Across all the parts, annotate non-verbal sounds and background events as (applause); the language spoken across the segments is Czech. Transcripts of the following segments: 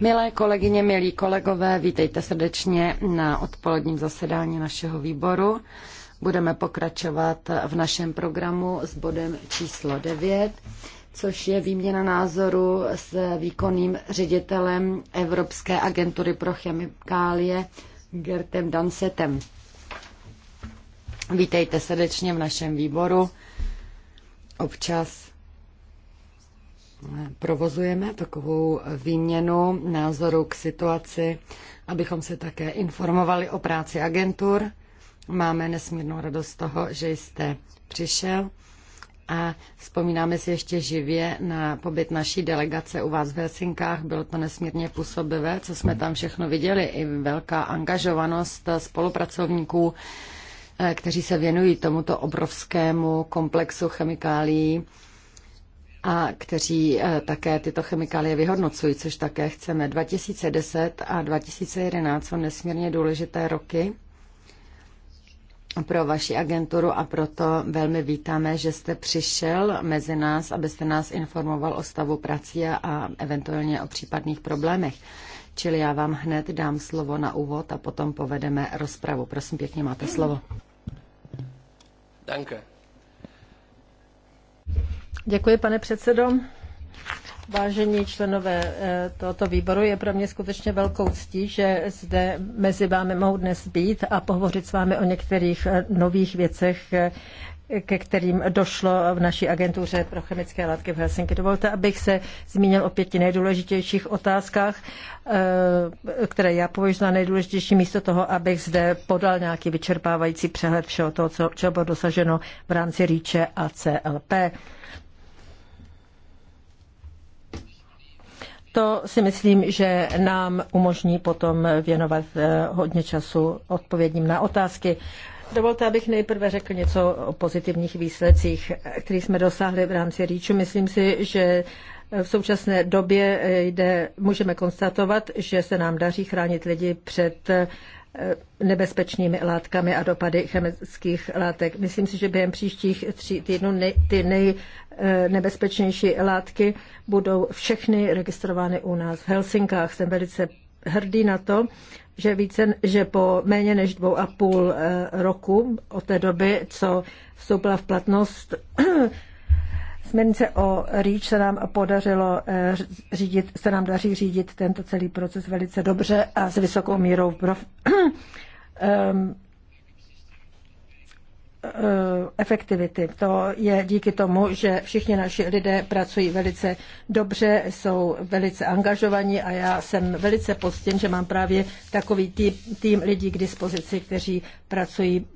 Milé kolegyně, milí kolegové, vítejte srdečně na odpoledním zasedání našeho výboru. Budeme pokračovat v našem programu s bodem číslo 9, což je výměna názoru s výkonným ředitelem Evropské agentury pro chemikálie Gertem Dansetem. Vítejte srdečně v našem výboru. Občas provozujeme takovou výměnu názoru k situaci, abychom se také informovali o práci agentur. Máme nesmírnou radost z toho, že jste přišel a vzpomínáme si ještě živě na pobyt naší delegace u vás v Helsinkách. Bylo to nesmírně působivé, co jsme tam všechno viděli, i velká angažovanost spolupracovníků, eh, kteří se věnují tomuto obrovskému komplexu chemikálií a kteří eh, také tyto chemikálie vyhodnocují, což také chceme. 2010 a 2011 jsou nesmírně důležité roky pro vaši agenturu a proto velmi vítáme, že jste přišel mezi nás, abyste nás informoval o stavu prací a eventuálně o případných problémech. Čili já vám hned dám slovo na úvod a potom povedeme rozpravu. Prosím pěkně, máte slovo. Danke. Děkuji, pane předsedo. Vážení členové eh, tohoto výboru, je pro mě skutečně velkou ctí, že zde mezi vámi mohu dnes být a pohovořit s vámi o některých eh, nových věcech, eh, ke kterým došlo v naší agentuře pro chemické látky v Helsinki. Dovolte, abych se zmínil o pěti nejdůležitějších otázkách, které já považuji za nejdůležitější, místo toho, abych zde podal nějaký vyčerpávající přehled všeho toho, co, bylo dosaženo v rámci REACH a CLP. To si myslím, že nám umožní potom věnovat eh, hodně času odpovědím na otázky. Dovolte, abych nejprve řekl něco o pozitivních výsledcích, které jsme dosáhli v rámci REACHu. Myslím si, že v současné době eh, jde, můžeme konstatovat, že se nám daří chránit lidi před eh, Eh, nebezpečnými látkami a dopady chemických látek. Myslím si, že během příštích tří týdnů nej, ty nejnebezpečnější eh, látky budou všechny registrovány u nás v Helsinkách. Jsem velice hrdý na to, že, více, že po méně než dvou a půl eh, roku od té doby, co vstoupila v platnost směrnice o REACH se nám podařilo eh, řídit, se nám daří řídit tento celý proces velice dobře a s vysokou mírou prof... (clears throat) Ehm, eh, efektivity. To je díky tomu, že všichni naši lidé pracují velice dobře, jsou velice angažovaní a já jsem velice postěn, že mám právě takový tým, tým lidí k dispozici, kteří pracují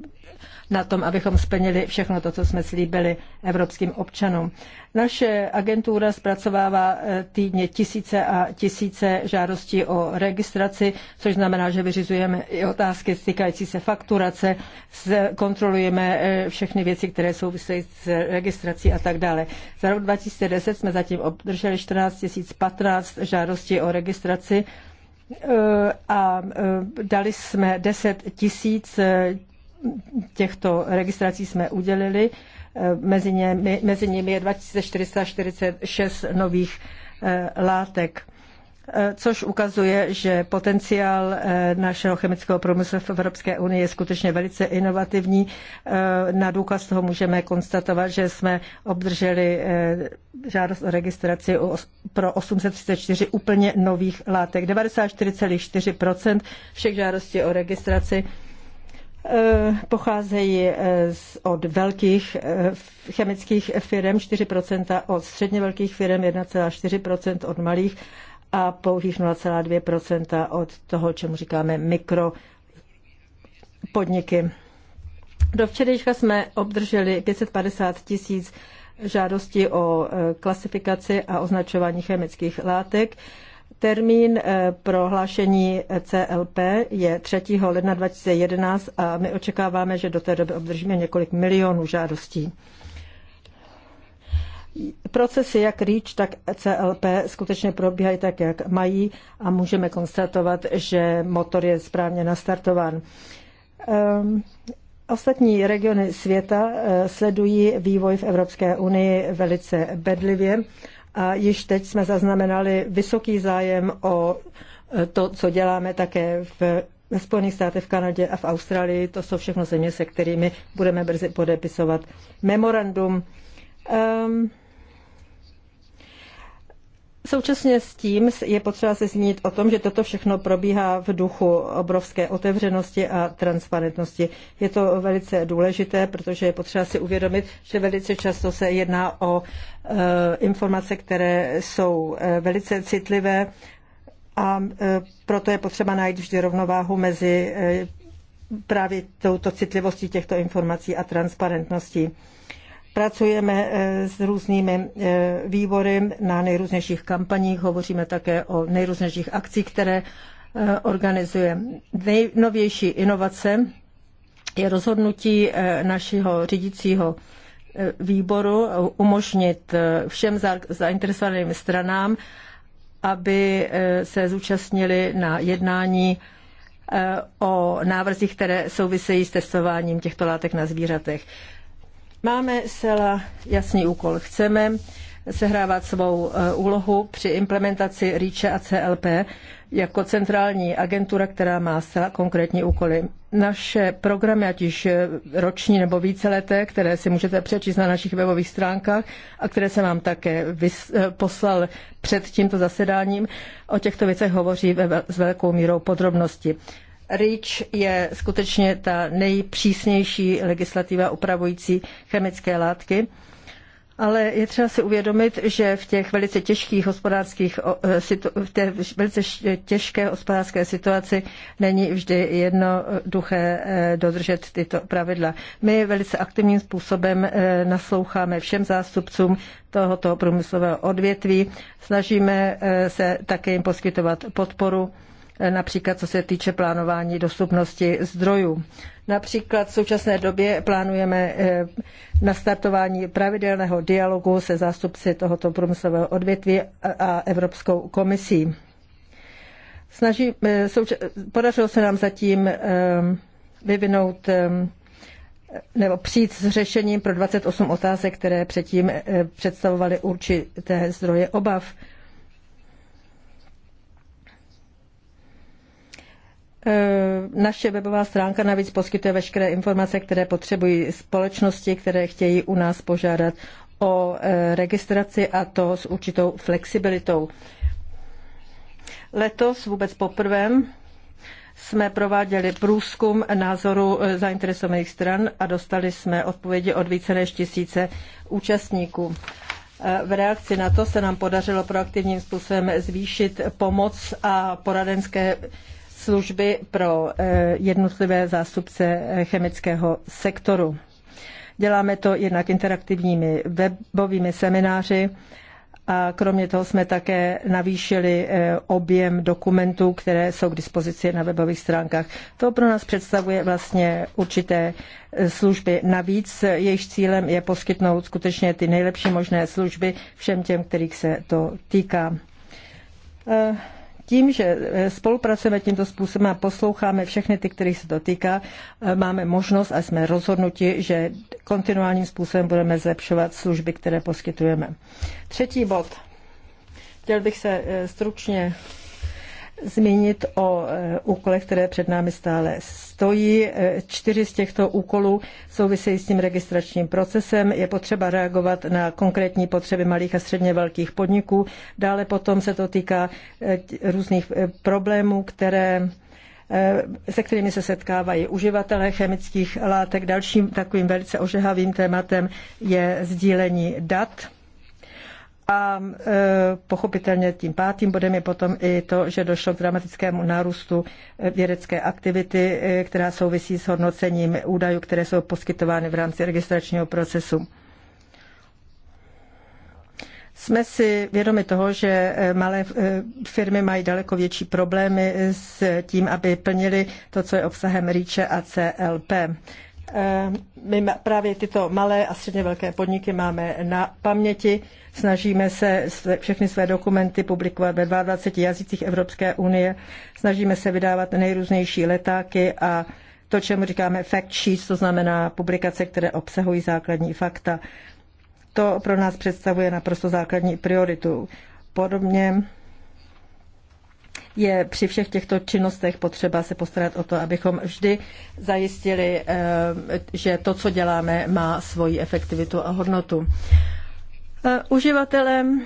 na tom, abychom splnili všechno to, co jsme slíbili evropským občanům. Naše agentura zpracovává eh, týdně tisíce a tisíce žádostí o registraci, což znamená, že vyřizujeme i otázky stýkající se fakturace, kontrolujeme eh, všechny věci, které souvisejí s registrací a tak dále. Za rok 2010 jsme zatím obdrželi 14 015 žádostí o registraci eh, a dali jsme 10 tisíc těchto registrací jsme udělili. Eh, mezi nimi, mezi nimi je 2446 nových eh, látek eh, což ukazuje, že potenciál našeho chemického průmyslu v Evropské unii je skutečně velice inovativní. Na důkaz toho můžeme konstatovat, že jsme obdrželi žádost o registraci pro 834 úplně nových látek. 94,4 všech žádostí o registraci Eh, pocházejí eh, od velkých eh, chemických firm 4%, od středně velkých firm 1,4% od malých a pouhých 0,2% od toho, čemu říkáme mikropodniky. Do včerejška jsme obdrželi 550 tisíc žádostí o klasifikaci a označování chemických látek. Termín eh, prohlášení CLP je 3. ledna 2011 a my očekáváme, že do té doby obdržíme několik milionů žádostí. Procesy jak REACH, tak CLP skutečně probíhají tak, jak mají a můžeme konstatovat, že motor je správně nastartován. Um, Ostatní regiony světa eh, sledují vývoj v Evropské unii velice bedlivě a již teď jsme zaznamenali vysoký zájem o e, to, co děláme také v ve Spojených státech, v Kanadě a v Austrálii. To jsou všechno země, se kterými budeme brzy podepisovat memorandum. Um, Současně s tím je potřeba se zmínit o tom, že toto všechno probíhá v duchu obrovské otevřenosti a transparentnosti. Je to velice důležité, protože je potřeba si uvědomit, že velice často se jedná o eh, informace, které jsou eh, velice citlivé a eh, proto je potřeba najít vždy rovnováhu mezi právě touto citlivostí těchto informací a transparentností. Pracujeme eh, s různými eh, výbory na nejrůznějších kampaních, hovoříme také o nejrůznějších akcích, které eh, organizuje. Nejnovější inovace je rozhodnutí našeho řídícího výboru umožnit všem zainteresovaným stranám, aby se zúčastnili na jednání o návrzích, které souvisejí s testováním těchto látek na zvířatech. Máme zcela jasný úkol. Chceme sehrávat svou eh, úlohu při implementaci REACHE a CLP jako centrální agentura, která má zcela konkrétní úkoly. Naše programy, ať již eh, roční nebo víceleté, které si můžete přečíst na našich webových stránkách a které jsem vám také eh, poslal před tímto zasedáním, o těchto věcech hovoří ve, s velkou mírou podrobnosti. REACH je skutečně ta nejpřísnější legislativa upravující chemické látky. Ale je třeba si uvědomit, že v těch velice těžkých hospodářských, e, v té velice těžké hospodářské situaci není vždy jednoduché e, dodržet tyto pravidla. My velice aktivním způsobem e, nasloucháme všem zástupcům tohoto průmyslového odvětví, snažíme se také jim poskytovat podporu například co se týče plánování dostupnosti zdrojů. Například v současné době plánujeme eh, nastartování pravidelného dialogu se zástupci tohoto průmyslového odvětví a Evropskou komisí. Snaží, eh, podařilo se nám zatím eh, vyvinout nebo přijít s řešením pro 28 otázek, které předtím představovaly určité zdroje obav. Eh, naše webová stránka navíc poskytuje veškeré informace, které potřebují společnosti, které chtějí u nás požádat o eh, registraci a to s určitou flexibilitou. Letos vůbec poprvé jsme prováděli průzkum názoru eh, zainteresovaných stran a dostali jsme odpovědi od více než tisíce účastníků. V reakci na to se nám podařilo proaktivním způsobem zvýšit pomoc a poradenské služby pro eh, jednotlivé zástupce eh, chemického sektoru. Děláme to jednak interaktivními webovými semináři a kromě toho jsme také navýšili eh, objem dokumentů, které jsou k dispozici na webových stránkách. To pro nás představuje vlastně určité služby. Navíc jejich cílem je poskytnout skutečně ty nejlepší možné služby všem těm, kterých se to týká tím, že eh, spolupracujeme tímto způsobem a posloucháme všechny ty, kterých se to týká, eh, máme možnost a jsme rozhodnuti, že kontinuálním způsobem budeme zlepšovat služby, které poskytujeme. Třetí bod. Chtěl bych se eh, stručně zmínit o eh, úkolech, které před námi stále stojí. Eh, čtyři z těchto úkolů souvisejí s tím registračním procesem. Je potřeba reagovat na konkrétní potřeby malých a středně velkých podniků. Dále potom se to týká eh, různých problémů, které se kterými se setkávají uživatelé chemických látek. Dalším takovým velice ožehavým tématem je sdílení dat a e, pochopitelně tím pátým bodem je potom i to, že došlo k dramatickému nárůstu e, vědecké aktivity, e, která souvisí s hodnocením údajů, které jsou poskytovány v rámci registračního procesu. Jsme si vědomi toho, že e, malé e, firmy mají daleko větší problémy s tím, aby plnili to, co je obsahem REACHE a CLP. Eh, my právě tyto malé a středně velké podniky máme na paměti. Snažíme se všechny své dokumenty publikovat ve 22 jazycích Evropské unie. Snažíme se vydávat nejrůznější letáky a to, čemu říkáme fact sheets, to znamená publikace, které obsahují základní fakta. To pro nás představuje naprosto základní prioritu. Podobně je při všech těchto činnostech potřeba se postarat o to, abychom vždy zajistili, eh, že to, co děláme, má svoji efektivitu a hodnotu. Eh, uživatelem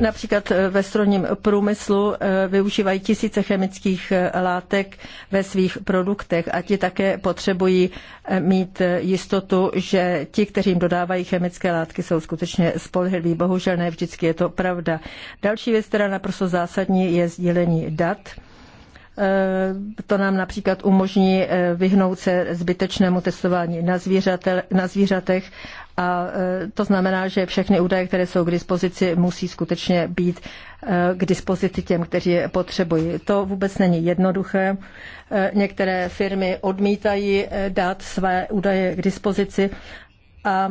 Například eh, ve strojním průmyslu eh, využívají tisíce chemických eh, látek ve svých produktech a ti také potřebují mít jistotu, že ti, kteří jim dodávají chemické látky, jsou skutečně spolehliví. Bohužel ne vždycky je to pravda. Další věc, která naprosto zásadní, je sdílení dat Eh, to nám například umožní eh, vyhnout se zbytečnému testování na, zvířate, na zvířatech a eh, to znamená, že všechny údaje, které jsou k dispozici, musí skutečně být k dispozici těm, kteří je potřebují. To vůbec není jednoduché. Některé firmy odmítají dát své údaje k dispozici a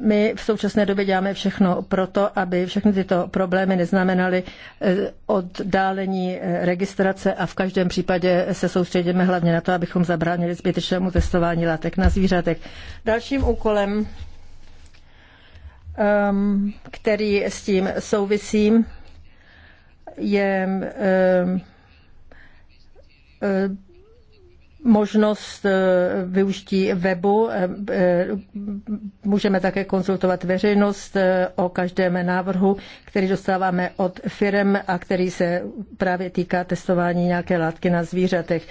my v současné době děláme všechno proto, aby všechny tyto problémy neznamenaly eh, oddálení eh, registrace a v každém případě se soustředíme hlavně na to, abychom zabránili zbytečnému testování látek na zvířatek. Dalším úkolem, ehm, který s tím souvisí, je ehm, eh, možnost eh, využití webu. Eh, eh, můžeme také konzultovat veřejnost o každém návrhu, který dostáváme od firm a který se právě týká testování nějaké látky na zvířatech.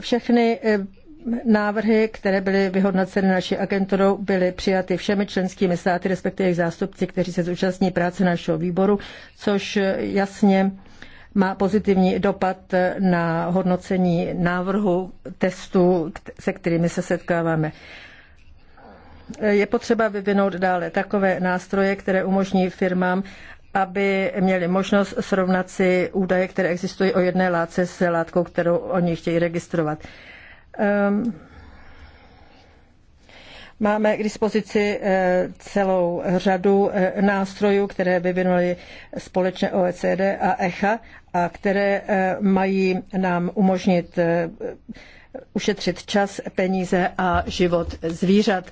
Všechny návrhy, které byly vyhodnoceny naší agenturou, byly přijaty všemi členskými státy, respektive jejich zástupci, kteří se zúčastní práce našeho výboru, což jasně má pozitivní dopad na hodnocení návrhu testů, se kterými se setkáváme. Je potřeba vyvinout dále takové nástroje, které umožní firmám, aby měli možnost srovnat si údaje, které existují o jedné látce s látkou, kterou oni chtějí registrovat. Um, Máme k dispozici eh, celou řadu eh, nástrojů, které vyvinuli společně OECD a ECHA a které eh, mají nám umožnit ušetřit čas, peníze a život zvířat.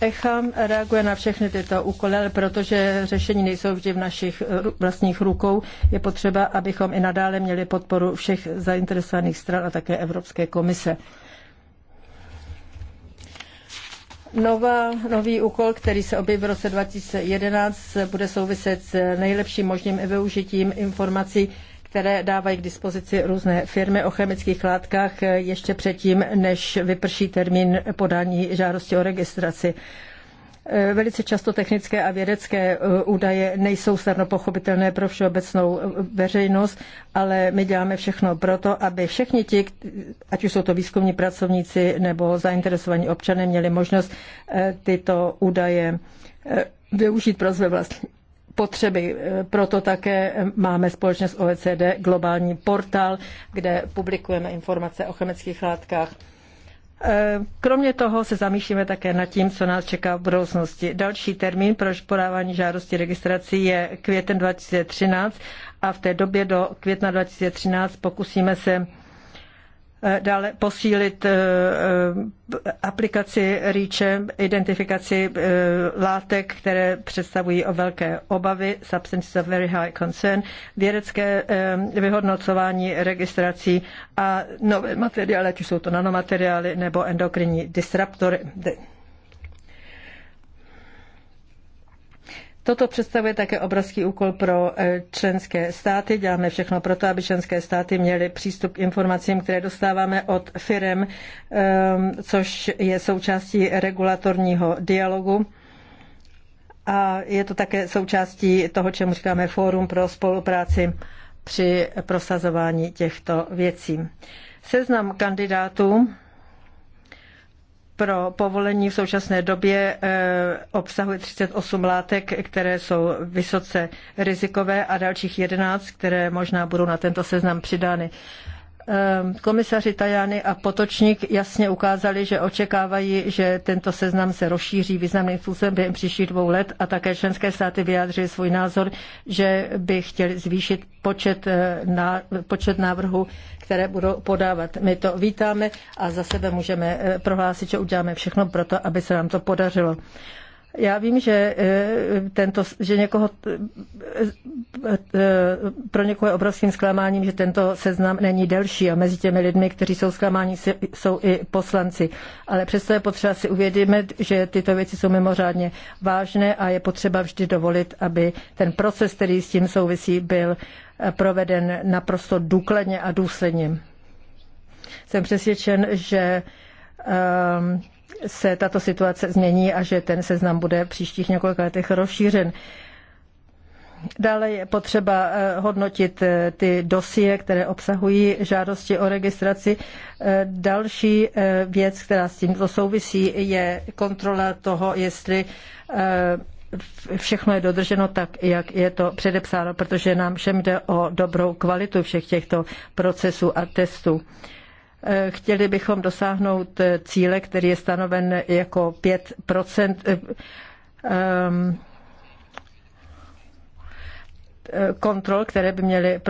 ECHA reaguje na všechny tyto úkoly, ale protože řešení nejsou vždy v našich vlastních rukou, je potřeba, abychom i nadále měli podporu všech zainteresovaných stran a také Evropské komise. Nová, nový úkol, který se objeví v roce 2011, bude souviset s nejlepším možným využitím informací, které dávají k dispozici různé firmy o chemických látkách ještě předtím, než vyprší termín podání žádosti o registraci. Eh, velice často technické a vědecké eh, údaje nejsou snadno pochopitelné pro všeobecnou eh, veřejnost, ale my děláme všechno proto, aby všichni ti, ať už jsou to výzkumní pracovníci nebo zainteresovaní občané, měli možnost tyto údaje využít pro své vlastní potřeby. Proto také máme společně s OECD globální portál, kde publikujeme informace o chemických látkách. Kromě toho se zamýšlíme také nad tím, co nás čeká v budoucnosti. Další termín pro podávání žádosti registrací je květen 2013 a v té době do května 2013 pokusíme se Eh, dále posílit eh, eh, aplikaci REACHem, identifikaci látek, které představují o velké obavy, substances of very high concern, vědecké vyhodnocování registrací a nové materiály, ať už jsou to nanomateriály nebo endokrinní disruptory. Toto představuje také obrovský úkol pro eh, členské státy. Děláme všechno pro to, aby členské státy měly přístup k informacím, které dostáváme od firm, ehm, což je součástí regulatorního dialogu. A je to také součástí toho, čemu říkáme Fórum pro spolupráci při prosazování těchto věcí. Seznam kandidátů pro povolení v současné době eh, obsahuje 38 látek, které jsou vysoce rizikové a dalších 11, které možná budou na tento seznam přidány. Ehm, komisaři Tajany a Potočník jasně ukázali, že očekávají, že tento seznam se rozšíří významným způsobem během příštích dvou let a také členské státy vyjádřili svůj názor, že by chtěli zvýšit počet, eh, na, počet návrhů, které budou podávat. My to vítáme a za sebe můžeme eh, prohlásit, že uděláme všechno pro to, aby se nám to podařilo. Já vím, že, e, tento, že někoho, e, pro někoho je obrovským zklamáním, že tento seznam není delší a mezi těmi lidmi, kteří jsou zklamáni, jsou i poslanci. Ale přesto je potřeba si uvědomit, že tyto věci jsou mimořádně vážné a je potřeba vždy dovolit, aby ten proces, který s tím souvisí, byl e, proveden naprosto důkladně a důsledně. Jsem přesvědčen, že um, se tato situace změní a že ten seznam bude v příštích několika letech rozšířen. Dále je potřeba eh, hodnotit eh, ty dosie, které obsahují žádosti o registraci. Eh, další věc, která s tímto souvisí, je kontrola toho, jestli všechno je dodrženo tak, jak je to předepsáno, protože nám všem jde o dobrou kvalitu všech těchto procesů a testů. Eh, chtěli bychom dosáhnout eh, cíle, který je stanoven jako 5 eh, ehm, kontrol, které by měly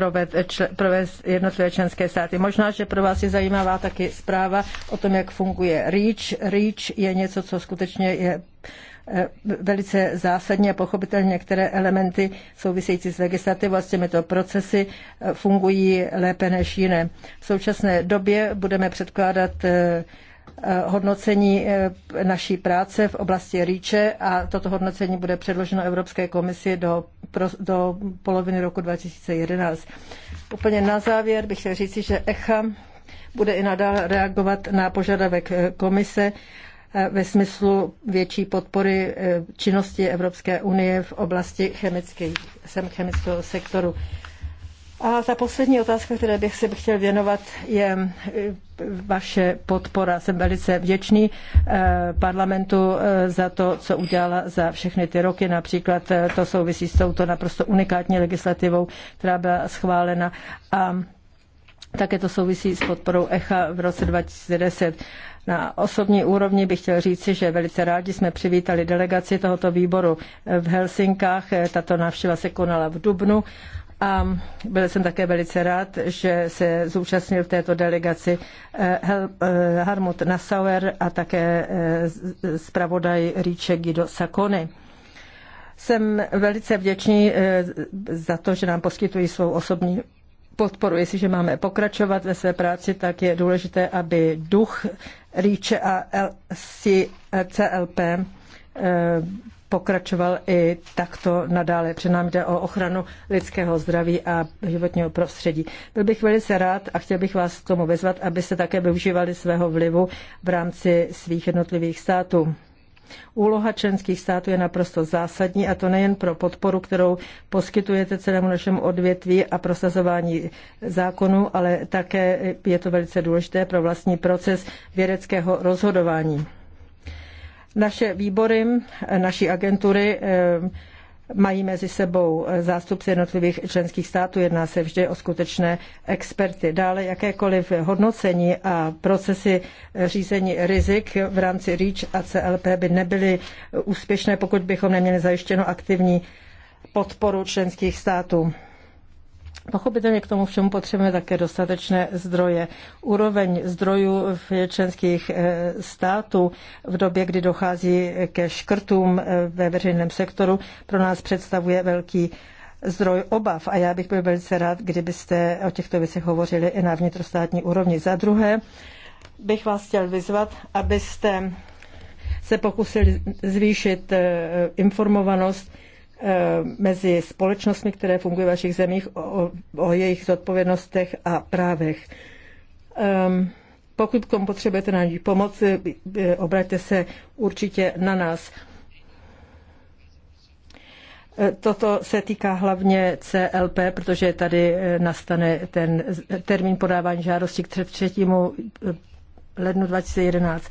provést jednotlivé členské státy. Možná, že pro vás je zajímavá taky zpráva o tom, jak funguje REACH. REACH je něco, co skutečně je Eh, velice zásadně a pochopitelně některé elementy související s legislativou a s těmito procesy eh, fungují lépe než jiné. V současné době budeme předkládat eh, hodnocení naší práce v oblasti rýče a toto hodnocení bude předloženo Evropské komisi do, do poloviny roku 2011. Úplně na závěr bych chtěl říci, že ECHA bude i nadále reagovat na požadavek komise Eh, ve smyslu větší podpory eh, činnosti Evropské unie v oblasti chemického sektoru. A ta poslední otázka, které bych se chtěl věnovat, je eh, vaše podpora. Jsem velice vděčný parlamentu za to, co udělala za všechny ty roky. Například to souvisí s touto naprosto unikátní legislativou, která byla schválena. A také to souvisí s podporou ECHA v roce 2010. Na osobní úrovni bych chtěl říci, že velice rádi jsme přivítali delegaci tohoto výboru v Helsinkách. Tato návštěva se konala v Dubnu a byl jsem také velice rád, že se zúčastnil v této delegaci eh, eh, Harmut Nassauer a také eh, zpravodaj Ríček Guido Sakony. Jsem velice vděčný za to, že nám poskytují svou osobní podporu. Jestliže máme pokračovat ve své práci, tak je důležité, aby duch Rýče a CLP eh, pokračoval i takto nadále, protože nám jde o ochranu lidského zdraví a životního prostředí. Byl bych velice rád a chtěl bych vás k tomu vyzvat, abyste také využívali svého vlivu v rámci svých jednotlivých států. Úloha členských států je naprosto zásadní a to nejen pro podporu, kterou poskytujete celému našemu odvětví a prosazování zákonů, ale také je to velice důležité pro vlastní proces vědeckého rozhodování. Naše výbory, naší agentury eh, mají mezi sebou eh, zástupci jednotlivých členských států, jedná se vždy o skutečné experty. Dále jakékoliv hodnocení a procesy eh, řízení rizik v rámci REACH a CLP by nebyly eh, úspěšné, pokud bychom neměli zajištěno aktivní podporu členských států. Pochopitelně k tomu všemu potřebujeme také dostatečné zdroje. Úroveň zdrojů v členských eh, států v době, kdy dochází ke škrtům eh, ve veřejném sektoru, pro nás představuje velký zdroj obav a já bych byl velice rád, kdybyste o těchto věcech hovořili i na vnitrostátní úrovni. Za druhé bych vás chtěl vyzvat, abyste se pokusili zvýšit eh, informovanost Eh, mezi společnostmi, které fungují v vašich zemích, o, o jejich zodpovědnostech a právech. Ehm, pokud k tomu potřebujete na ní pomoc, eh, obraťte se určitě na nás. Eh, toto se týká hlavně CLP, protože tady nastane ten termín podávání žádosti k 3. lednu 2011.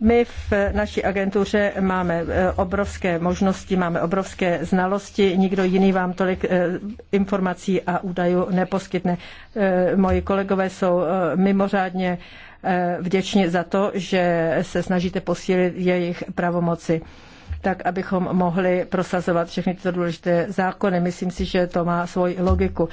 My v naší agentuře máme e, obrovské možnosti, máme obrovské znalosti, nikdo jiný vám tolik e, informací a údajů neposkytne. E, moji kolegové jsou mimořádně vděční za to, že se snažíte posílit jejich pravomoci tak abychom mohli prosazovat všechny tyto důležité zákony. Myslím si, že to má svoji logiku.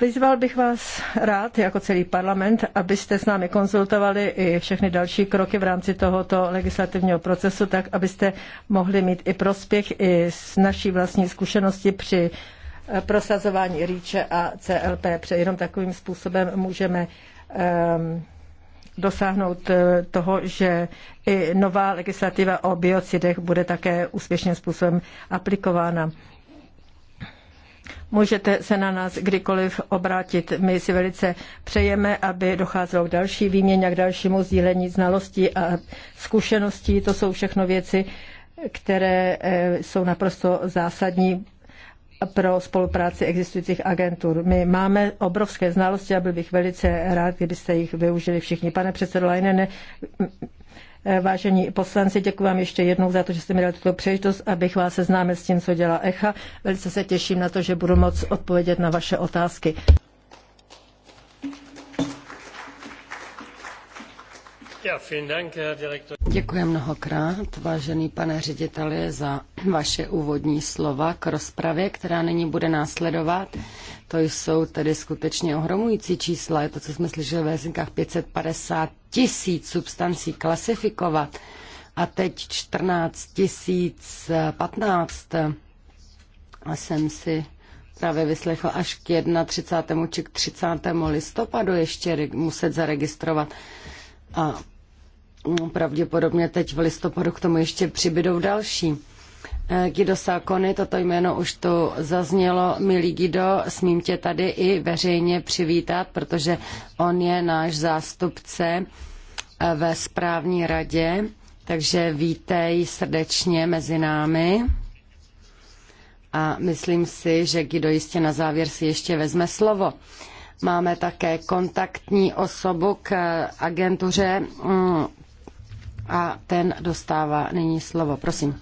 Vyzval bych vás rád, jako celý parlament, abyste s námi konzultovali i všechny další kroky v rámci tohoto legislativního procesu, tak abyste mohli mít i prospěch i z naší vlastní zkušenosti při eh, prosazování REACHE a CLP, protože jenom takovým způsobem můžeme um, dosáhnout eh, toho, že i nová legislativa o biocidech bude také úspěšným způsobem aplikována. Můžete se na nás kdykoliv obrátit. My si velice přejeme, aby docházelo k další výměně, k dalšímu sdílení znalostí a zkušeností. To jsou všechno věci, které eh, jsou naprosto zásadní pro spolupráci existujících agentur. My máme obrovské znalosti a byl bych velice rád, kdybyste jich využili všichni. Pane předsedo Lajnene, Eh, vážení poslanci, děkuji vám ještě jednou za to, že jste mi dali tuto příležitost, abych vás seznámil s tím, co dělá ECHA. Velice se těším na to, že budu moct odpovědět na vaše otázky. Děkuji mnohokrát, vážený pane řediteli, za vaše úvodní slova k rozpravě, která nyní bude následovat. To jsou tedy skutečně ohromující čísla. Je to, co jsme slyšeli ve Helsinkách, 550 tisíc substancí klasifikovat a teď 14 tisíc 15. A jsem si právě vyslechl až k 31. či k 30. listopadu ještě muset zaregistrovat. A Mm, pravděpodobně teď v listopadu k tomu ještě přibydou další. Eh, Guido Sakony, toto jméno už tu zaznělo. Milý Guido, smím tě tady i veřejně přivítat, protože on je náš zástupce eh, ve správní radě, takže vítej srdečně mezi námi. A myslím si, že Guido jistě na závěr si ještě vezme slovo. Máme také kontaktní osobu k eh, agentuře mm, a ten dostává nyní slovo. Prosím.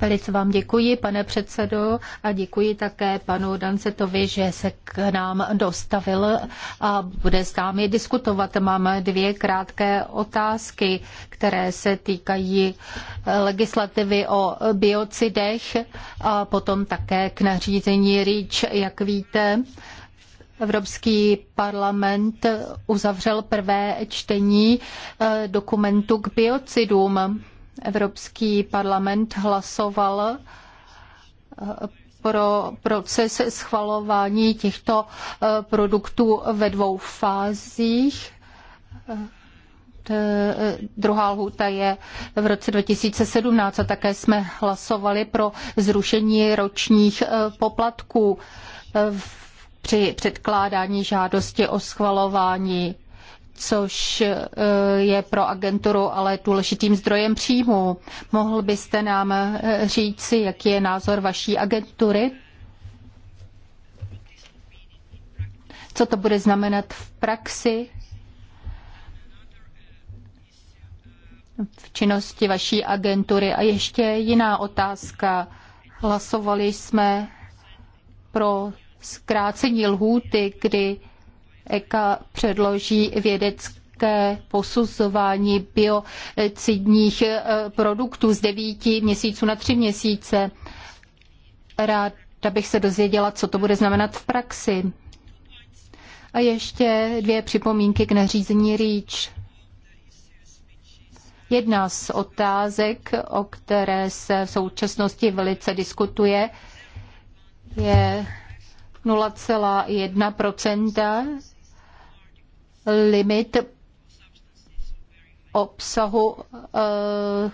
Velice vám děkuji, pane předsedo, a děkuji také panu Dancetovi, že se k nám dostavil a bude s námi diskutovat. Mám dvě krátké otázky, které se týkají legislativy o biocidech a potom také k nařízení REACH, jak víte. Evropský parlament uzavřel prvé čtení eh, dokumentu k biocidům. Evropský parlament hlasoval eh, pro proces schvalování těchto eh, produktů ve dvou fázích. Druhá lhůta je v roce 2017 a také jsme hlasovali pro zrušení ročních poplatků. V při předkládání žádosti o schvalování, což eh, je pro agenturu ale důležitým zdrojem příjmů. Mohl byste nám eh, říci, jaký je názor vaší agentury? Co to bude znamenat v praxi? v činnosti vaší agentury. A ještě jiná otázka. Hlasovali jsme pro zkrácení lhůty, kdy EKA předloží vědecké posuzování biocidních e, produktů z devíti měsíců na tři měsíce. Ráda bych se dozvěděla, co to bude znamenat v praxi. A ještě dvě připomínky k nařízení REACH. Jedna z otázek, o které se v současnosti velice diskutuje, je 0,1 limit obsahu eh,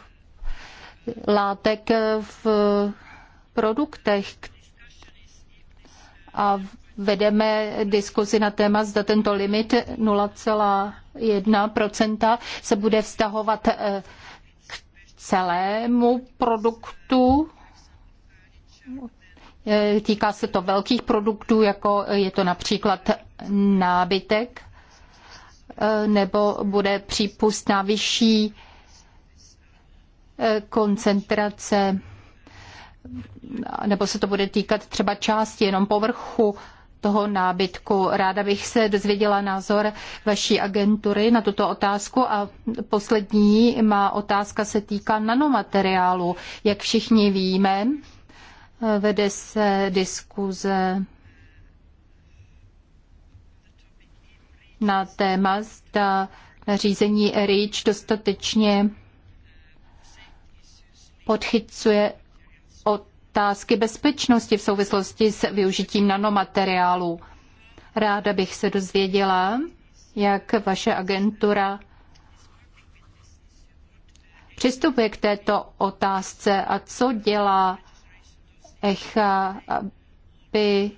látek v produktech. A vedeme diskuzi na téma, zda tento limit 0,1 se bude vztahovat eh, k celému produktu E, týká se to velkých produktů, jako je to například nábytek, e, nebo bude přípustná vyšší e, koncentrace, nebo se to bude týkat třeba části jenom povrchu toho nábytku. Ráda bych se dozvěděla názor vaší agentury na tuto otázku a poslední má otázka se týká nanomateriálu. Jak všichni víme, Vede se diskuze na téma, zda nařízení REACH dostatečně podchycuje otázky bezpečnosti v souvislosti s využitím nanomateriálu. Ráda bych se dozvěděla, jak vaše agentura přistupuje k této otázce a co dělá ECHA, aby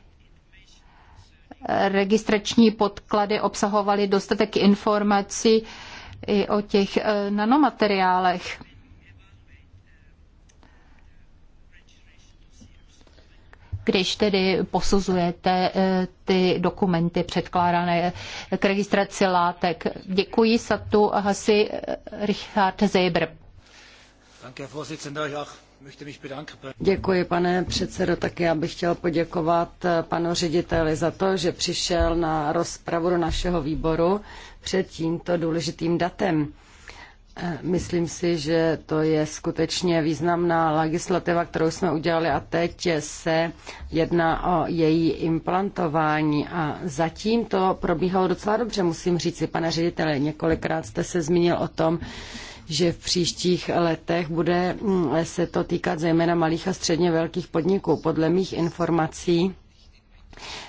registrační podklady obsahovaly dostatek informací i o těch e, nanomateriálech. Když tedy posuzujete e, ty dokumenty předkládané k registraci látek. Děkuji Satu Hasi Richard Zeber. Danke, Děkuji, pane předsedo. Také já bych chtěl poděkovat eh, panu řediteli za to, že přišel na rozpravu do našeho výboru před tímto důležitým datem. Eh, myslím si, že to je skutečně významná legislativa, kterou jsme udělali a teď se jedná o její implantování a zatím to probíhalo docela dobře, musím říci, pane řediteli, několikrát jste se zmínil o tom, že v příštích letech bude mm, se to týkat zejména malých a středně velkých podniků. Podle mých informací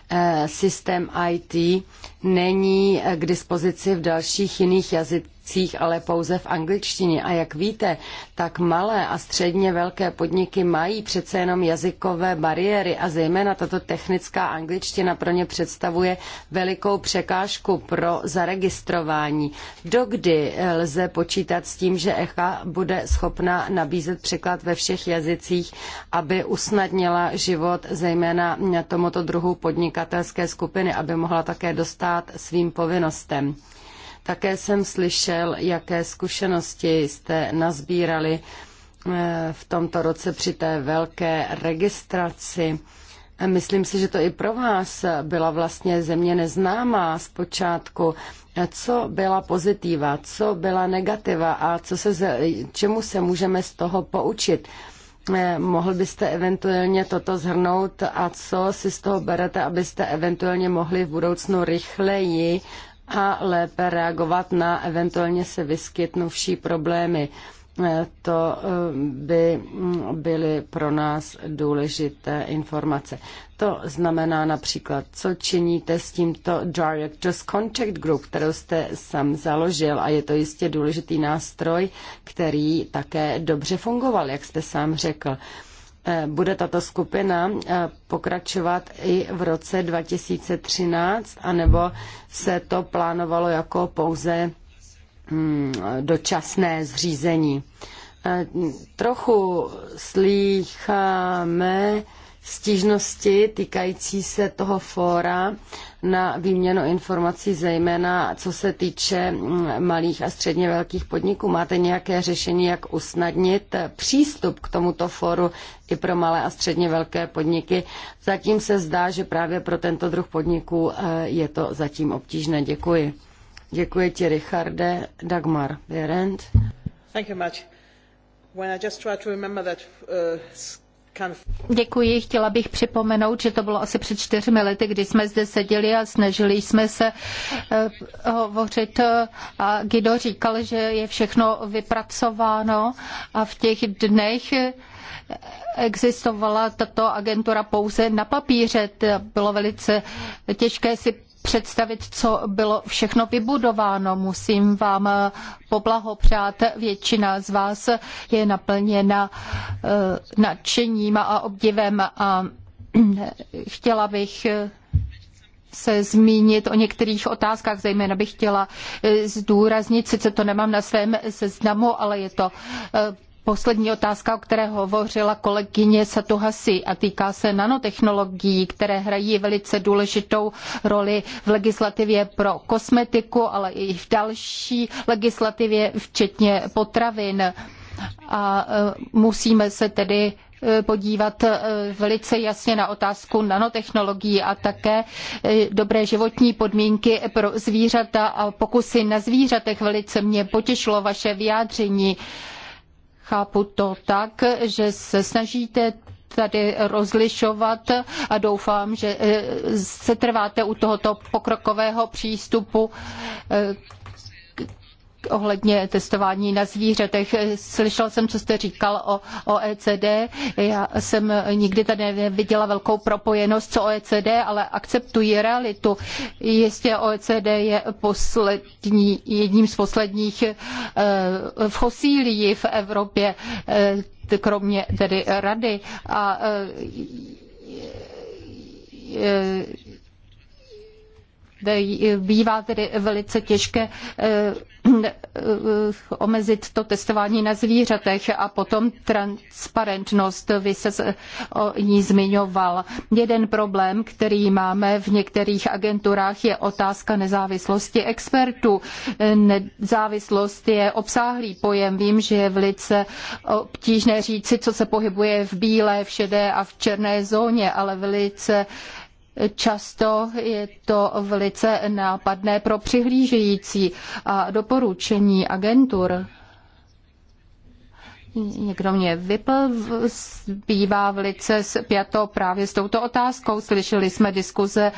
Eh, systém IT není eh, k dispozici v dalších jiných jazycích, ale pouze v angličtině. A jak víte, tak malé a středně velké podniky mají přece jenom jazykové bariéry a zejména tato technická angličtina pro ně představuje velikou překážku pro zaregistrování. Dokdy eh, lze počítat s tím, že ECHA bude schopna nabízet překlad ve všech jazycích, aby usnadnila život zejména tomuto druhu podniků? podnikatelské skupiny, aby mohla také dostat svým povinnostem. Také jsem slyšel, jaké zkušenosti jste nazbírali eh, v tomto roce při té velké registraci. Myslím si, že to i pro vás byla vlastně země neznámá zpočátku. Co byla pozitiva, co byla negativa a co se, čemu se můžeme z toho poučit? Eh, mohl byste eventuálně toto zhrnout a co si z toho berete, abyste eventuálně mohli v budoucnu rychleji a lépe reagovat na eventuálně se vyskytnuvší problémy? to eh, by mm, byly pro nás důležité informace. To znamená například, co činíte s tímto Directors Contact Group, kterou jste sám založil a je to jistě důležitý nástroj, který také dobře fungoval, jak jste sám řekl. Eh, bude tato skupina eh, pokračovat i v roce 2013, anebo se to plánovalo jako pouze Mm, dočasné zřízení. E, trochu slýcháme stížnosti týkající se toho fóra na výměnu informací, zejména co se týče mm, malých a středně velkých podniků. Máte nějaké řešení, jak usnadnit přístup k tomuto fóru i pro malé a středně velké podniky? Zatím se zdá, že právě pro tento druh podniků e, je to zatím obtížné. Děkuji. Děkuji ti, Richarde. Dagmar Berend. Thank you much. When I just try to remember that uh, Děkuji. Chtěla bych připomenout, že to bylo asi před čtyřmi lety, kdy jsme zde seděli a snažili jsme se eh, hovořit. Eh, a Guido říkal, že je všechno vypracováno a v těch dnech eh, existovala tato agentura pouze na papíře. To bylo velice těžké si představit, co bylo všechno vybudováno. Musím vám poblahopřát. Většina z vás je naplněna eh, nadšením a obdivem a (clears throat) chtěla bych eh, se zmínit o některých otázkách, zejména bych chtěla eh, zdůraznit, sice to nemám na svém seznamu, ale je to poslední otázka, o které hovořila kolegyně Satuhasi a týká se nanotechnologií, které hrají velice důležitou roli v legislativě pro kosmetiku, ale i v další legislativě, včetně potravin. A e, musíme se tedy e, podívat e, velice jasně na otázku nanotechnologií a také dobré životní podmínky pro zvířata a pokusy na zvířatech. Velice mě potěšilo vaše vyjádření. Chápu to tak, že se snažíte tady rozlišovat a doufám, že eh, se trváte u tohoto pokrokového přístupu eh, ohledně testování na zvířatech. Slyšel jsem, co jste říkal o OECD. Já jsem nikdy tady neviděla velkou propojenost co OECD, ale akceptuji realitu. Jistě OECD je poslední, jedním z posledních eh, fosílií v Evropě, eh, kromě tedy rady. A eh, bývá tedy velice těžké eh, omezit to testování na zvířatech a potom transparentnost, vy se o ní zmiňoval. Jeden problém, který máme v některých agenturách, je otázka nezávislosti expertů. Nezávislost je obsáhlý pojem. Vím, že je velice obtížné říci, co se pohybuje v bílé, v šedé a v černé zóně, ale velice Často je to velice nápadné pro přihlížející a doporučení agentur Někdo mě vypl, bývá s spjato právě s touto otázkou. Slyšeli jsme diskuze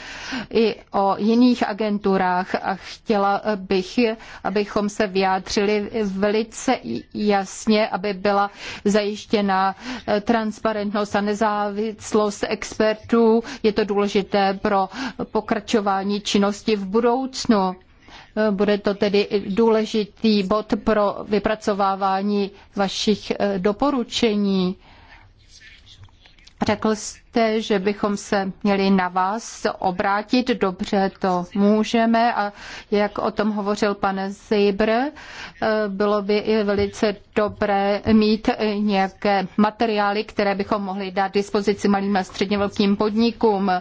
i o jiných agenturách a chtěla bych, abychom se vyjádřili velice jasně, aby byla zajištěna eh, transparentnost a nezávislost expertů. Je to důležité pro pokračování činnosti v budoucnu bude to tedy důležitý bod pro vypracovávání vašich eh, doporučení. Řekl jste, že bychom se měli na vás obrátit. Dobře, to můžeme. A jak o tom hovořil pan Zibr, eh, bylo by i velice dobré mít nějaké materiály, které bychom mohli dát dispozici malým a středně velkým podnikům.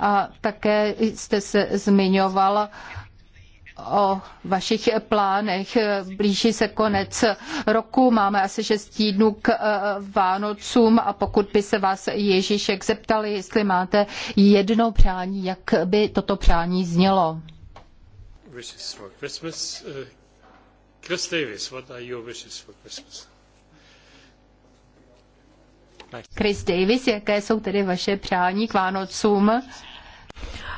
A také jste se zmiňoval o vašich plánech. Blíží se konec roku, máme asi šest týdnů k eh, Vánocům a pokud by se vás Ježíšek zeptali, jestli máte jedno přání, jak by toto přání znělo? Eh, Chris Davis, Chris Davis, jaké jsou tedy vaše přání k Vánocům?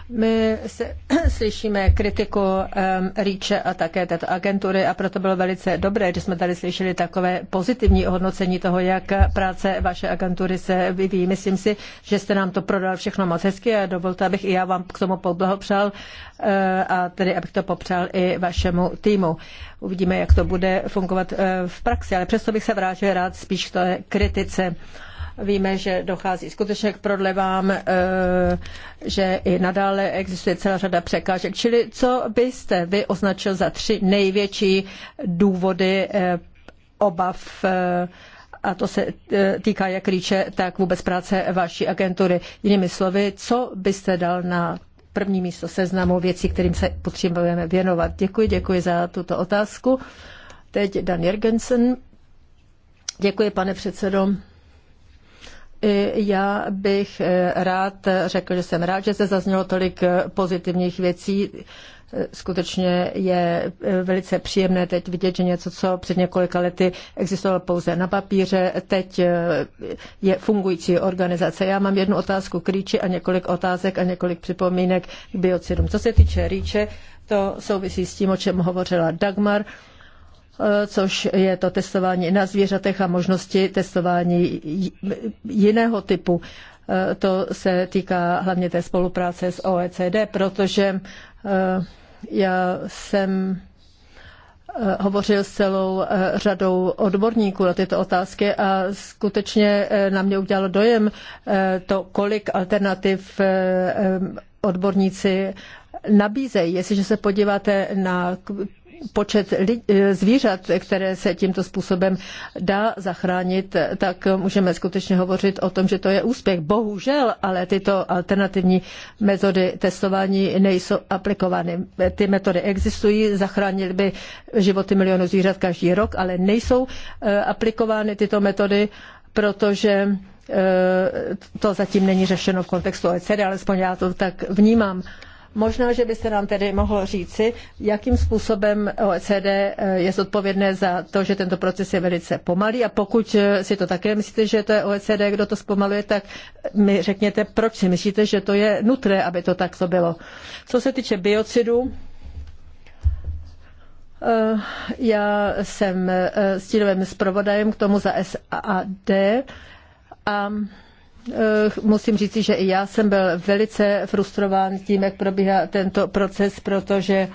My se, (clears throat) slyšíme kritiku um, ehm, Ríče a také této agentury a proto bylo velice dobré, že jsme tady slyšeli takové pozitivní hodnocení toho, jak práce vaše agentury se vyvíjí. Myslím si, že jste nám to prodal všechno moc hezky a dovolte, abych i já vám k tomu poblahopřál uh, a tedy abych to popřál i vašemu týmu. Uvidíme, jak to bude fungovat uh, v praxi, ale přesto bych se vrátil rád spíš k té kritice. Uh, Víme, že dochází skutečně k prodlevám, eh, že i nadále existuje celá řada překážek. Čili co byste vy označil za tři největší důvody eh, obav eh, a to se týká jak klíče, tak vůbec práce vaší agentury. Jinými slovy, co byste dal na první místo seznamu věcí, kterým se potřebujeme věnovat? Děkuji, děkuji za tuto otázku. Teď Dan Jergensen. Děkuji, pane předsedo. Já bych eh, rád řekl, že jsem rád, že se zaznělo tolik eh, pozitivních věcí. Eh, skutečně je velice příjemné teď vidět, že něco, co před několika lety existovalo pouze na papíře, teď je fungující organizace. Já mám jednu otázku k Ríči a několik otázek a několik připomínek k biocidům. Co se týče Ríče, to souvisí s tím, o čem hovořila Dagmar. Eh, což je to testování na zvířatech a možnosti testování jiného typu. Eh, to se týká hlavně té spolupráce s OECD, protože eh, já jsem hovořil s celou řadou odborníků na tyto otázky a skutečně na mě udělalo dojem to, kolik alternativ odborníci nabízejí. Jestliže se podíváte na počet eh, zvířat, které se tímto způsobem dá zachránit, tak můžeme skutečně hovořit o tom, že to je úspěch. Bohužel, ale tyto alternativní metody testování nejsou aplikovány. Ty metody existují, zachránily by životy milionů zvířat každý rok, ale nejsou eh, aplikovány tyto metody, protože eh, to zatím není řešeno v kontextu OECD, alespoň já to tak vnímám. Možná, že by se nám tedy mohlo říci, jakým způsobem OECD eh, je zodpovědné za to, že tento proces je velice pomalý a pokud eh, si to také myslíte, že to je OECD, kdo to zpomaluje, tak mi řekněte, proč si myslíte, že to je nutné, aby to takto bylo. Co se týče biocidů, eh, já jsem stínovým zpravodajem k tomu za SAD a Eh, musím říci, že i já jsem byl velice frustrován tím, jak probíhá tento proces, protože eh,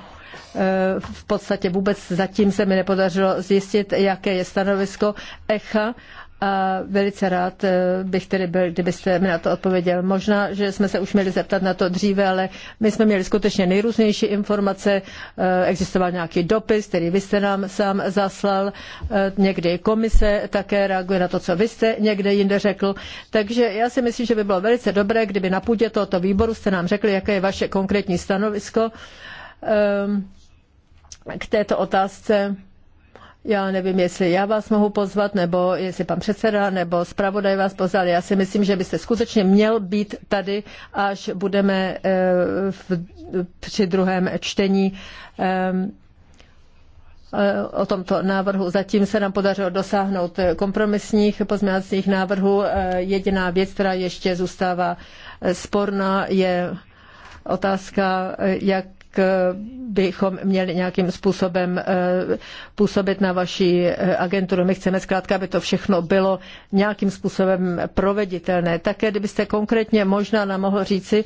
v podstatě vůbec zatím se mi nepodařilo zjistit, jaké je stanovisko ECHA a velice rád eh, bych tedy byl, kdybyste mi na to odpověděl. Možná, že jsme se už měli zeptat na to dříve, ale my jsme měli skutečně nejrůznější informace. Eh, existoval nějaký dopis, který vy jste nám sám zaslal. Eh, někdy komise také reaguje na to, co vy jste někde jinde řekl. Takže já si myslím, že by bylo velice dobré, kdyby na půdě tohoto výboru jste nám řekli, jaké je vaše konkrétní stanovisko ehm, k této otázce já nevím, jestli já vás mohu pozvat, nebo jestli pan předseda, nebo zpravodaj vás pozval. Já si myslím, že byste skutečně měl být tady, až budeme eh, v, při druhém čtení eh, eh, o tomto návrhu. Zatím se nám podařilo dosáhnout kompromisních pozměňovacích návrhů. Jediná věc, která ještě zůstává sporná, je otázka, jak Eh, bychom měli nějakým způsobem eh, působit na vaší eh, agenturu. My chceme zkrátka, aby to všechno bylo nějakým způsobem proveditelné. Také kdybyste konkrétně možná nám mohl říci,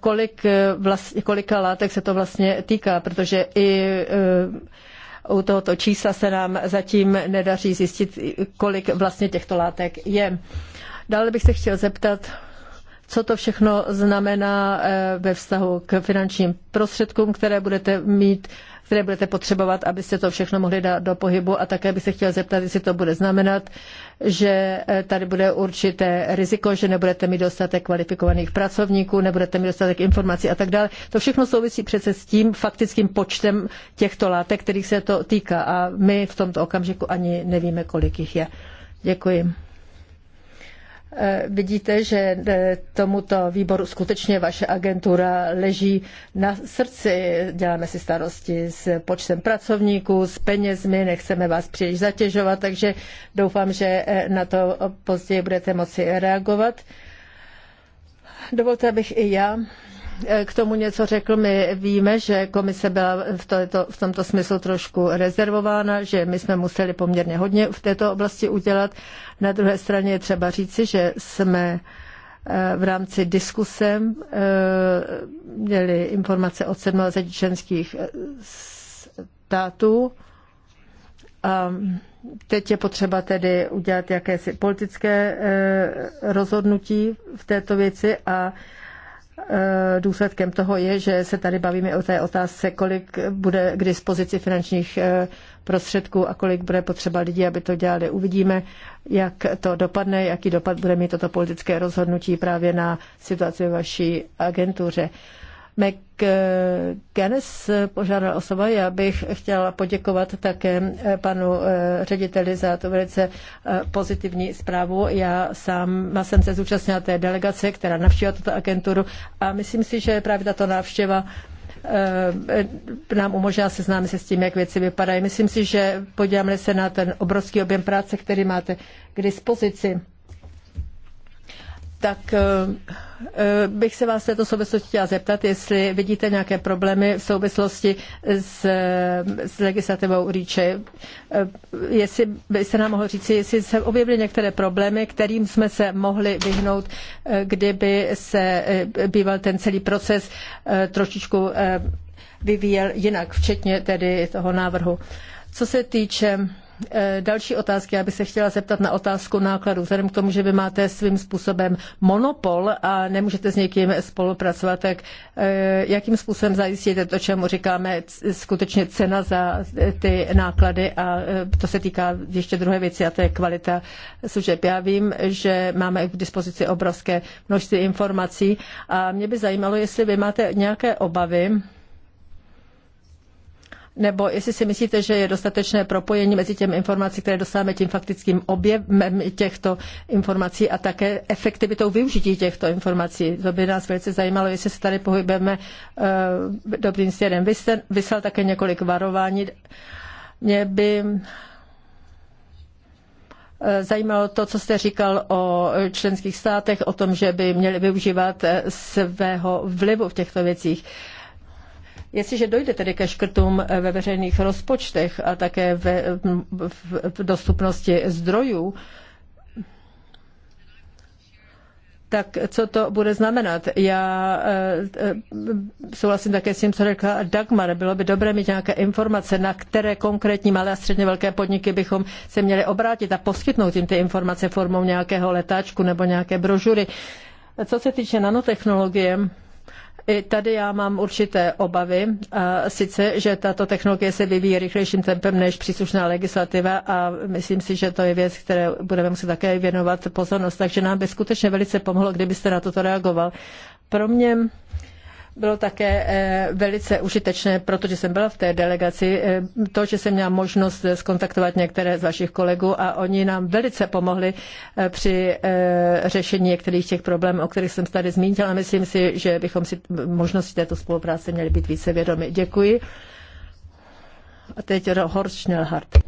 kolik vlastně, kolika látek se to vlastně týká, protože i u tohoto čísla se nám zatím nedaří zjistit, kolik vlastně těchto látek je. Dále bych se chtěl zeptat, co to všechno znamená eh, ve vztahu k finančním prostředkům, které budete mít které budete potřebovat, abyste to všechno mohli dát do pohybu. A také bych se chtěla zeptat, jestli to bude znamenat, že eh, tady bude určité riziko, že nebudete mít dostatek kvalifikovaných pracovníků, nebudete mít dostatek informací a tak dále. To všechno souvisí přece s tím faktickým počtem těchto látek, kterých se to týká. A my v tomto okamžiku ani nevíme, kolik jich je. Děkuji. Eh, vidíte, že eh, tomuto výboru skutečně vaše agentura leží na srdci. Děláme si starosti s počtem pracovníků, s penězmi, nechceme vás příliš zatěžovat, takže doufám, že eh, na to později budete moci reagovat. Dovolte, abych i já Eh, k tomu něco řekl. My víme, že komise byla v, této, v tomto smyslu trošku rezervována, že my jsme museli poměrně hodně v této oblasti udělat. Na druhé straně je třeba říci, že jsme eh, v rámci diskuse eh, měli informace od 17 členských států. A teď je potřeba tedy udělat jakési politické rozhodnutí v této věci a Eh, důsledkem toho je, že se tady bavíme o té otázce, kolik bude k dispozici finančních eh, prostředků a kolik bude potřeba lidí, aby to dělali. Uvidíme, jak to dopadne, jaký dopad bude mít toto politické rozhodnutí právě na situaci ve vaší agentuře. Mé Genes požádal o slovo. Já bych chtěla poděkovat také eh, panu eh, řediteli za tu velice eh, pozitivní zprávu. Já sám jsem se zúčastnila té delegace, která navštívila tuto agenturu a myslím si, že právě tato návštěva nám umožňuje seznámit se s tím, jak věci vypadají. Myslím si, že podíváme se na ten obrovský objem práce, který máte k dispozici tak eh, eh, bych se vás v této souvislosti chtěla zeptat, jestli vidíte nějaké problémy v souvislosti s, s legislativou REACHE. Eh, jestli byste nám mohl říci, jestli se objevily některé problémy, kterým jsme se mohli vyhnout, kdyby se býval ten celý proces trošičku vyvíjel jinak, včetně tedy toho návrhu. Co se týče Eh, další otázky. Já bych se chtěla zeptat na otázku nákladů. Vzhledem k tomu, že vy máte svým způsobem monopol a nemůžete s někým spolupracovat, tak eh, jakým způsobem zajistíte to, čemu říkáme skutečně cena za eh, ty náklady a to se týká ještě druhé věci a to je kvalita služeb. Já vím, že máme k dispozici obrovské množství informací a mě by zajímalo, jestli vy máte nějaké obavy, nebo jestli si myslíte, že je dostatečné propojení mezi těmi informací, které dostáváme tím faktickým objemem těchto informací a také efektivitou využití těchto informací. To by nás velice zajímalo, jestli se tady pohybeme uh, eh, dobrým směrem. Vy jste vyslal také několik varování. Mě by eh, zajímalo to, co jste říkal o členských státech, o tom, že by měli využívat eh, svého vlivu v těchto věcích. Jestliže dojde tedy ke škrtům eh, ve veřejných rozpočtech a také ve, mm, v, v dostupnosti zdrojů, tak co to bude znamenat? Já eh, eh, souhlasím také s tím, co řekla Dagmar. Bylo by dobré mít nějaké informace, na které konkrétní malé a středně velké podniky bychom se měli obrátit a poskytnout jim ty informace formou nějakého letáčku nebo nějaké brožury. Co se týče nanotechnologie, i tady já mám určité obavy, a sice, že tato technologie se vyvíjí rychlejším tempem než příslušná legislativa a myslím si, že to je věc, které budeme muset také věnovat pozornost. Takže nám by skutečně velice pomohlo, kdybyste na toto reagoval. Pro mě bylo také eh, velice užitečné, protože jsem byla v té delegaci, eh, to, že jsem měla možnost skontaktovat některé z vašich kolegů a oni nám velice pomohli eh, při řešení některých těch problémů, o kterých jsem tady zmínila. Myslím si, že bychom si možnosti této spolupráce měli být více vědomi. Děkuji. A teď Horst Schnellhardt.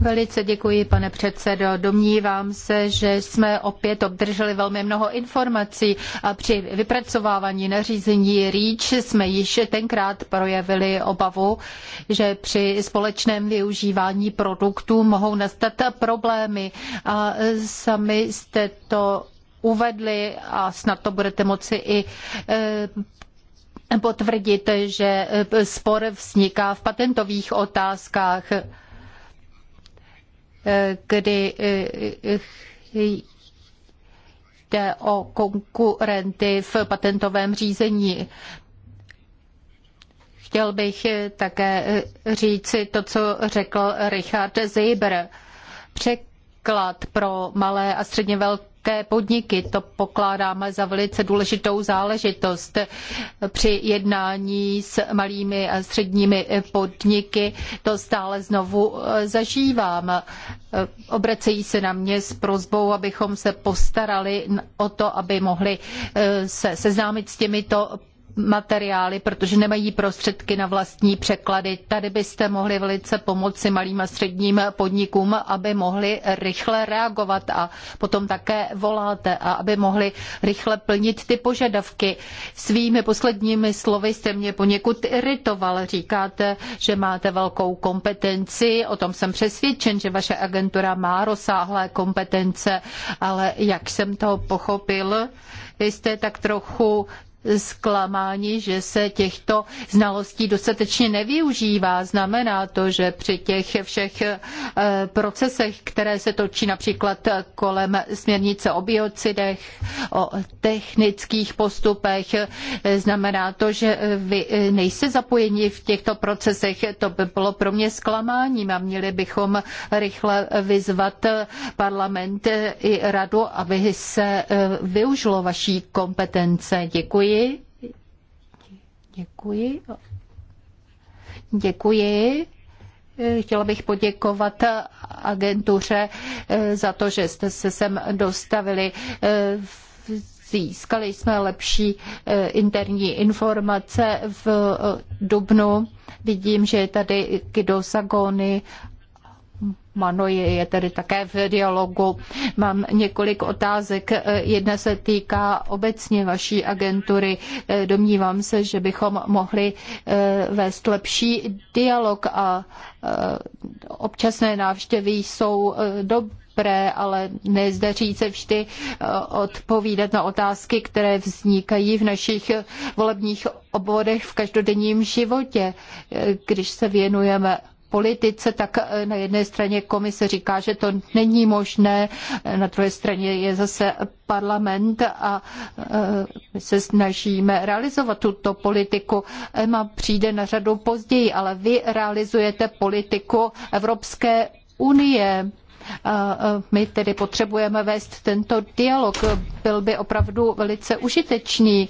Velice děkuji, pane předsedo. Domnívám se, že jsme opět obdrželi velmi mnoho informací a při vypracovávání nařízení REACH jsme již tenkrát projevili obavu, že při společném využívání produktů mohou nastat problémy. A sami jste to uvedli a snad to budete moci i eh, potvrdit, že eh, spor vzniká v patentových otázkách kdy eh, jde o konkurenty v patentovém řízení. Chtěl bych také říci to, co řekl Richard Zeber. Překlad pro malé a středně velké velké podniky. To pokládáme za velice důležitou záležitost. Při jednání s malými a středními podniky to stále znovu eh, zažívám. Eh, obracejí se na mě s prozbou, abychom se postarali o to, aby mohli eh, se seznámit s těmito materiály, protože nemají prostředky na vlastní překlady. Tady byste mohli velice pomoci malým a středním podnikům, aby mohli rychle reagovat a potom také voláte a aby mohli rychle plnit ty požadavky. Svými posledními slovy jste mě poněkud iritoval. Říkáte, že máte velkou kompetenci, o tom jsem přesvědčen, že vaše agentura má rozsáhlé kompetence, ale jak jsem to pochopil, jste tak trochu zklamáni, že se těchto znalostí dostatečně nevyužívá. Znamená to, že při těch všech eh, procesech, které se točí například kolem směrnice o biocidech, o technických postupech, eh, znamená to, že eh, vy nejste zapojeni v těchto procesech. To by bylo pro mě zklamáním a měli bychom rychle vyzvat parlament i radu, aby se využilo vaší kompetence. Děkuji Děkuji. Děkuji. Děkuji. Chtěla bych poděkovat agentuře eh, za to, že jste se sem dostavili. Eh, získali jsme lepší eh, interní informace v Dubnu. Vidím, že je tady Kido Sagony Mano je tedy také v dialogu. Mám několik otázek. Jedna se týká obecně vaší agentury. Domnívám se, že bychom mohli eh, vést lepší dialog a eh, občasné návštěvy jsou eh, dobré, ale nezdaří se vždy odpovídat na otázky, které vznikají v našich volebních obvodech v každodenním životě, když se věnujeme politice, tak eh, na jedné straně komise říká, že to není možné, eh, na druhé straně je zase parlament a eh, my se snažíme realizovat tuto politiku. EMA přijde na řadu později, ale vy realizujete politiku Evropské unie. My tedy potřebujeme vést tento dialog. Byl by opravdu velice užitečný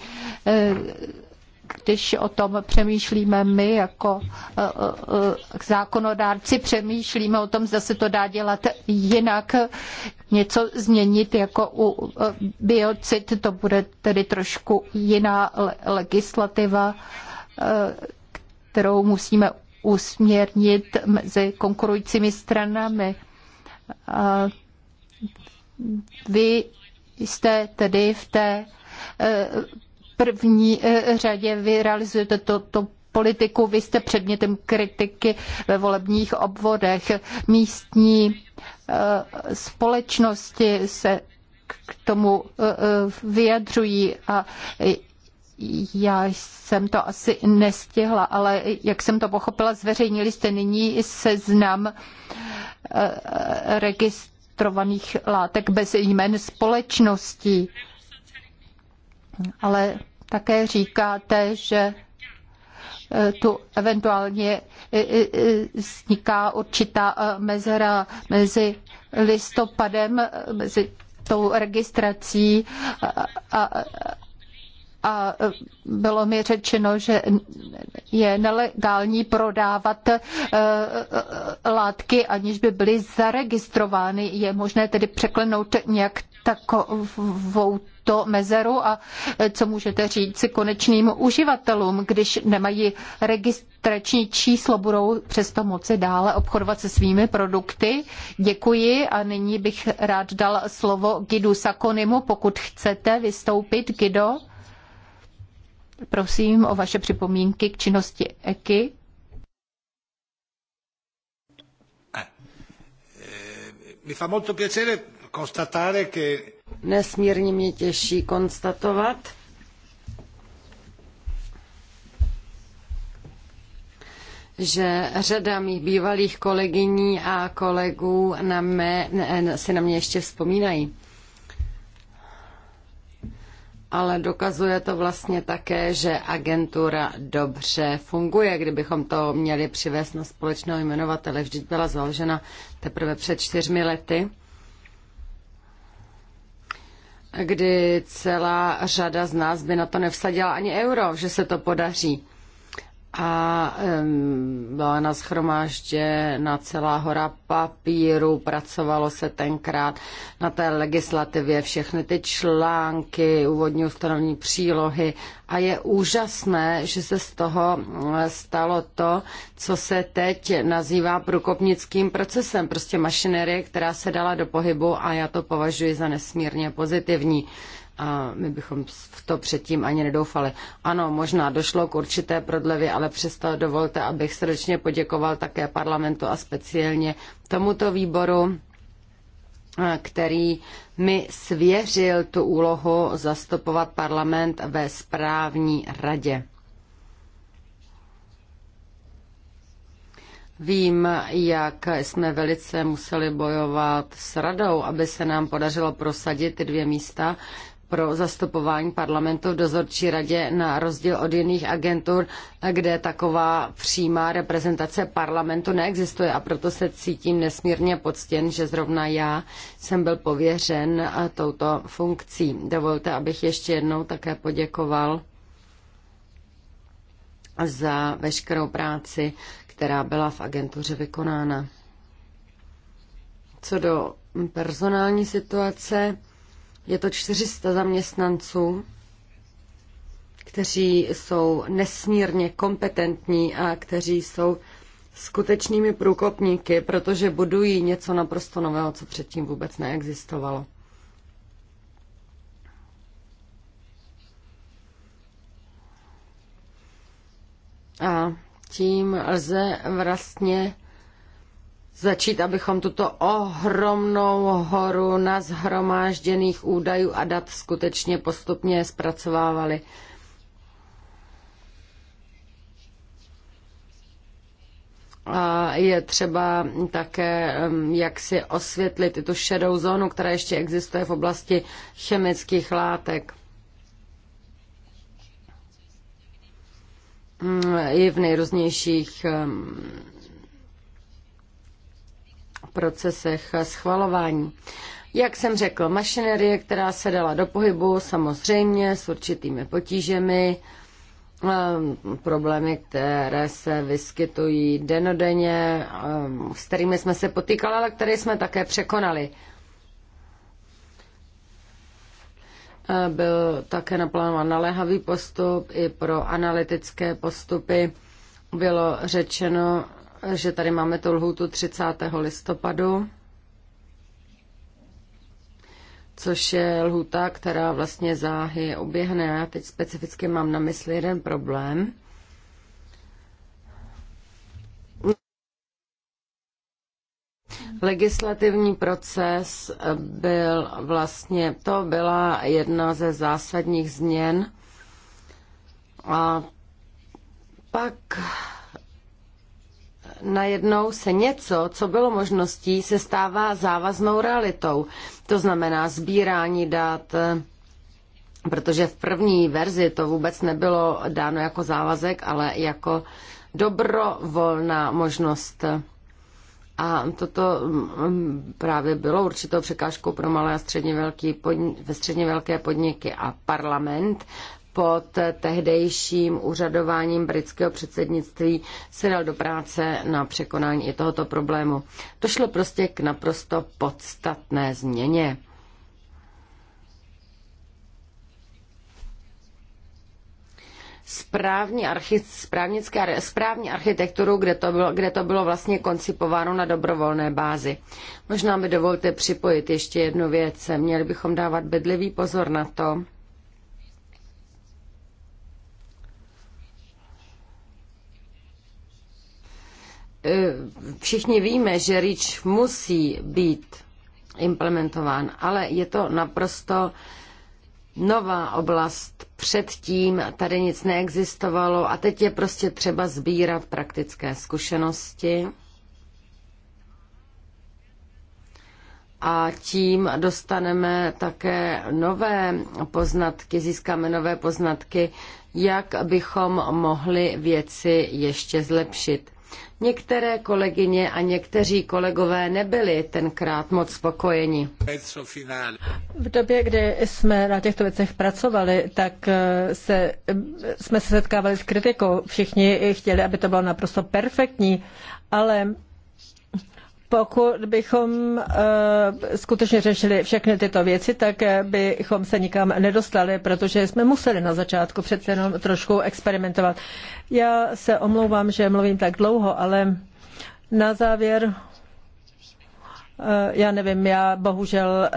když o tom přemýšlíme my jako e, e, e, zákonodárci, přemýšlíme o tom, zda se to dá dělat jinak, něco změnit jako u biocid, to bude tedy trošku jiná legislativa, kterou musíme usměrnit mezi konkurujícími stranami. Uh, vy jste tedy v té první eh, řadě vy realizujete to, to politiku, vy jste předmětem kritiky ve volebních obvodech. Místní eh, společnosti se k tomu eh, vyjadřují a já jsem to asi nestihla, ale jak jsem to pochopila, zveřejnili jste nyní seznam registrovaných látek bez jmen společností. Ale také říkáte, že e, tu eventuálně e, e, vzniká určitá mezera mezi listopadem, mezi tou registrací a, a bylo mi řečeno, že je nelegální prodávat látky, aniž by byly zaregistrovány. Je možné tedy překlenout nějak takovou tuto mezeru a e, co můžete říct konečným uživatelům, když nemají registrační číslo, budou přesto moci dále obchodovat se svými produkty. Děkuji a nyní bych rád dal slovo Gidu Sakonimu, pokud chcete vystoupit. Gido, prosím o vaše připomínky k činnosti EKI. Eh, eh, mi fa molto piacere constatare che Nesmírně mě těší konstatovat, že řada mých bývalých kolegyní a kolegů na mé, ne, si na mě ještě vzpomínají. Ale dokazuje to vlastně také, že agentura dobře funguje. Kdybychom to měli přivést na společného jmenovatele, vždyť byla založena teprve před čtyřmi lety kdy celá řada z nás by na to nevsadila ani euro, že se to podaří a byla na schromáždě na celá hora papíru, pracovalo se tenkrát na té legislativě, všechny ty články, úvodní ustanovní přílohy a je úžasné, že se z toho eh, stalo to, co se teď nazývá průkopnickým procesem, prostě mašinerie, která se dala do pohybu a já to považuji za nesmírně pozitivní a my bychom v to předtím ani nedoufali. Ano, možná došlo k určité prodlevě, ale přesto dovolte, abych srdečně poděkoval také parlamentu a speciálně tomuto výboru, který mi svěřil tu úlohu zastupovat parlament ve správní radě. Vím, jak jsme velice museli bojovat s radou, aby se nám podařilo prosadit ty dvě místa pro zastupování parlamentu v dozorčí radě na rozdíl od jiných agentur, kde taková přímá reprezentace parlamentu neexistuje a proto se cítím nesmírně poctěn, že zrovna já jsem byl pověřen touto funkcí. Dovolte, abych ještě jednou také poděkoval za veškerou práci, která byla v agentuře vykonána. Co do personální situace, je to 400 zaměstnanců, kteří jsou nesmírně kompetentní a kteří jsou skutečnými průkopníky, protože budují něco naprosto nového, co předtím vůbec neexistovalo. A tím lze vlastně začít, abychom tuto ohromnou horu na zhromážděných údajů a dat skutečně postupně zpracovávali. A je třeba také um, jak si osvětlit i tu šedou zónu, která ještě existuje v oblasti chemických látek. Mm, I v nejrůznějších um, procesech schvalování. Jak jsem řekl, mašinerie, která se dala do pohybu, samozřejmě s určitými potížemi, ehm, problémy, které se vyskytují denodenně, ehm, s kterými jsme se potýkali, ale které jsme také překonali. Eh, byl také naplánován naléhavý postup i pro analytické postupy. Bylo řečeno, že tady máme tu lhůtu 30. listopadu, což je lhůta, která vlastně záhy oběhne. Já teď specificky mám na mysli jeden problém. Legislativní proces byl vlastně, to byla jedna ze zásadních změn a pak najednou se něco, co bylo možností, se stává závaznou realitou. To znamená sbírání dat, protože v první verzi to vůbec nebylo dáno jako závazek, ale jako dobrovolná možnost. A toto mm, mm, právě bylo určitou překážkou pro malé a středně, velký podnik, ve středně velké podniky a parlament pod tehdejším úřadováním britského předsednictví se dal do práce na překonání i tohoto problému. To šlo prostě k naprosto podstatné změně. správní, archi, správní architekturu, kde to, bylo, kde to bylo vlastně koncipováno na dobrovolné bázi. Možná mi dovolte připojit ještě jednu věc. Měli bychom dávat bedlivý pozor na to, E, všichni víme, že REACH musí být implementován, ale je to naprosto nová oblast. Předtím tady nic neexistovalo a teď je prostě třeba sbírat praktické zkušenosti. a tím dostaneme také nové poznatky, získáme nové poznatky, jak bychom mohli věci ještě zlepšit. Některé kolegyně a někteří kolegové nebyli tenkrát moc spokojeni. V době, kdy jsme na těchto věcech pracovali, tak eh, se, eh, jsme se setkávali s kritikou. Všichni chtěli, aby to bylo naprosto perfektní, ale pokud bychom eh, skutečně řešili všechny tyto věci, tak eh, bychom se nikam nedostali, protože jsme museli na začátku přece jenom trošku experimentovat. Já se omlouvám, že mluvím tak dlouho, ale na závěr eh, já nevím, já bohužel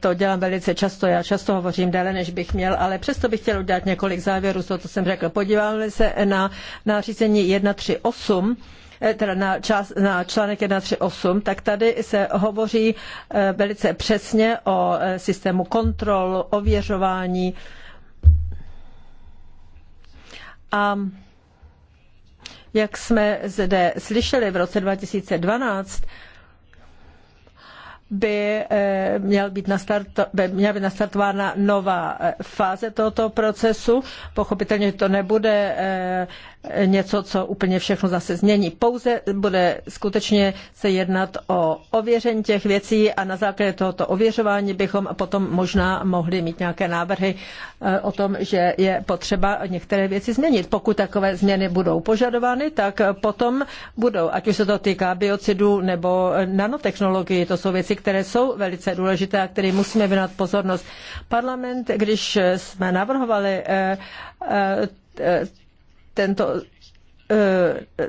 to dělám velice často, já často hovořím déle, než bych měl, ale přesto bych chtěl udělat několik závěrů z toho, co jsem řekl. Podíváme se na nářízení 138 Eh, teda na, čas, na článek 138, tak tady se hovoří eh, velice přesně o eh, systému kontrol, ověřování a jak jsme zde slyšeli v roce 2012, by, měl být by měla být nastartována nová fáze tohoto procesu. Pochopitelně to nebude něco, co úplně všechno zase změní. Pouze bude skutečně se jednat o ověření těch věcí a na základě tohoto ověřování bychom potom možná mohli mít nějaké návrhy eh, o tom, že je potřeba některé věci změnit. Pokud takové změny budou požadovány, tak potom budou, ať už se to týká biocidů nebo nanotechnologií, to jsou věci, které jsou velice důležité a které musíme věnovat pozornost. Parlament, když jsme navrhovali eh, eh, tento e,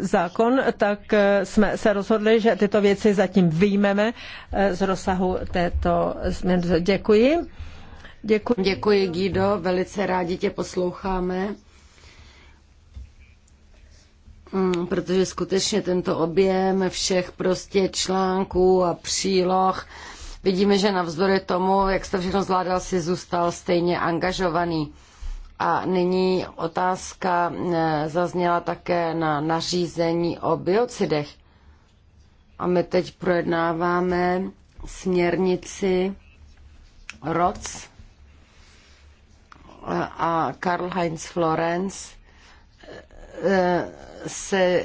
zákon, tak e, jsme se rozhodli, že tyto věci zatím výjmeme e, z rozsahu této změny. Děkuji. Děkuji. Děkuji, Guido. Velice rádi tě posloucháme. Mm, protože skutečně tento objem všech prostě článků a příloh, vidíme, že navzdory tomu, jak jste všechno zvládal, si zůstal stejně angažovaný. A nyní otázka eh, zazněla také na nařízení o biocidech. A my teď projednáváme směrnici ROC a Karl Heinz Florenz eh, se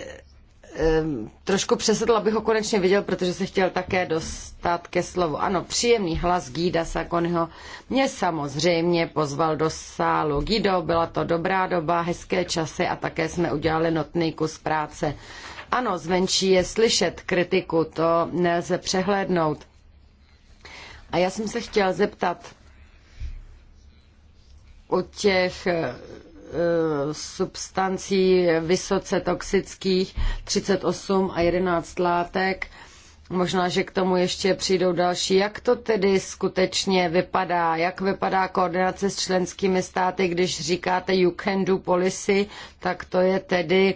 Ehm, trošku přesedl, abych ho konečně viděl, protože se chtěl také dostat ke slovu. Ano, příjemný hlas Gída Sakonyho mě samozřejmě pozval do sálu. Guido, byla to dobrá doba, hezké časy a také jsme udělali notný kus práce. Ano, zvenčí je slyšet kritiku, to nelze přehlédnout. A já jsem se chtěl zeptat, u těch Eh, substancí vysoce toxických, 38 a 11 látek. Možná, že k tomu ještě přijdou další. Jak to tedy skutečně vypadá? Jak vypadá koordinace s členskými státy, když říkáte you can do policy, tak to je tedy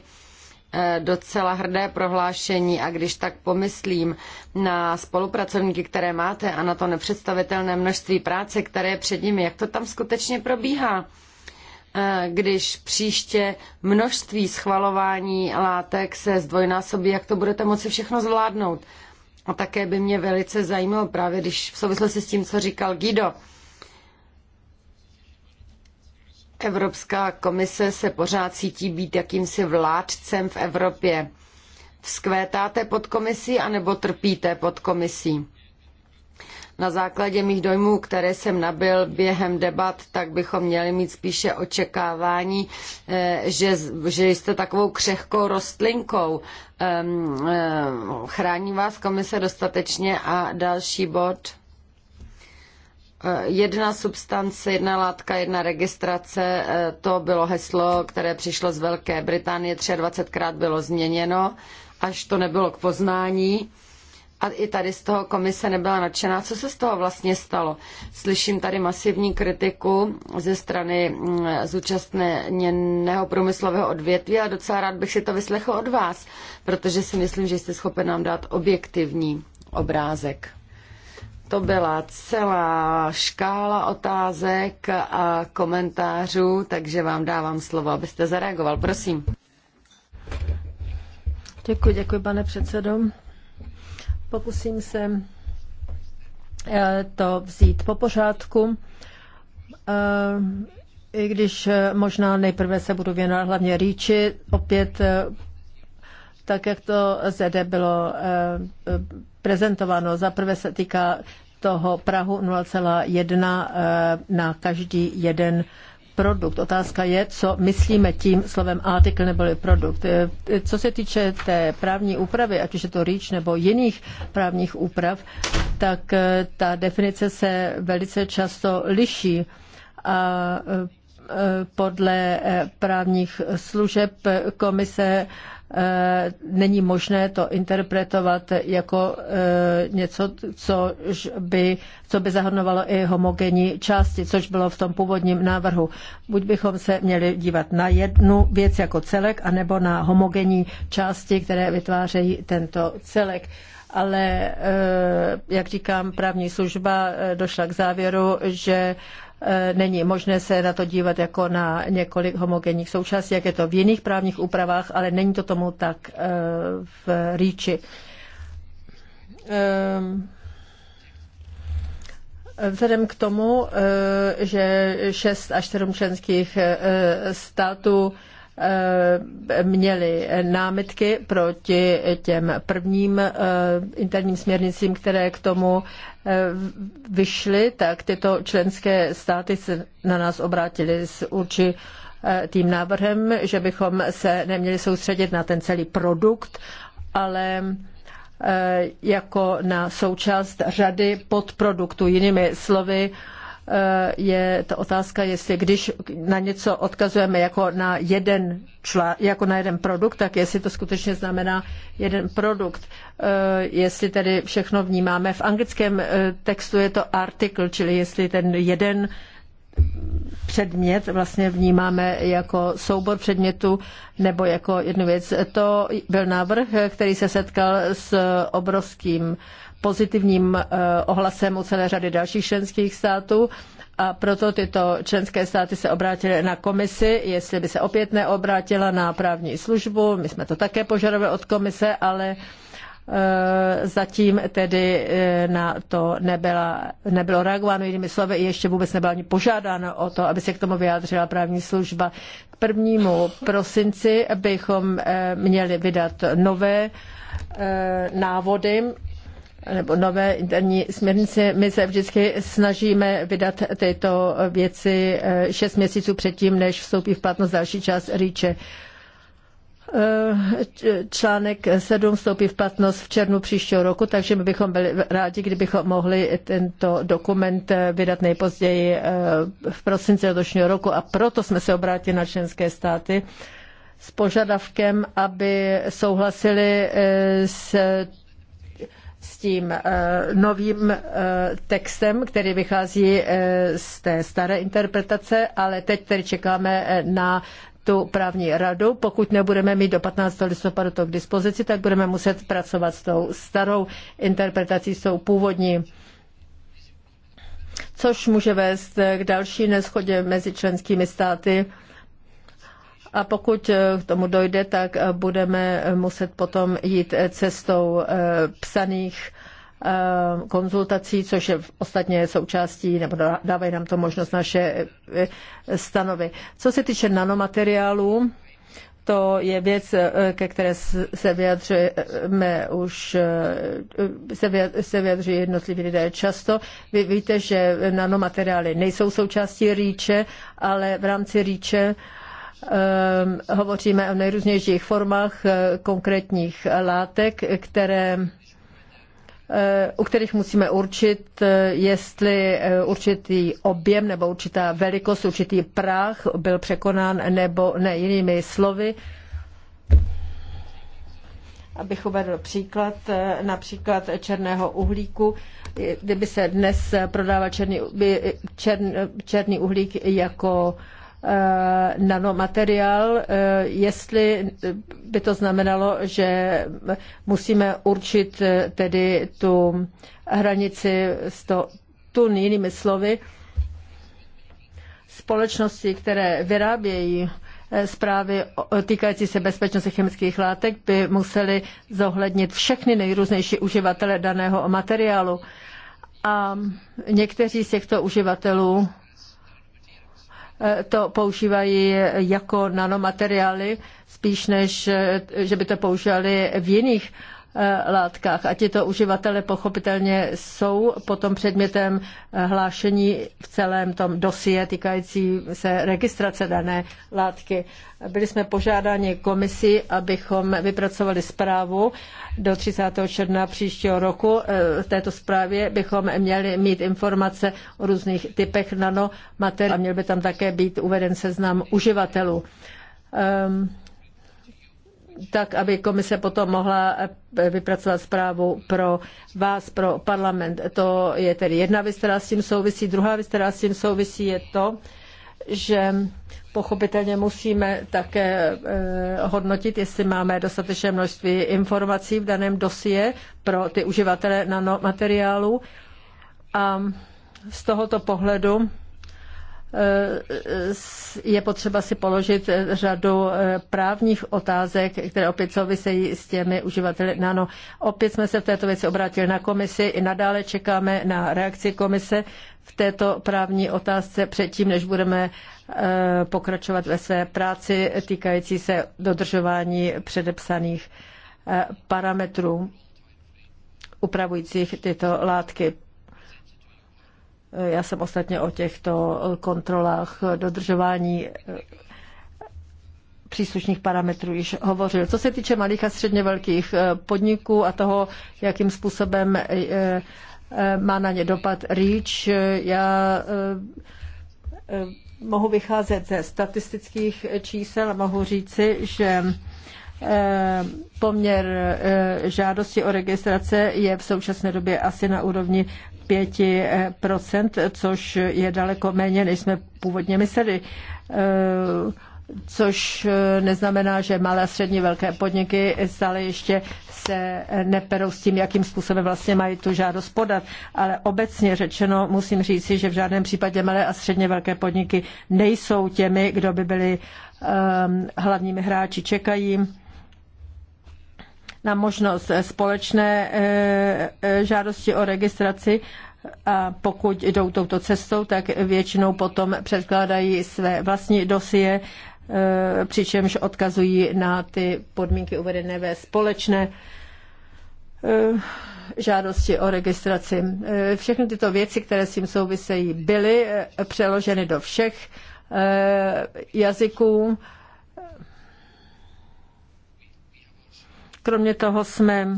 eh, docela hrdé prohlášení a když tak pomyslím na spolupracovníky, které máte a na to nepředstavitelné množství práce, které je před nimi, jak to tam skutečně probíhá? Eh, když příště množství schvalování látek se zdvojnásobí, jak to budete moci všechno zvládnout. A také by mě velice zajímalo právě, když v souvislosti s tím, co říkal Guido, Evropská komise se pořád cítí být jakýmsi vládcem v Evropě. Vzkvétáte pod komisí anebo trpíte pod komisí? Na základě mých dojmů, které jsem nabil během debat, tak bychom měli mít spíše očekávání, eh, že, že jste takovou křehkou rostlinkou. Ehm, ehm, chrání vás komise dostatečně a další bod eh, jedna substance, jedna látka, jedna registrace, eh, to bylo heslo, které přišlo z Velké Británie, 23krát bylo změněno, až to nebylo k poznání a i tady z toho komise nebyla nadšená. Co se z toho vlastně stalo? Slyším tady masivní kritiku ze strany mm, zúčastněného průmyslového odvětví a docela rád bych si to vyslechl od vás, protože si myslím, že jste schopen nám dát objektivní obrázek. To byla celá škála otázek a komentářů, takže vám dávám slovo, abyste zareagoval. Prosím. Děkuji, děkuji, pane předsedo. Pokusím se eh, to vzít po pořádku. Eh, I když eh, možná nejprve se budu věnovat hlavně Ríči, opět tak, jak to zde bylo prezentováno. Za prvé se týká toho Prahu 0,1 na každý jeden produkt. Otázka je, co myslíme tím slovem article neboli produkt. Eh, co se týče té právní úpravy, ať už je to REACH nebo jiných právních úprav, tak eh, ta definice se velice často liší. A eh, podle právních služeb komise Eh, není možné to interpretovat jako eh, něco, co by, co by zahrnovalo i homogenní části, což bylo v tom původním návrhu. Buď bychom se měli dívat na jednu věc jako celek, anebo na homogenní části, které vytvářejí tento celek ale eh, jak říkám, právní služba došla k závěru, že E, není možné se na to dívat jako na několik homogenních součástí, jak je to v jiných právních úpravách, ale není to tomu tak e, v rýči. E, vzhledem k tomu, že 6 až 7 členských států Eh, měli námitky proti těm prvním eh, interním směrnicím, které k tomu eh, vyšly, tak tyto členské státy se na nás obrátili s určitým návrhem, že bychom se neměli soustředit na ten celý produkt, ale jako na součást řady podproduktů. Jinými slovy, Eh, je ta otázka, jestli když na něco odkazujeme jako na jeden člá, jako na jeden produkt, tak jestli to skutečně znamená jeden produkt. Eh, jestli tedy všechno vnímáme. V anglickém eh, textu je to article, čili jestli ten jeden předmět vlastně vnímáme jako soubor předmětů nebo jako jednu věc. To byl návrh, který se setkal s obrovským pozitivním eh, ohlasem u celé řady dalších členských států a proto tyto členské státy se obrátily na komisi, jestli by se opět neobrátila na právní službu. My jsme to také požadovali od komise, ale uh, Eh, zatím tedy eh, na to nebyla, nebylo reagováno, jinými slovy, ještě vůbec nebyla ani požádána o to, aby se k tomu vyjádřila právní služba. K prvnímu prosinci bychom eh, měli vydat nové návody nebo nové interní směrnice. My se vždycky snažíme vydat tyto věci šest měsíců předtím, než vstoupí v platnost další část REACHE. Eh, článek 7 vstoupí v platnost v červnu příštího roku, takže my bychom byli rádi, kdybychom mohli tento dokument eh, vydat nejpozději eh, v prosinci letošního roku a proto jsme se obrátili na členské státy s požadavkem, aby souhlasili s s tím novým textem, který vychází z té staré interpretace, ale teď tedy čekáme na tu právní radu. Pokud nebudeme mít do 15. listopadu to k dispozici, tak budeme muset pracovat s tou starou interpretací, s tou původní což může vést k další neschodě mezi členskými státy. A pokud k tomu dojde, tak budeme muset potom jít cestou eh, psaných Eh, konzultací, což je ostatně součástí, nebo dávají nám to možnost naše eh, stanovy. Co se týče nanomateriálů, to je věc, eh, ke které se vyjadřujeme už, se vyjadřují jednotliví lidé často. Vy víte, že nanomateriály nejsou součástí rýče, ale v rámci rýče hovoříme o nejrůznějších formách konkrétních látek, které Eh, u kterých musíme určit, eh, jestli eh, určitý objem nebo určitá velikost, určitý práh byl překonán nebo ne jinými slovy. Abych uvedl příklad, například černého uhlíku. Kdyby se dnes prodával černý, čern, černý uhlík jako uh, Eh, nanomateriál, eh, jestli by to znamenalo, že musíme určit eh, tedy tu hranici 100 tun, jinými slovy, společnosti, které vyrábějí zprávy týkající se bezpečnosti chemických látek, by museli zohlednit všechny nejrůznější uživatele daného materiálu. A někteří z těchto uživatelů Eh, to používají jako nanomateriály, spíš než, eh, že by to používali v jiných Eh, látkách. A tito uživatelé pochopitelně jsou potom předmětem eh, hlášení v celém tom dosie týkající se registrace dané látky. Byli jsme požádáni komisi, abychom vypracovali zprávu do 30. června příštího roku. Eh, v této zprávě bychom měli mít informace o různých typech nanomateriálů a měl by tam také být uveden seznam uživatelů. Ehm, tak aby komise potom mohla eh, vypracovat zprávu pro vás, pro parlament. To je tedy jedna věc, která s tím souvisí. Druhá věc, která s tím souvisí, je to, že pochopitelně musíme také eh, hodnotit, jestli máme dostatečné množství informací v daném dosie pro ty uživatele nanomateriálu. A z tohoto pohledu Eh, je potřeba si položit eh, řadu eh, právních otázek, které opět souvisejí s těmi uživateli nano. No, opět jsme se v této věci obrátili na komisi, i nadále čekáme na reakci komise v této právní otázce předtím, než budeme pokračovat ve své práci týkající se dodržování předepsaných parametrů upravujících tyto látky. Já jsem ostatně o těchto kontrolách dodržování eh, příslušných parametrů již hovořil. Co se týče malých a středně velkých eh, podniků a toho, jakým způsobem eh, má na ně dopad REACH, já mohu vycházet ze statistických čísel a mohu říci, že poměr žádosti o registrace je v současné době asi na úrovni 5%, což je daleko méně, než jsme původně mysleli eh, což eh, neznamená, že malé a středně velké podniky stále ještě se neperou s tím, jakým způsobem vlastně mají tu žádost podat. Ale obecně řečeno musím říci, že v žádném případě malé a středně velké podniky nejsou těmi, kdo by byli um, hlavními hráči. Čekají na možnost společné eh, eh, žádosti o registraci a pokud jdou touto cestou, tak většinou potom předkládají své vlastní dosie, eh, přičemž odkazují na ty podmínky uvedené ve společné žádosti o registraci. Všechny tyto věci, které s tím souvisejí, byly přeloženy do všech jazyků. Kromě toho jsme e,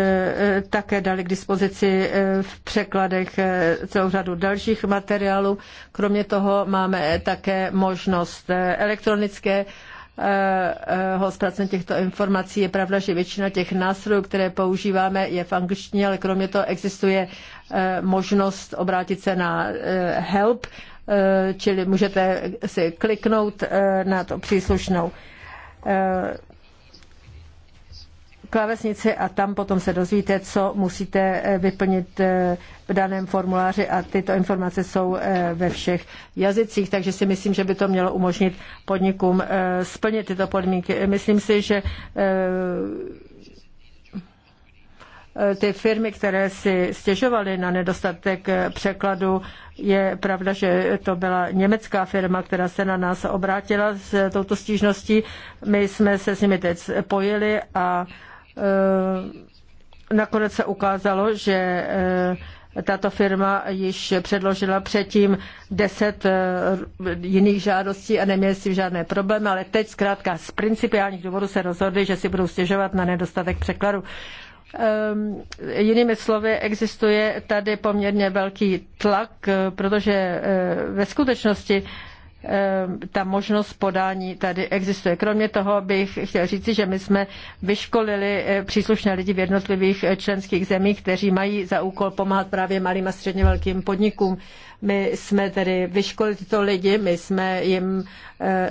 e, také dali k dispozici e, v překladech celou řadu dalších materiálů. Kromě toho máme také možnost elektronické zpracování těchto informací. Je pravda, že většina těch nástrojů, které používáme, je v angličtině, ale kromě toho existuje možnost obrátit se na help, čili můžete si kliknout na to příslušnou klávesnici a tam potom se dozvíte, co musíte eh, vyplnit eh, v daném formuláři a tyto informace jsou eh, ve všech jazycích, takže si myslím, že by to mělo umožnit podnikům splnit tyto podmínky. Myslím si, že ty firmy, které si stěžovaly na nedostatek překladu, je pravda, že to byla německá firma, která se na nás obrátila s touto stížností. My jsme se s nimi teď spojili a Eh, nakonec se ukázalo, že eh, tato firma již předložila předtím deset eh, jiných žádostí a neměli s tím žádné problémy, ale teď zkrátka z principiálních důvodů se rozhodli, že si budou stěžovat na nedostatek překladu. Um, jinými slovy, existuje tady poměrně velký tlak, protože uh, ve skutečnosti uh, Eh, ta možnost podání tady existuje. Kromě toho bych chtěl říci, že my jsme vyškolili eh, příslušné lidi v jednotlivých eh, členských zemích, kteří mají za úkol pomáhat právě malým a středně velkým podnikům. My jsme tedy vyškolili tyto lidi, my jsme jim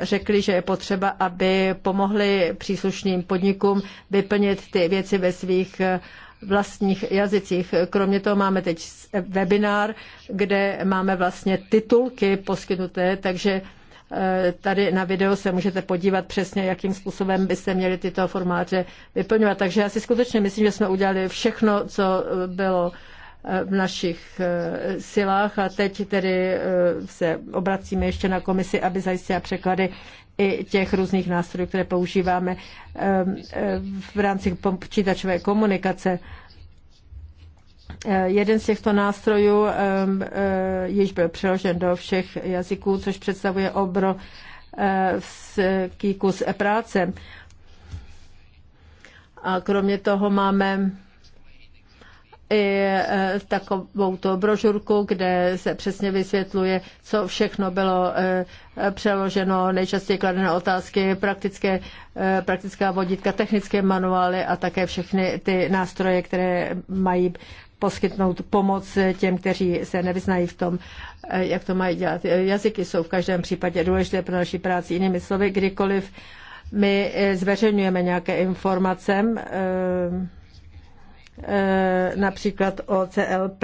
řekli, že je potřeba, aby pomohli příslušným podnikům vyplnit ty věci ve svých vlastních jazycích. Kromě toho máme teď webinár, kde máme vlastně titulky poskytnuté, takže eh, tady na video se můžete podívat přesně, jakým způsobem byste měli tyto formáře vyplňovat. Takže já si skutečně myslím, že jsme udělali všechno, co eh, bylo eh, v našich silách a teď tedy se obracíme ještě na komisi, aby zajistila překlady i těch různých nástrojů, které používáme v rámci počítačové komunikace. Eh, jeden z těchto nástrojů eh, již byl přeložen do všech jazyků, což představuje obrovský eh, kus práce. A kromě toho máme i e, takovou tu brožurku, kde se přesně vysvětluje, co všechno bylo e, přeloženo, nejčastěji kladené otázky, praktické, e, praktická vodítka, technické manuály a také všechny ty nástroje, které mají poskytnout pomoc těm, kteří se nevyznají v tom, jak to mají dělat. Jazyky jsou v každém případě důležité pro naši práci. Jinými slovy, kdykoliv my zveřejňujeme nějaké informace, Eh, například o CLP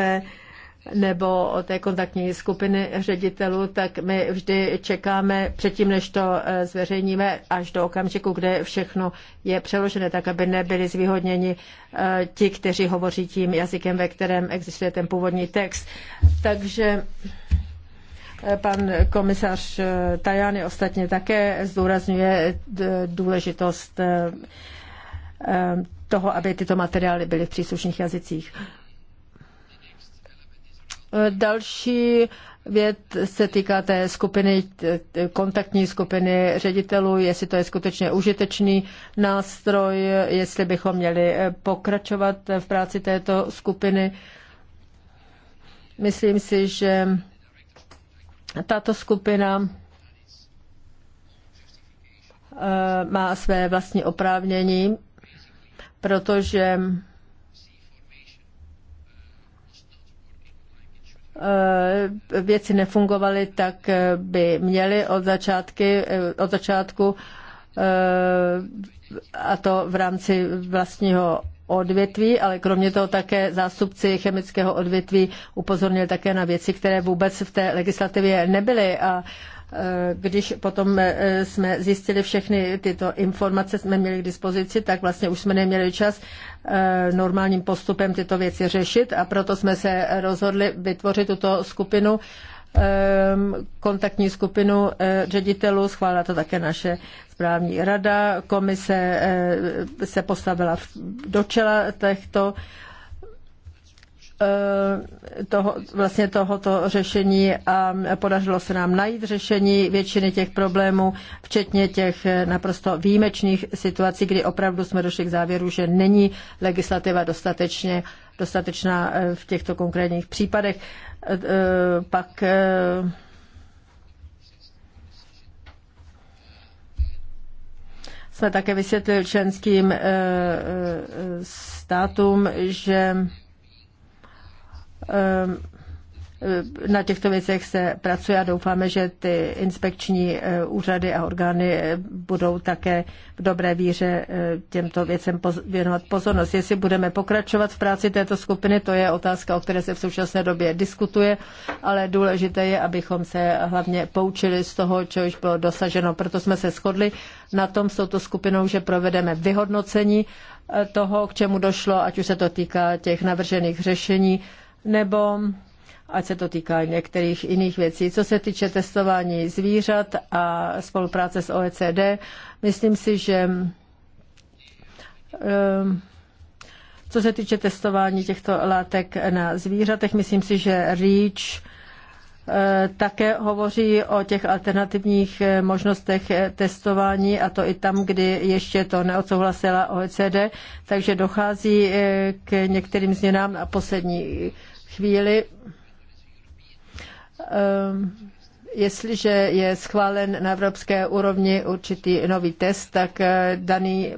nebo o té kontaktní skupiny ředitelů, tak my vždy čekáme předtím, než to eh, zveřejníme, až do okamžiku, kde všechno je přeložené, tak aby nebyli zvýhodněni eh, ti, kteří hovoří tím jazykem, ve kterém existuje ten původní text. Takže pan komisař Tajany ostatně také zdůrazňuje důležitost toho, aby tyto materiály byly v příslušných jazycích. Další věc se týká té skupiny, kontaktní skupiny ředitelů, jestli to je skutečně užitečný nástroj, jestli bychom měli pokračovat v práci této skupiny. Myslím si, že tato skupina eh, má své vlastní oprávnění protože eh, věci nefungovaly, tak eh, by měly od, začátky, eh, od začátku a to v rámci vlastního odvětví, ale kromě toho také zástupci chemického odvětví upozornili také na věci, které vůbec v té legislativě nebyly a Eh, když potom eh, jsme zjistili všechny tyto informace, jsme měli k dispozici, tak vlastně už jsme neměli čas eh, normálním postupem tyto věci řešit a proto jsme se rozhodli vytvořit tuto skupinu, kontaktní skupinu ředitelů, schválila to také naše správní rada, komise se postavila do čela těchto Eh, toho, vlastně tohoto řešení a podařilo se nám najít řešení většiny těch problémů, včetně těch eh, naprosto výjimečných situací, kdy opravdu jsme došli k závěru, že není legislativa dostatečně, dostatečná eh, v těchto konkrétních případech. Pak jsme také vysvětlili členským státům, že Ehm, na těchto věcech se pracuje a doufáme, že ty inspekční eh, úřady a orgány eh, budou také v dobré víře eh, těmto věcem věnovat pozornost. Jestli budeme pokračovat v práci této skupiny, to je otázka, o které se v současné době diskutuje, ale důležité je, abychom se hlavně poučili z toho, co už bylo dosaženo. Proto jsme se shodli na tom s touto skupinou, že provedeme vyhodnocení toho, k čemu došlo, ať už se to týká těch navržených řešení, nebo ať se to týká některých jiných věcí. Co se týče testování zvířat a spolupráce s OECD, myslím si, že ehm, co se týče testování těchto látek na zvířatech, myslím si, že REACH eh, také hovoří o těch alternativních eh, možnostech eh, testování a to i tam, kdy ještě to neodsouhlasila OECD, takže dochází k některým změnám a poslední chvíli ehm, jestliže je schválen na evropské úrovni určitý nový test, tak eh, daný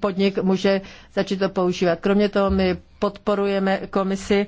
podnik může začít to používat. Kromě toho my podporujeme komisi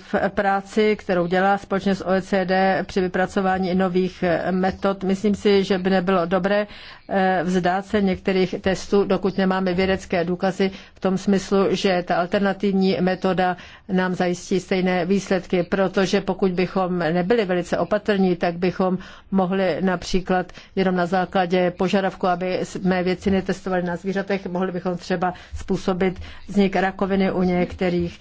v eh, práci, kterou dělá společně s OECD při vypracování nových metod. Myslím si, že by nebylo dobré, Eh, vzdát se některých testů, dokud nemáme vědecké důkazy v tom smyslu, že ta alternativní metoda nám zajistí stejné výsledky, protože pokud bychom nebyli velice opatrní, tak bychom mohli například jenom na základě požadavku, aby jsme věci netestovali na zvířatech, mohli bychom třeba způsobit vznik rakoviny u některých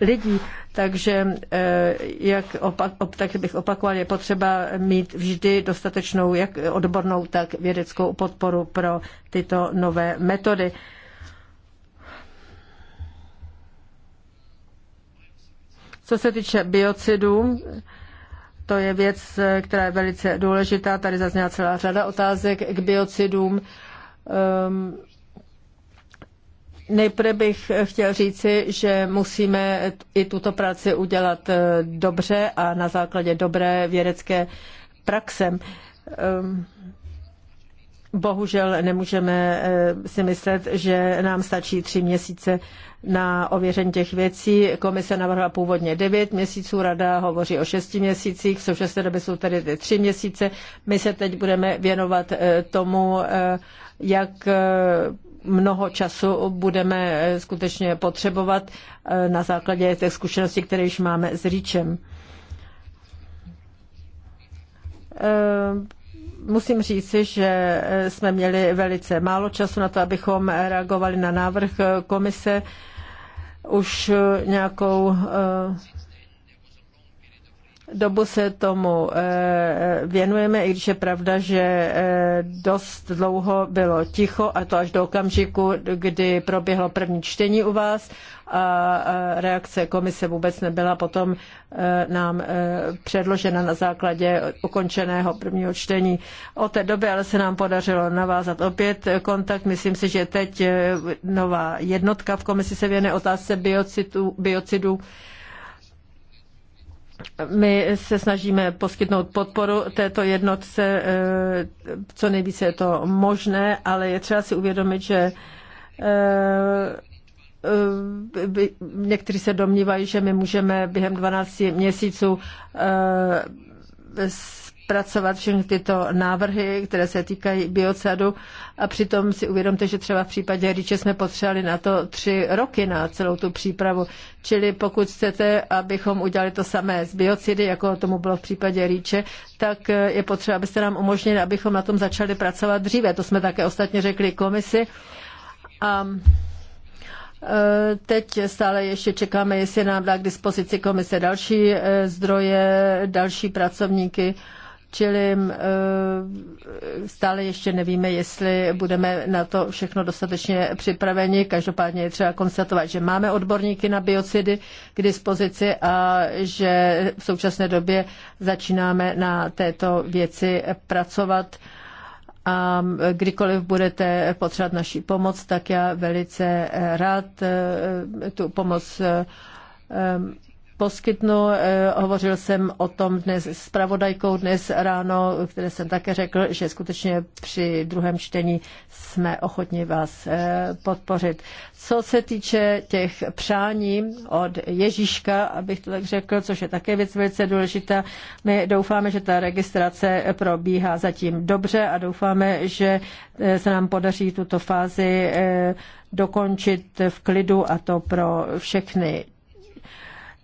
lidí. Takže eh, jak opak, tak bych opakoval, je potřeba mít vždy dostatečnou jak odbornou, tak vědeckou podporu pro tyto nové metody. Co se týče biocidů, to je věc, která je velice důležitá. Tady zazněla celá řada otázek k biocidům. Um, Nejprve bych chtěl říci, že musíme i tuto práci udělat eh, dobře a na základě dobré vědecké praxe. Um, bohužel nemůžeme eh, si myslet, že nám stačí tři měsíce na ověření těch věcí. Komise navrhla původně devět měsíců, rada hovoří o šesti měsících, v současné době jsou tady ty tři měsíce. My se teď budeme věnovat eh, tomu, eh, jak mnoho času budeme skutečně potřebovat na základě těch zkušeností, které již máme s Říčem musím říci, že eh, jsme měli velice málo času na to, abychom reagovali na návrh eh, komise už eh, nějakou dobu se tomu eh, eh, věnujeme, i když je pravda, že eh, dost dlouho bylo ticho a to až do okamžiku, kdy proběhlo první čtení u vás a reakce komise vůbec nebyla potom nám předložena na základě ukončeného prvního čtení. Od té doby ale se nám podařilo navázat opět kontakt. Myslím si, že teď nová jednotka v komisi se věnuje otázce biocidů, biocidů my se snažíme poskytnout podporu této jednotce, eh, co nejvíce je to možné, ale je třeba si uvědomit, že eh, eh, někteří se domnívají, že my můžeme během 12 měsíců pracovat všechny tyto návrhy, které se týkají biocadu a přitom si uvědomte, že třeba v případě Rýče jsme potřebovali na to tři roky na celou tu přípravu. Čili pokud chcete, abychom udělali to samé s biocidy, jako tomu bylo v případě Rýče, tak je potřeba, abyste nám umožnili, abychom na tom začali pracovat dříve. To jsme také ostatně řekli komisi. A e, Teď stále ještě čekáme, jestli nám dá k dispozici komise další e, zdroje, další pracovníky čili eh, stále ještě nevíme, jestli budeme na to všechno dostatečně připraveni. Každopádně je třeba konstatovat, že máme odborníky na biocidy k dispozici a že v současné době začínáme na této věci pracovat. A kdykoliv budete potřebovat naší pomoc, tak já velice rád eh, tu pomoc eh, poskytnu. Eh, hovořil jsem o tom dnes s pravodajkou dnes ráno, které jsem také řekl, že skutečně při druhém čtení jsme ochotni vás eh, podpořit. Co se týče těch přání od Ježíška, abych to tak řekl, což je také věc velice důležitá, my doufáme, že ta registrace probíhá zatím dobře a doufáme, že eh, se nám podaří tuto fázi dokončit v klidu a to pro všechny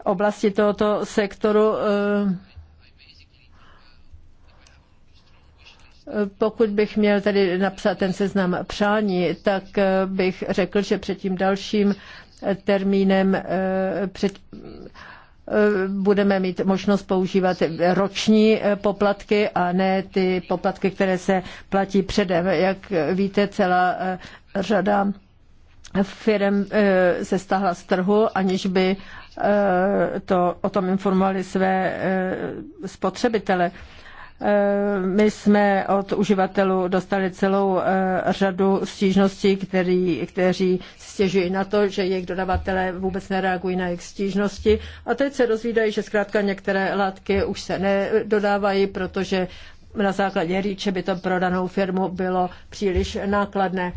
oblasti tohoto sektoru eh, Pokud bych měl tady napsat ten seznam přání, tak eh, bych řekl, že před tím dalším eh, termínem před, budeme mít možnost používat roční poplatky a ne ty poplatky, které se platí předem. Jak víte, celá řada firm se stáhla z trhu, aniž by Eh, to, o tom informovali své eh, spotřebitele. Eh, my jsme od uživatelů dostali celou řadu stížností, který, kteří stěžují na to, že jejich dodavatelé vůbec nereagují na jejich stížnosti. A teď se dozvídají, že zkrátka některé látky už se nedodávají, protože na základě rýče by to pro danou firmu bylo příliš nákladné.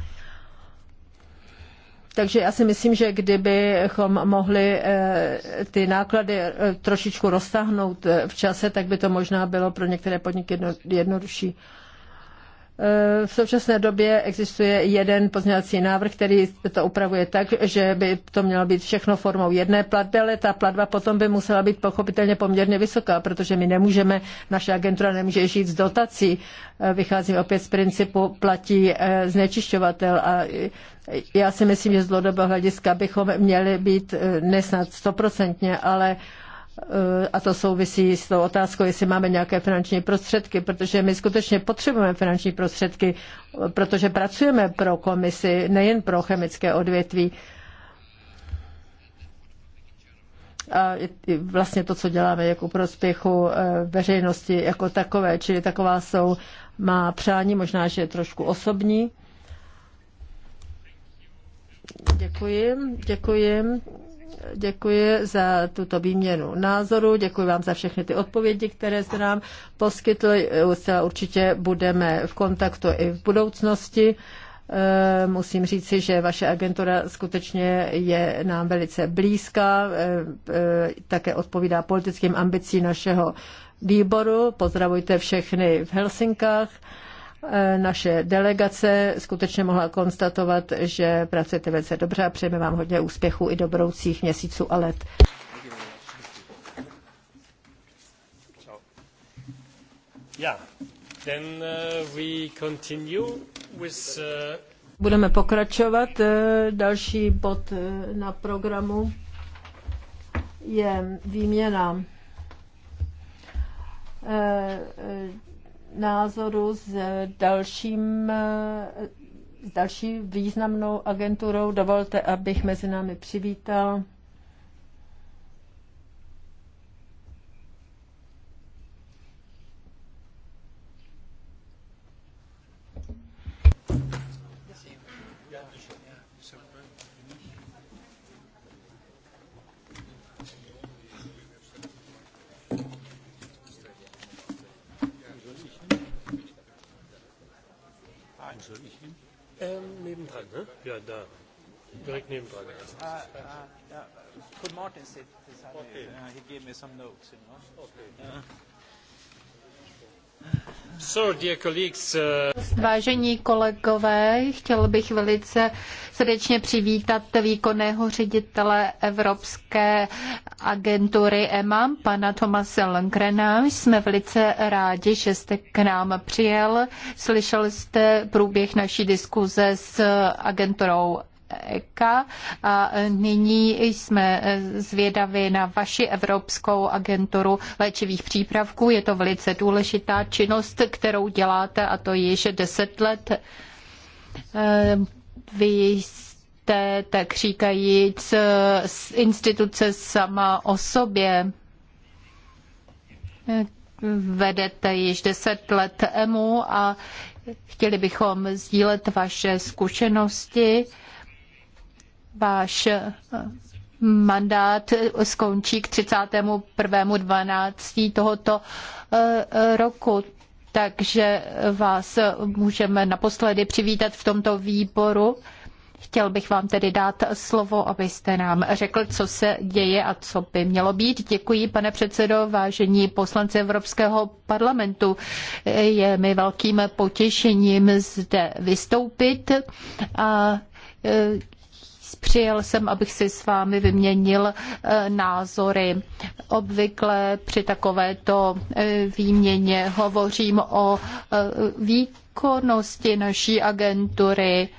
Takže já si myslím, že kdybychom mohli eh, ty náklady eh, trošičku roztáhnout eh, v čase, tak by to možná bylo pro některé podniky jednodušší. Eh, v současné době existuje jeden pozměňovací návrh, který to upravuje tak, že by to mělo být všechno formou jedné platby, ale ta platba potom by musela být pochopitelně poměrně vysoká, protože my nemůžeme, naše agentura nemůže žít z dotací. Eh, vycházím opět z principu platí eh, znečišťovatel a já si myslím, že z dlouhodobého hlediska bychom měli být nesnad stoprocentně, ale Eh, a to souvisí s tou otázkou, jestli máme nějaké finanční prostředky, protože my skutečně potřebujeme finanční prostředky, protože pracujeme pro komisi, nejen pro chemické odvětví. A vlastně to, co děláme, jako prospěchu eh, veřejnosti jako takové, čili taková jsou má přání, možná, že je trošku osobní. Děkuji, děkuji. Děkuji za tuto výměnu názoru, děkuji vám za všechny ty odpovědi, které jste nám poskytli. Určitě budeme v kontaktu i v budoucnosti. Eh, musím říci, že vaše agentura skutečně je nám velice blízká, eh, eh, také odpovídá politickým ambicím našeho výboru. Pozdravujte všechny v Helsinkách. Eh, naše delegace skutečně mohla konstatovat, že pracujete velice dobře a přejeme vám hodně úspěchů i do budoucích měsíců a let. Eh, eh, Budeme pokračovat. Další bod na programu je výměna názoru s dalším s další významnou agenturou. Dovolte, abych mezi námi přivítal Ne? Ja, da. Direkt nebendran. Uh, uh, uh, could Martin sit beside uh, okay. Uh, he gave me some notes, you know. Okay. Uh. Uh, Vážení kolegové, chtěl bych velice srdečně přivítat výkonného ředitele Evropské agentury EMA, pana Tomase Lengrena. Jsme velice rádi, že jste k nám přijel. Slyšel jste průběh naší diskuze s agenturou EKA a nyní jsme e, zvědavi na vaši Evropskou agenturu léčivých přípravků. Je to velice důležitá činnost, kterou děláte a to již deset let. E, vy jste, tak říkajíc, e, instituce sama o sobě. Vedete již deset let EMU a chtěli bychom sdílet vaše zkušenosti váš eh, mandát skončí k 31.12. tohoto eh, eh, roku. Takže vás můžeme naposledy přivítat v tomto výboru. Chtěl bych vám tedy dát slovo, abyste nám řekl, co se děje a co by mělo být. Děkuji, pane předsedo, vážení poslanci Evropského parlamentu. Je mi velkým potěšením zde vystoupit a Přijel jsem, abych si s vámi vyměnil eh, názory. Obvykle při takovéto eh, výměně hovořím o eh, výkonnosti naší agentury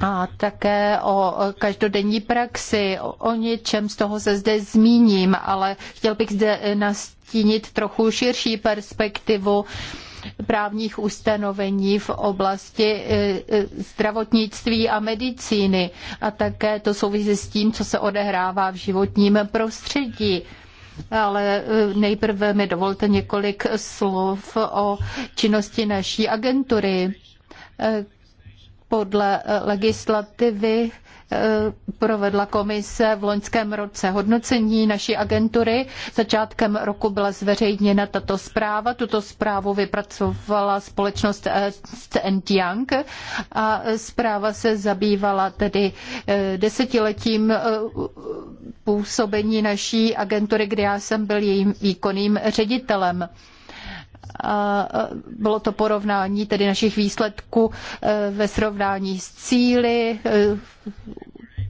a také o každodenní praxi. O něčem z toho se zde zmíním, ale chtěl bych zde nastínit trochu širší perspektivu právních ustanovení v oblasti e, e, zdravotnictví a medicíny. A také to souvisí s tím, co se odehrává v životním prostředí. Ale e, nejprve mi dovolte několik slov o činnosti naší agentury podle eh, legislativy eh, provedla komise v loňském roce hodnocení naší agentury. Začátkem roku byla zveřejněna tato zpráva. Tuto zprávu vypracovala společnost Ernst eh, Young a zpráva se zabývala tedy desetiletím působení naší agentury, kde já jsem byl jejím výkonným ředitelem bylo to porovnání tedy našich výsledků e, ve srovnání s cíly, e,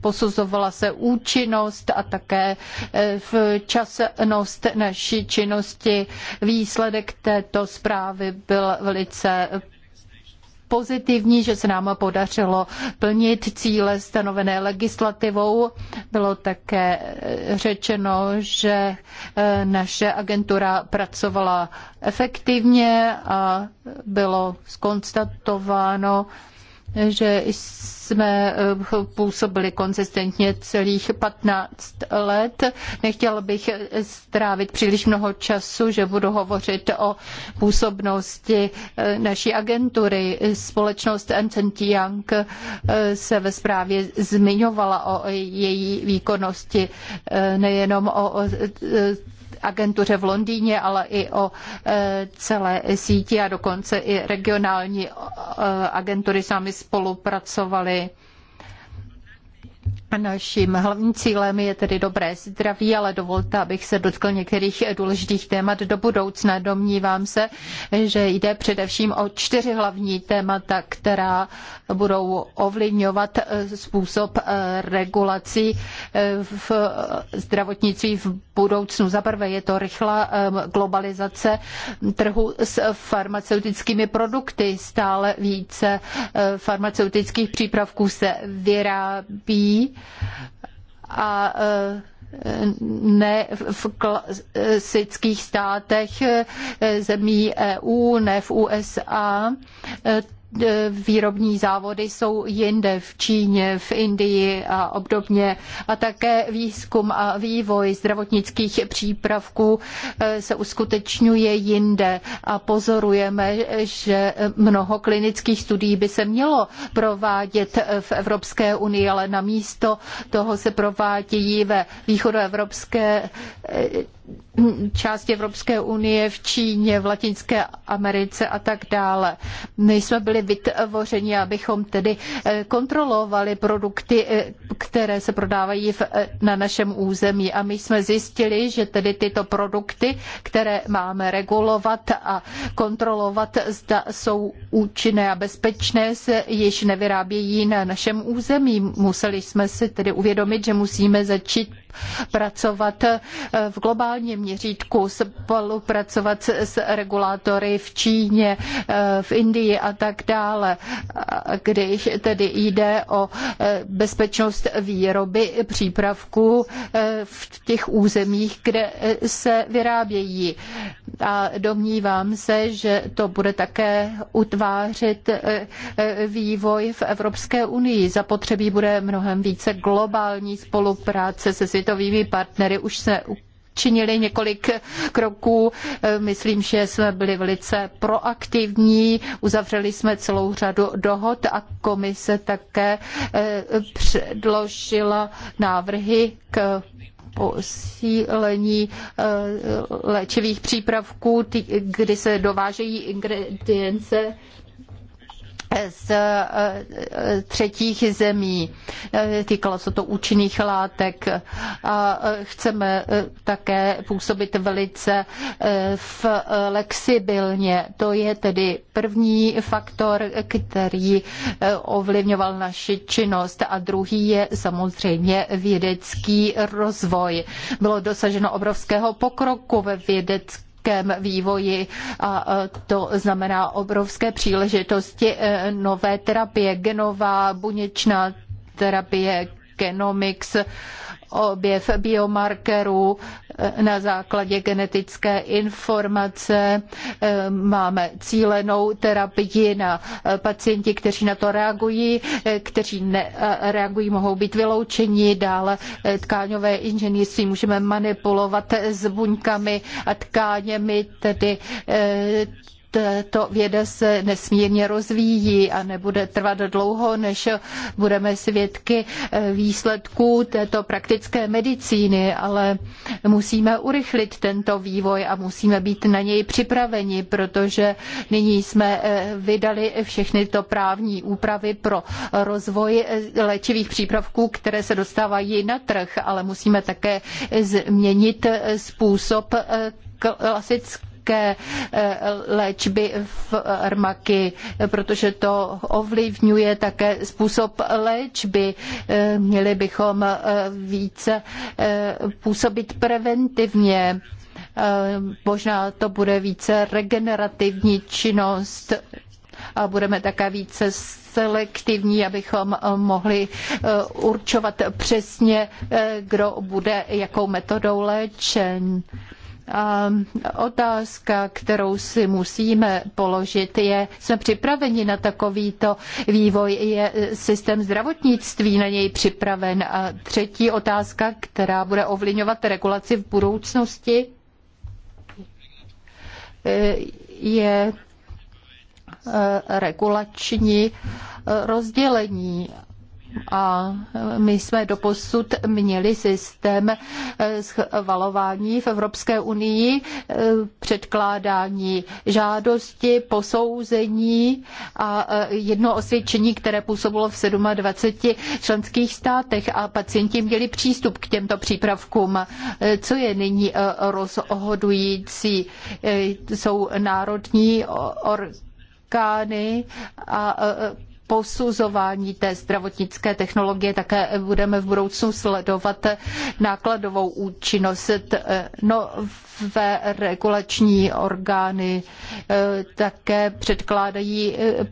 posuzovala se účinnost a také e, včasnost naší činnosti. Výsledek této zprávy byl velice pozitivní, že se nám podařilo plnit cíle stanovené legislativou. Bylo také eh, řečeno, že eh, naše agentura pracovala efektivně a bylo skonstatováno, že jsme eh, působili konzistentně celých 15 let. Nechtěla bych strávit příliš mnoho času, že budu hovořit o působnosti eh, naší agentury. Společnost Ernst Young eh, se ve zprávě zmiňovala o její výkonnosti, nejenom o agentuře v Londýně, ale i o e, celé síti a dokonce i regionální e, agentury sami spolupracovaly. Naším hlavním cílem je tedy dobré zdraví, ale dovolte, abych se dotkl některých důležitých témat do budoucna. Domnívám se, že jde především o čtyři hlavní témata, která budou ovlivňovat způsob regulací v zdravotnictví v budoucnu. Za prvé je to rychlá eh, globalizace trhu s farmaceutickými produkty. Stále více eh, farmaceutických přípravků se vyrábí a eh, ne v klasických státech eh, zemí EU, ne v USA. Eh, výrobní závody jsou jinde v Číně, v Indii a obdobně. A také výzkum a vývoj zdravotnických přípravků e, se uskutečňuje jinde a pozorujeme, že mnoho klinických studií by se mělo provádět v Evropské unii, ale na místo toho se provádějí ve východoevropské e, části Evropské unie, v Číně, v Latinské Americe a tak dále. My jsme byli vytvořeni, abychom tedy eh, kontrolovali produkty, eh, které se prodávají eh, na našem území. A my jsme zjistili, že tedy tyto produkty, které máme regulovat a kontrolovat, zda jsou účinné a bezpečné, se již nevyrábějí na našem území. Museli jsme si tedy uvědomit, že musíme začít pracovat eh, v globálním měřítku, spolupracovat s regulátory v Číně, eh, v Indii a tak dále. Když tedy jde o eh, bezpečnost výroby přípravků v těch územích, kde se vyrábějí. A domnívám se, že to bude také utvářet vývoj v Evropské unii. Zapotřebí bude mnohem více globální spolupráce se světovým světovými partnery. Už jsme činili několik kroků. Myslím, že jsme byli velice proaktivní, uzavřeli jsme celou řadu dohod a komise také eh, předložila návrhy k posílení eh, léčivých přípravků, kdy se dovážejí ingredience z eh, eh, třetích zemí. Eh, týkalo se to účinných látek a chceme také působit velice flexibilně. To je tedy první faktor, který ovlivňoval naši činnost a druhý je samozřejmě vědecký rozvoj. Bylo dosaženo obrovského pokroku ve vědecké technologickém vývoji a to znamená obrovské příležitosti e, nové terapie, genová, buněčná terapie, genomics objev biomarkerů eh, na základě genetické informace. Eh, máme cílenou terapii na eh, pacienti, kteří na to reagují, kteří nereagují, mohou být vyloučeni. Dále tkáňové inženýrství můžeme manipulovat s buňkami a tkáněmi, tedy tato věda se nesmírně rozvíjí a nebude trvat dlouho, než budeme svědky eh, výsledků této praktické medicíny, ale musíme urychlit tento vývoj a musíme být na něj připraveni, protože nyní jsme eh, vydali všechny to právní úpravy pro rozvoj eh, léčivých přípravků, které se dostávají na trh, ale musíme také změnit způsob klasické také eh, léčby farmaky, protože to ovlivňuje také způsob léčby. Eh, měli bychom eh, více působit preventivně. Možná to bude více regenerativní činnost a budeme také více selektivní, abychom mohli určovat přesně, kdo bude jakou metodou léčen. A otázka, kterou si musíme položit, je, jsme připraveni na takovýto vývoj, je systém zdravotnictví na něj připraven. A třetí otázka, která bude ovlivňovat regulaci v budoucnosti, je eh, regulační eh, rozdělení a my jsme doposud měli systém eh, schvalování v Evropské unii, eh, předkládání žádosti, posouzení a eh, jedno osvědčení, které působilo v 27 členských státech a pacienti měli přístup k těmto přípravkům. Co je nyní rozhodující? Jsou národní orgány a posuzování té zdravotnické technologie také budeme v budoucnu sledovat nákladovou účinnost. Eh, nové regulační orgány eh, také předkládají eh,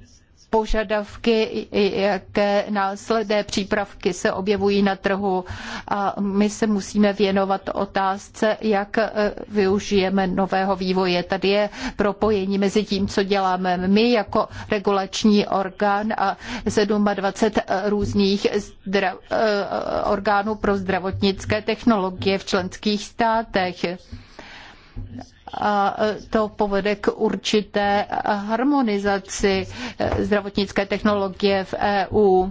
požadavky, jaké následné přípravky se objevují na trhu. A my se musíme věnovat otázce, jak e, využijeme nového vývoje. Tady je propojení mezi tím, co děláme my jako regulační orgán a 27 e, různých e, orgánů pro zdravotnické technologie v členských státech a to povede k určité harmonizaci zdravotnické technologie v EU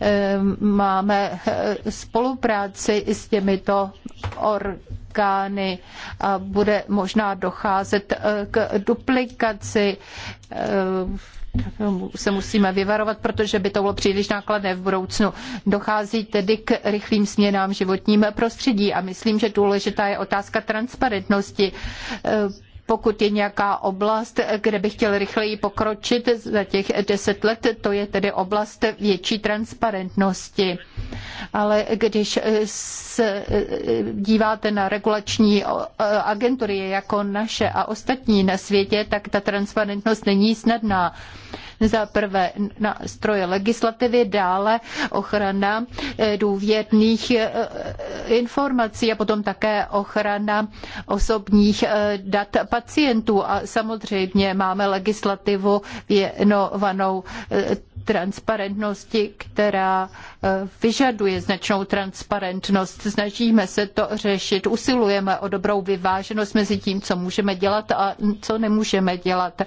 ehm, máme eh, spolupráci s těmito orgány a bude možná docházet eh, k duplikaci eh, se musíme vyvarovat, protože by to bylo příliš nákladné v budoucnu. Dochází tedy k rychlým změnám životním prostředí a myslím, že důležitá je otázka transparentnosti pokud je nějaká oblast, kde bych chtěl rychleji pokročit za těch deset let, to je tedy oblast větší transparentnosti. Ale když se díváte na regulační agentury jako naše a ostatní na světě, tak ta transparentnost není snadná. Za prvé nástroje legislativy, dále ochrana eh, důvěrných eh, informací a potom také ochrana osobních eh, dat pacientů. A samozřejmě máme legislativu věnovanou transparentnosti, která vyžaduje značnou transparentnost. Snažíme se to řešit, usilujeme o dobrou vyváženost mezi tím, co můžeme dělat a co nemůžeme dělat.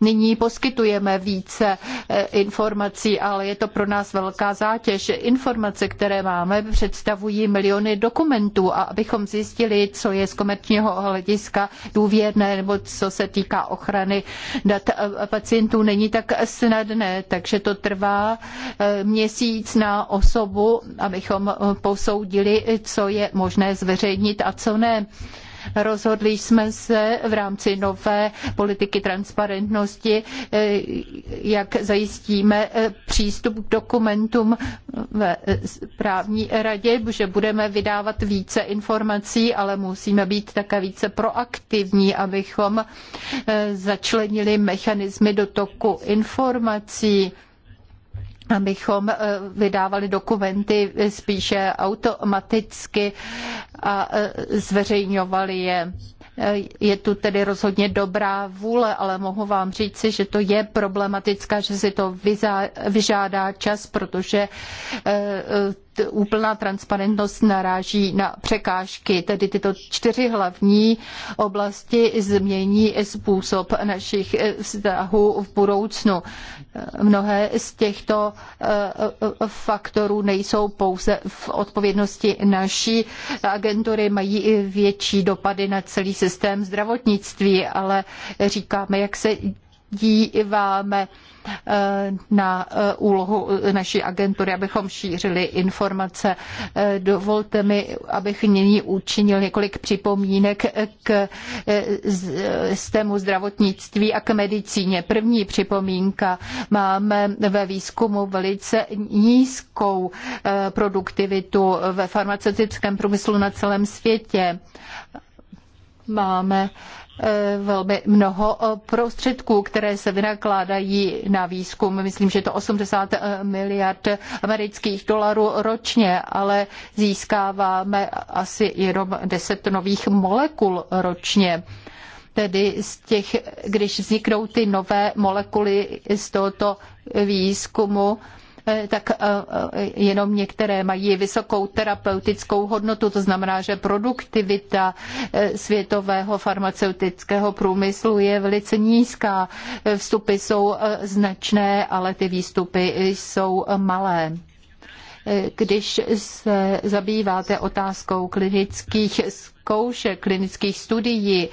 Nyní poskytujeme více eh, informací, ale je to pro nás velká zátěž. Informace, které máme, představují miliony dokumentů a abychom zjistili, co je z komerčního hlediska důvěrné nebo co se týká ochrany dat eh, pacientů, není tak snadné, takže to trvá eh, měsíc na osobu, abychom eh, posoudili, co je možné zveřejnit a co ne. Rozhodli jsme se v rámci nové politiky transparentnosti, eh, jak zajistíme eh, přístup k dokumentům ve správní radě, že budeme vydávat více informací, ale musíme být také více proaktivní, abychom začlenili mechanismy do toku informací abychom eh, vydávali dokumenty spíše automaticky a eh, zveřejňovali je. Eh, je tu tedy rozhodně dobrá vůle, ale mohu vám říci, že to je problematická, že si to vyžádá čas, protože úplná transparentnost naráží na překážky. Tedy tyto čtyři hlavní oblasti změní způsob našich vztahů v budoucnu. Mnohé z těchto eh, faktorů nejsou pouze v odpovědnosti naší. Agentury mají i větší dopady na celý systém zdravotnictví, ale říkáme, jak se díváme eh, na eh, úlohu eh, naší agentury, abychom šířili informace. Dovolte mi, abych nyní učinil několik připomínek k systému zdravotnictví a k medicíně. První připomínka. Máme ve výzkumu velice nízkou produktivitu ve farmaceutickém průmyslu na celém světě. Máme Eh, velmi mnoho eh, prostředků, které se vynakládají na výzkum. Myslím, že to 80 eh, miliard amerických dolarů ročně, ale získáváme asi jenom 10 nových molekul ročně tedy z těch, když vzniknou ty nové molekuly z tohoto výzkumu, Eh, tak eh, eh, jenom některé mají vysokou terapeutickou hodnotu, to znamená, že produktivita světového farmaceutického průmyslu je velice nízká. Vstupy jsou značné, ale ty výstupy jsou malé když se zabýváte otázkou klinických zkoušek, klinických studií,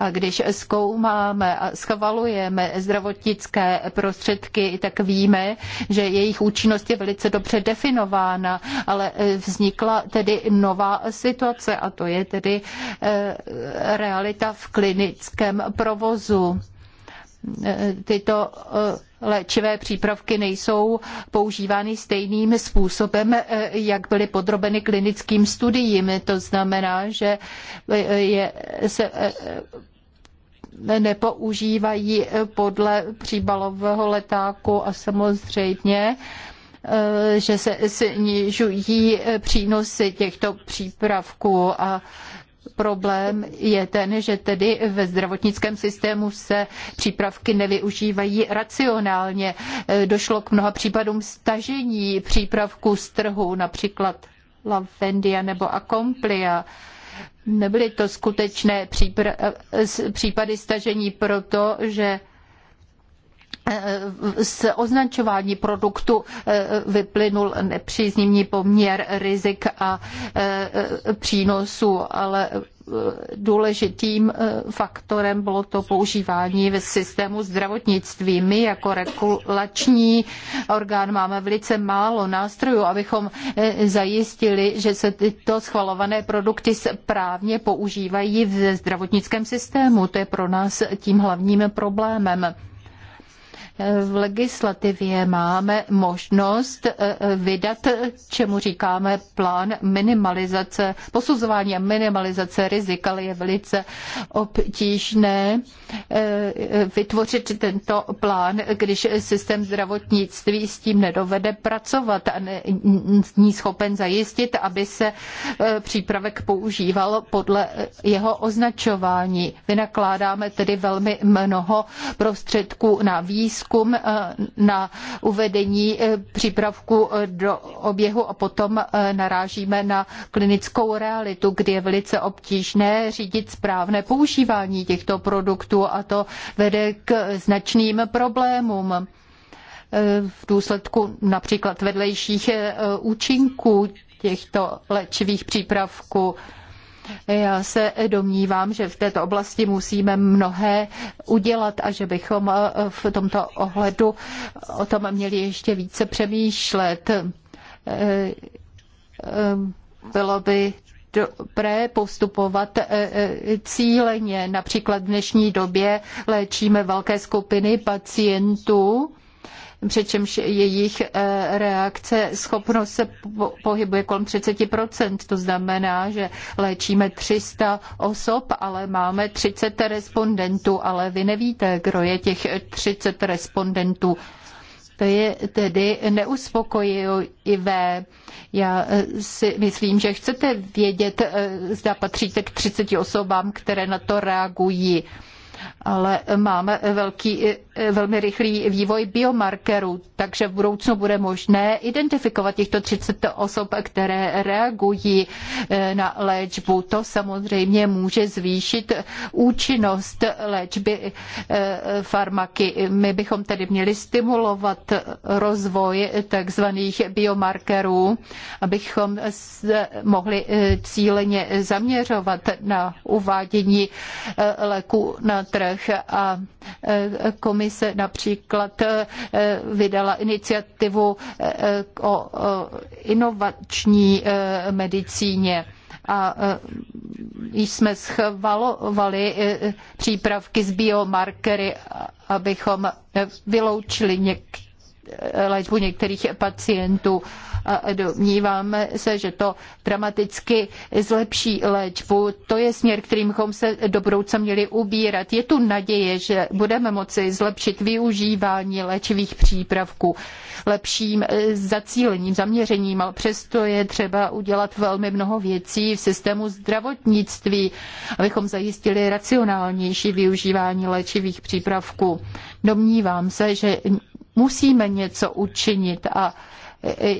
a když zkoumáme a schvalujeme zdravotnické prostředky, tak víme, že jejich účinnost je velice dobře definována, ale e, vznikla tedy nová situace a to je tedy e, realita v klinickém provozu tyto eh, léčivé přípravky nejsou používány stejným způsobem, eh, jak byly podrobeny klinickým studiím. To znamená, že eh, je, se nepoužívají podle příbalového letáku a samozřejmě že se snižují přínosy těchto přípravků a Problém je ten, že tedy ve zdravotnickém systému se přípravky nevyužívají racionálně. Došlo k mnoha případům stažení přípravků z trhu, například Lavendia nebo Acomplia. Nebyly to skutečné případy stažení, protože z označování produktu eh, vyplynul nepříznivý poměr rizik a eh, přínosů, ale eh, důležitým faktorem bylo to používání v systému zdravotnictví. My jako regulační orgán máme velice málo nástrojů, abychom zajistili, že se tyto schvalované produkty správně používají v zdravotnickém systému. To je pro nás tím hlavním problémem v legislativě máme možnost eh, eh, vydat, eh, čemu říkáme plán minimalizace, posuzování a minimalizace rizik, ale je velice obtížné vytvořit tento plán, když systém zdravotnictví s tím nedovede pracovat a není schopen zajistit, aby se přípravek používal podle jeho označování. Vynakládáme tedy velmi mnoho prostředků na výzkum, výzkum eh, na uvedení eh, přípravku eh, do oběhu a potom narážíme na klinickou realitu, kdy je velice obtížné řídit správné používání těchto produktů a to vede k značným problémům v důsledku například vedlejších účinků těchto léčivých přípravků. Já se domnívám, že v této oblasti musíme mnohé udělat a že bychom eh, v tomto ohledu o tom měli ještě více přemýšlet. Eh, eh, bylo by dobré postupovat cíleně. Například v dnešní době léčíme velké skupiny pacientů přičemž jejich eh, reakce schopnost se pohybuje kolem 30%. To znamená, že léčíme 300 osob, ale máme 30 respondentů, ale vy nevíte, kdo je těch 30 respondentů. To je tedy neuspokojivé. Já eh, si myslím, že chcete vědět, eh, zda patříte k 30 osobám, které na to reagují ale máme velký, eh, velmi rychlý vývoj biomarkerů, takže v budoucnu bude možné identifikovat těchto 30 osob, které reagují eh, na léčbu. To samozřejmě může zvýšit účinnost léčby eh, farmaky. My bychom tedy měli stimulovat rozvoj takzvaných biomarkerů, abychom mohli cíleně zaměřovat na uvádění léku na trh a e, komise například e, vydala iniciativu e, o inovační medicíně a jsme schvalovali přípravky z biomarkery, abychom vyloučili něk- léčbu některých pacientů a domníváme se, že to dramaticky zlepší léčbu. To je směr, kterým bychom se do budoucna měli ubírat. Je tu naděje, že budeme moci zlepšit využívání léčivých přípravků lepším e, zacílením, zaměřením, ale přesto je třeba udělat velmi mnoho věcí v systému zdravotnictví, abychom zajistili racionálnější využívání léčivých přípravků. Domnívám se, že musíme něco učinit a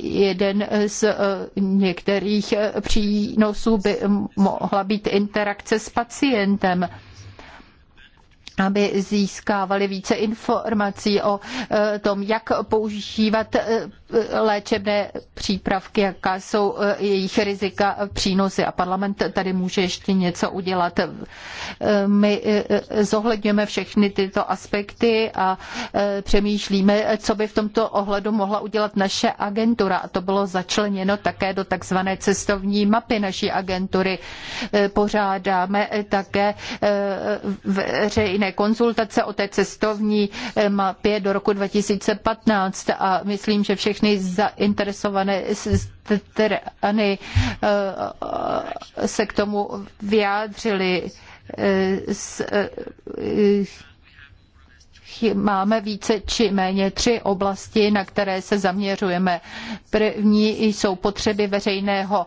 jeden z eh, některých eh, přínosů by mohla být interakce s pacientem aby získávali více informací o e, tom, jak používat e, léčebné přípravky, jaká jsou e, jejich rizika, přínosy. A parlament tady může ještě něco udělat. My zohledňujeme všechny tyto aspekty a přemýšlíme, co by v tomto ohledu mohla udělat naše agentura. A to bylo začleněno také do takzvané cestovní mapy naší agentury. Pořádáme také veřejné veřejné konzultace o té cestovní eh, mapě do roku 2015 a myslím, že všechny zainteresované strany eh, se k tomu vyjádřili eh, máme více či méně tři oblasti, na které se zaměřujeme. První jsou potřeby veřejného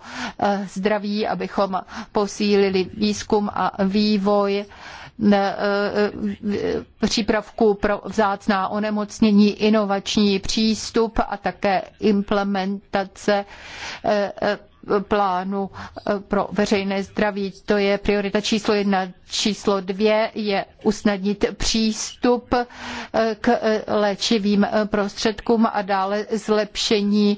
zdraví, abychom posílili výzkum a vývoj Eh, eh, přípravku, pro vzácná onemocnění, inovační přístup a také implementace eh, plánu pro veřejné zdraví. To je priorita číslo jedna. Číslo dvě je usnadnit přístup k léčivým prostředkům a dále zlepšení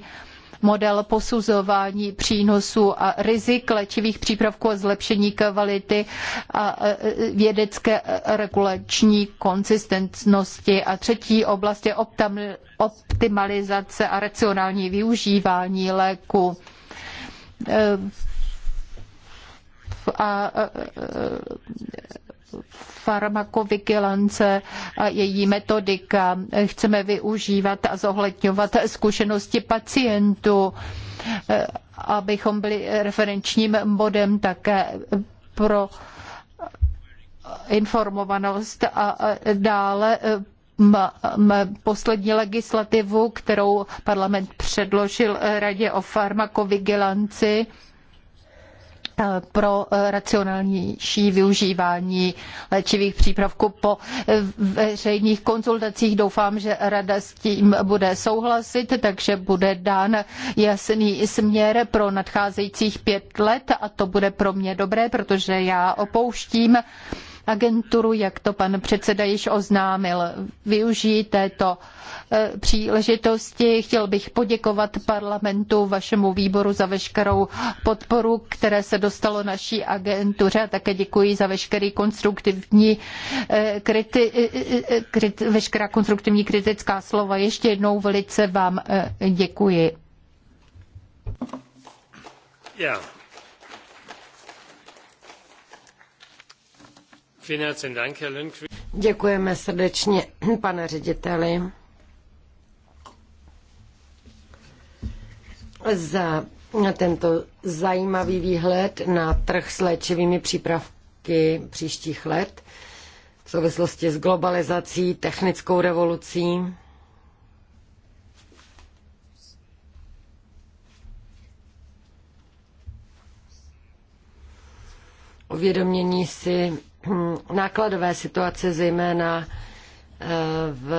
model posuzování přínosů a rizik léčivých přípravků a zlepšení kvality a e, vědecké e, regulační konsistentnosti. A třetí oblast je optimalizace a racionální využívání léku e, a farmakovigilance a její metodika. Chceme využívat a zohledňovat zkušenosti pacientů, abychom byli referenčním bodem také pro informovanost a dále poslední legislativu, kterou parlament předložil Radě o farmakovigilanci pro eh, racionálnější využívání léčivých přípravků. Po eh, veřejných konzultacích doufám, že rada s tím bude souhlasit, takže bude dán jasný směr pro nadcházejících pět let a to bude pro mě dobré, protože já opouštím agenturu, jak to pan předseda již oznámil. Využijí této eh, příležitosti. Chtěl bych poděkovat parlamentu, vašemu výboru za veškerou podporu, které se dostalo naší agentuře a také děkuji za veškerý konstruktivní eh, kriti, eh, veškerá konstruktivní kritická slova. Ještě jednou velice vám děkuji. Yeah. Děkujeme srdečně, (clears throat) pane řediteli, za tento zajímavý výhled na trh s léčivými přípravky příštích let v souvislosti s globalizací, technickou revolucí. Uvědomění si nákladové situace, zejména eh, v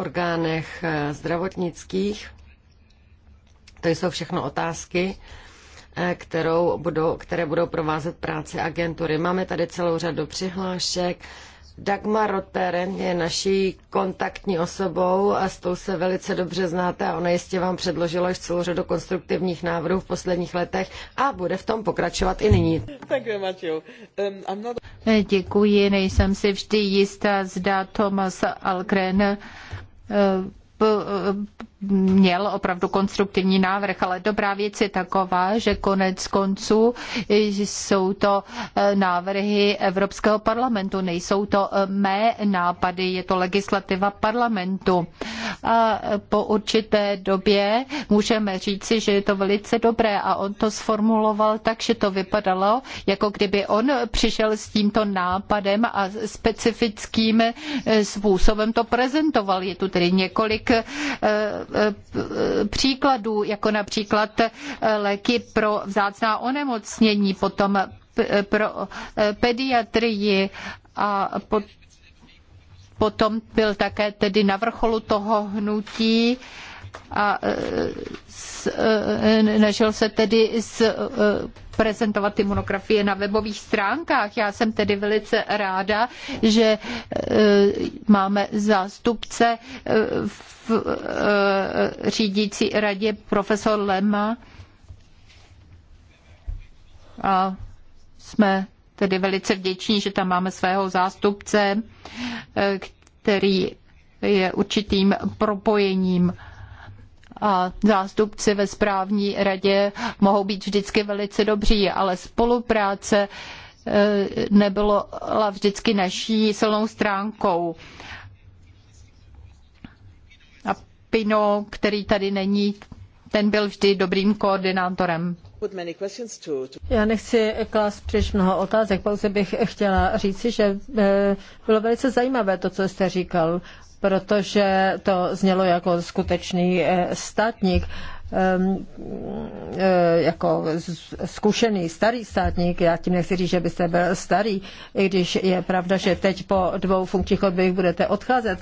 orgánech eh, zdravotnických. To jsou všechno otázky, eh, kterou budou, které budou provázet práci agentury. Máme tady celou řadu přihlášek Dagmar Rotperen je naší kontaktní osobou a s tou se velice dobře znáte a ona jistě vám předložila již celou řadu konstruktivních návrhů v posledních letech a bude v tom pokračovat i nyní. Um, eh, děkuji, nejsem si vždy jistá, zda Thomas Algren eh, měl opravdu konstruktivní návrh, ale dobrá věc je taková, že konec konců jsou to eh, návrhy Evropského parlamentu, nejsou to eh, mé nápady, je to legislativa parlamentu. A po určité době můžeme říci, že je to velice dobré a on to sformuloval tak, že to vypadalo, jako kdyby on přišel s tímto nápadem a specifickým eh, způsobem to prezentoval. Je tu tedy několik příkladů, jako například eh, léky pro vzácná onemocnění, potom eh, pro eh, pediatrii a potom byl také tedy na vrcholu toho hnutí a e, snažil e, se tedy s e, prezentovat ty monografie na webových stránkách. Já jsem tedy velice ráda, že máme zástupce v řídící radě profesor Lema a jsme tedy velice vděční, že tam máme svého zástupce, který je určitým propojením a zástupci ve správní radě mohou být vždycky velice dobří, ale spolupráce e, nebyla vždycky naší silnou stránkou. A Pino, který tady není, ten byl vždy dobrým koordinátorem. Já nechci klást příliš mnoho otázek, pouze bych chtěla říci, že e, bylo velice zajímavé to, co jste říkal protože to znělo jako skutečný eh, státník ehm, eh, jako zkušený starý státník, já tím nechci říct, že byste byl starý, i když je pravda, že teď po dvou funkčních odběch budete odcházet,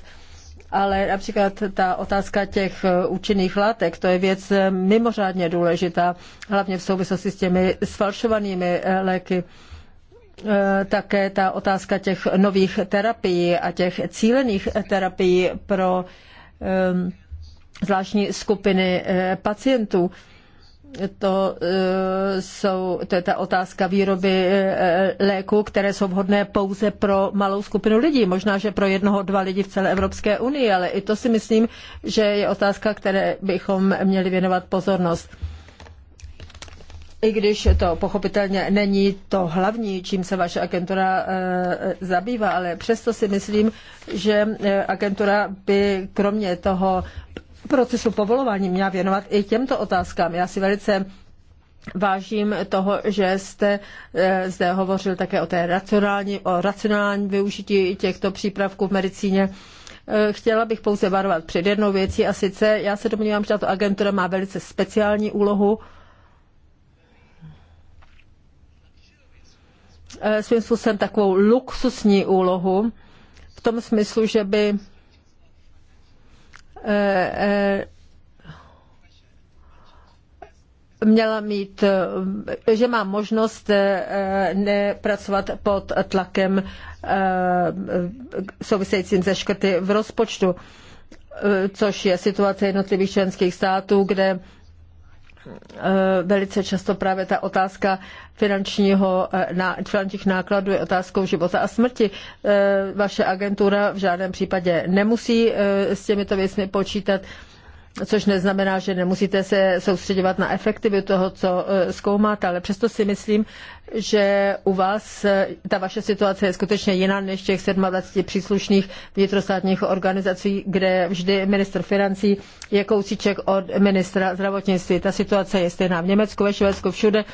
ale například ta otázka těch eh, účinných látek, to je věc mimořádně důležitá, hlavně v souvislosti s těmi sfalšovanými léky. Eh, také ta otázka těch nových terapií a těch cílených terapií pro ehm, zvláštní skupiny eh, pacientů. To, eh, jsou, to je ta otázka výroby léků, které jsou vhodné pouze pro malou skupinu lidí. Možná, že pro jednoho, dva lidi v celé Evropské unii, ale i to si myslím, že je otázka, které bychom měli věnovat pozornost i když to pochopitelně není to hlavní, čím se vaše agentura eh, zabývá, ale přesto si myslím, že eh, agentura by kromě toho procesu povolování měla věnovat i těmto otázkám. Já si velice vážím toho, že jste eh, zde hovořil také o té racionální, o racionální využití těchto přípravků v medicíně. Chtěla bych pouze varovat před jednou věcí a sice já se domnívám, že tato agentura má velice speciální úlohu Eh, svým způsobem takovou luxusní úlohu v tom smyslu, že by eh, eh, měla mít, že má možnost nepracovat pod tlakem souvisejícím ze škrty v rozpočtu, což je situace jednotlivých členských států, kde Eh, velice často právě ta otázka finančního, eh, finančních nákladů je otázkou života a smrti. Eh, vaše agentura v žádném případě nemusí s těmito věcmi počítat což neznamená, že nemusíte se soustředovat na efektivitu toho, co e, zkoumáte, ale přesto si myslím, že u vás e, ta vaše situace je skutečně jiná než těch 27 příslušných vnitrostátních organizací, kde vždy minister financí je kousíček od ministra zdravotnictví. Ta situace je stejná v Německu, ve Švédsku, všude,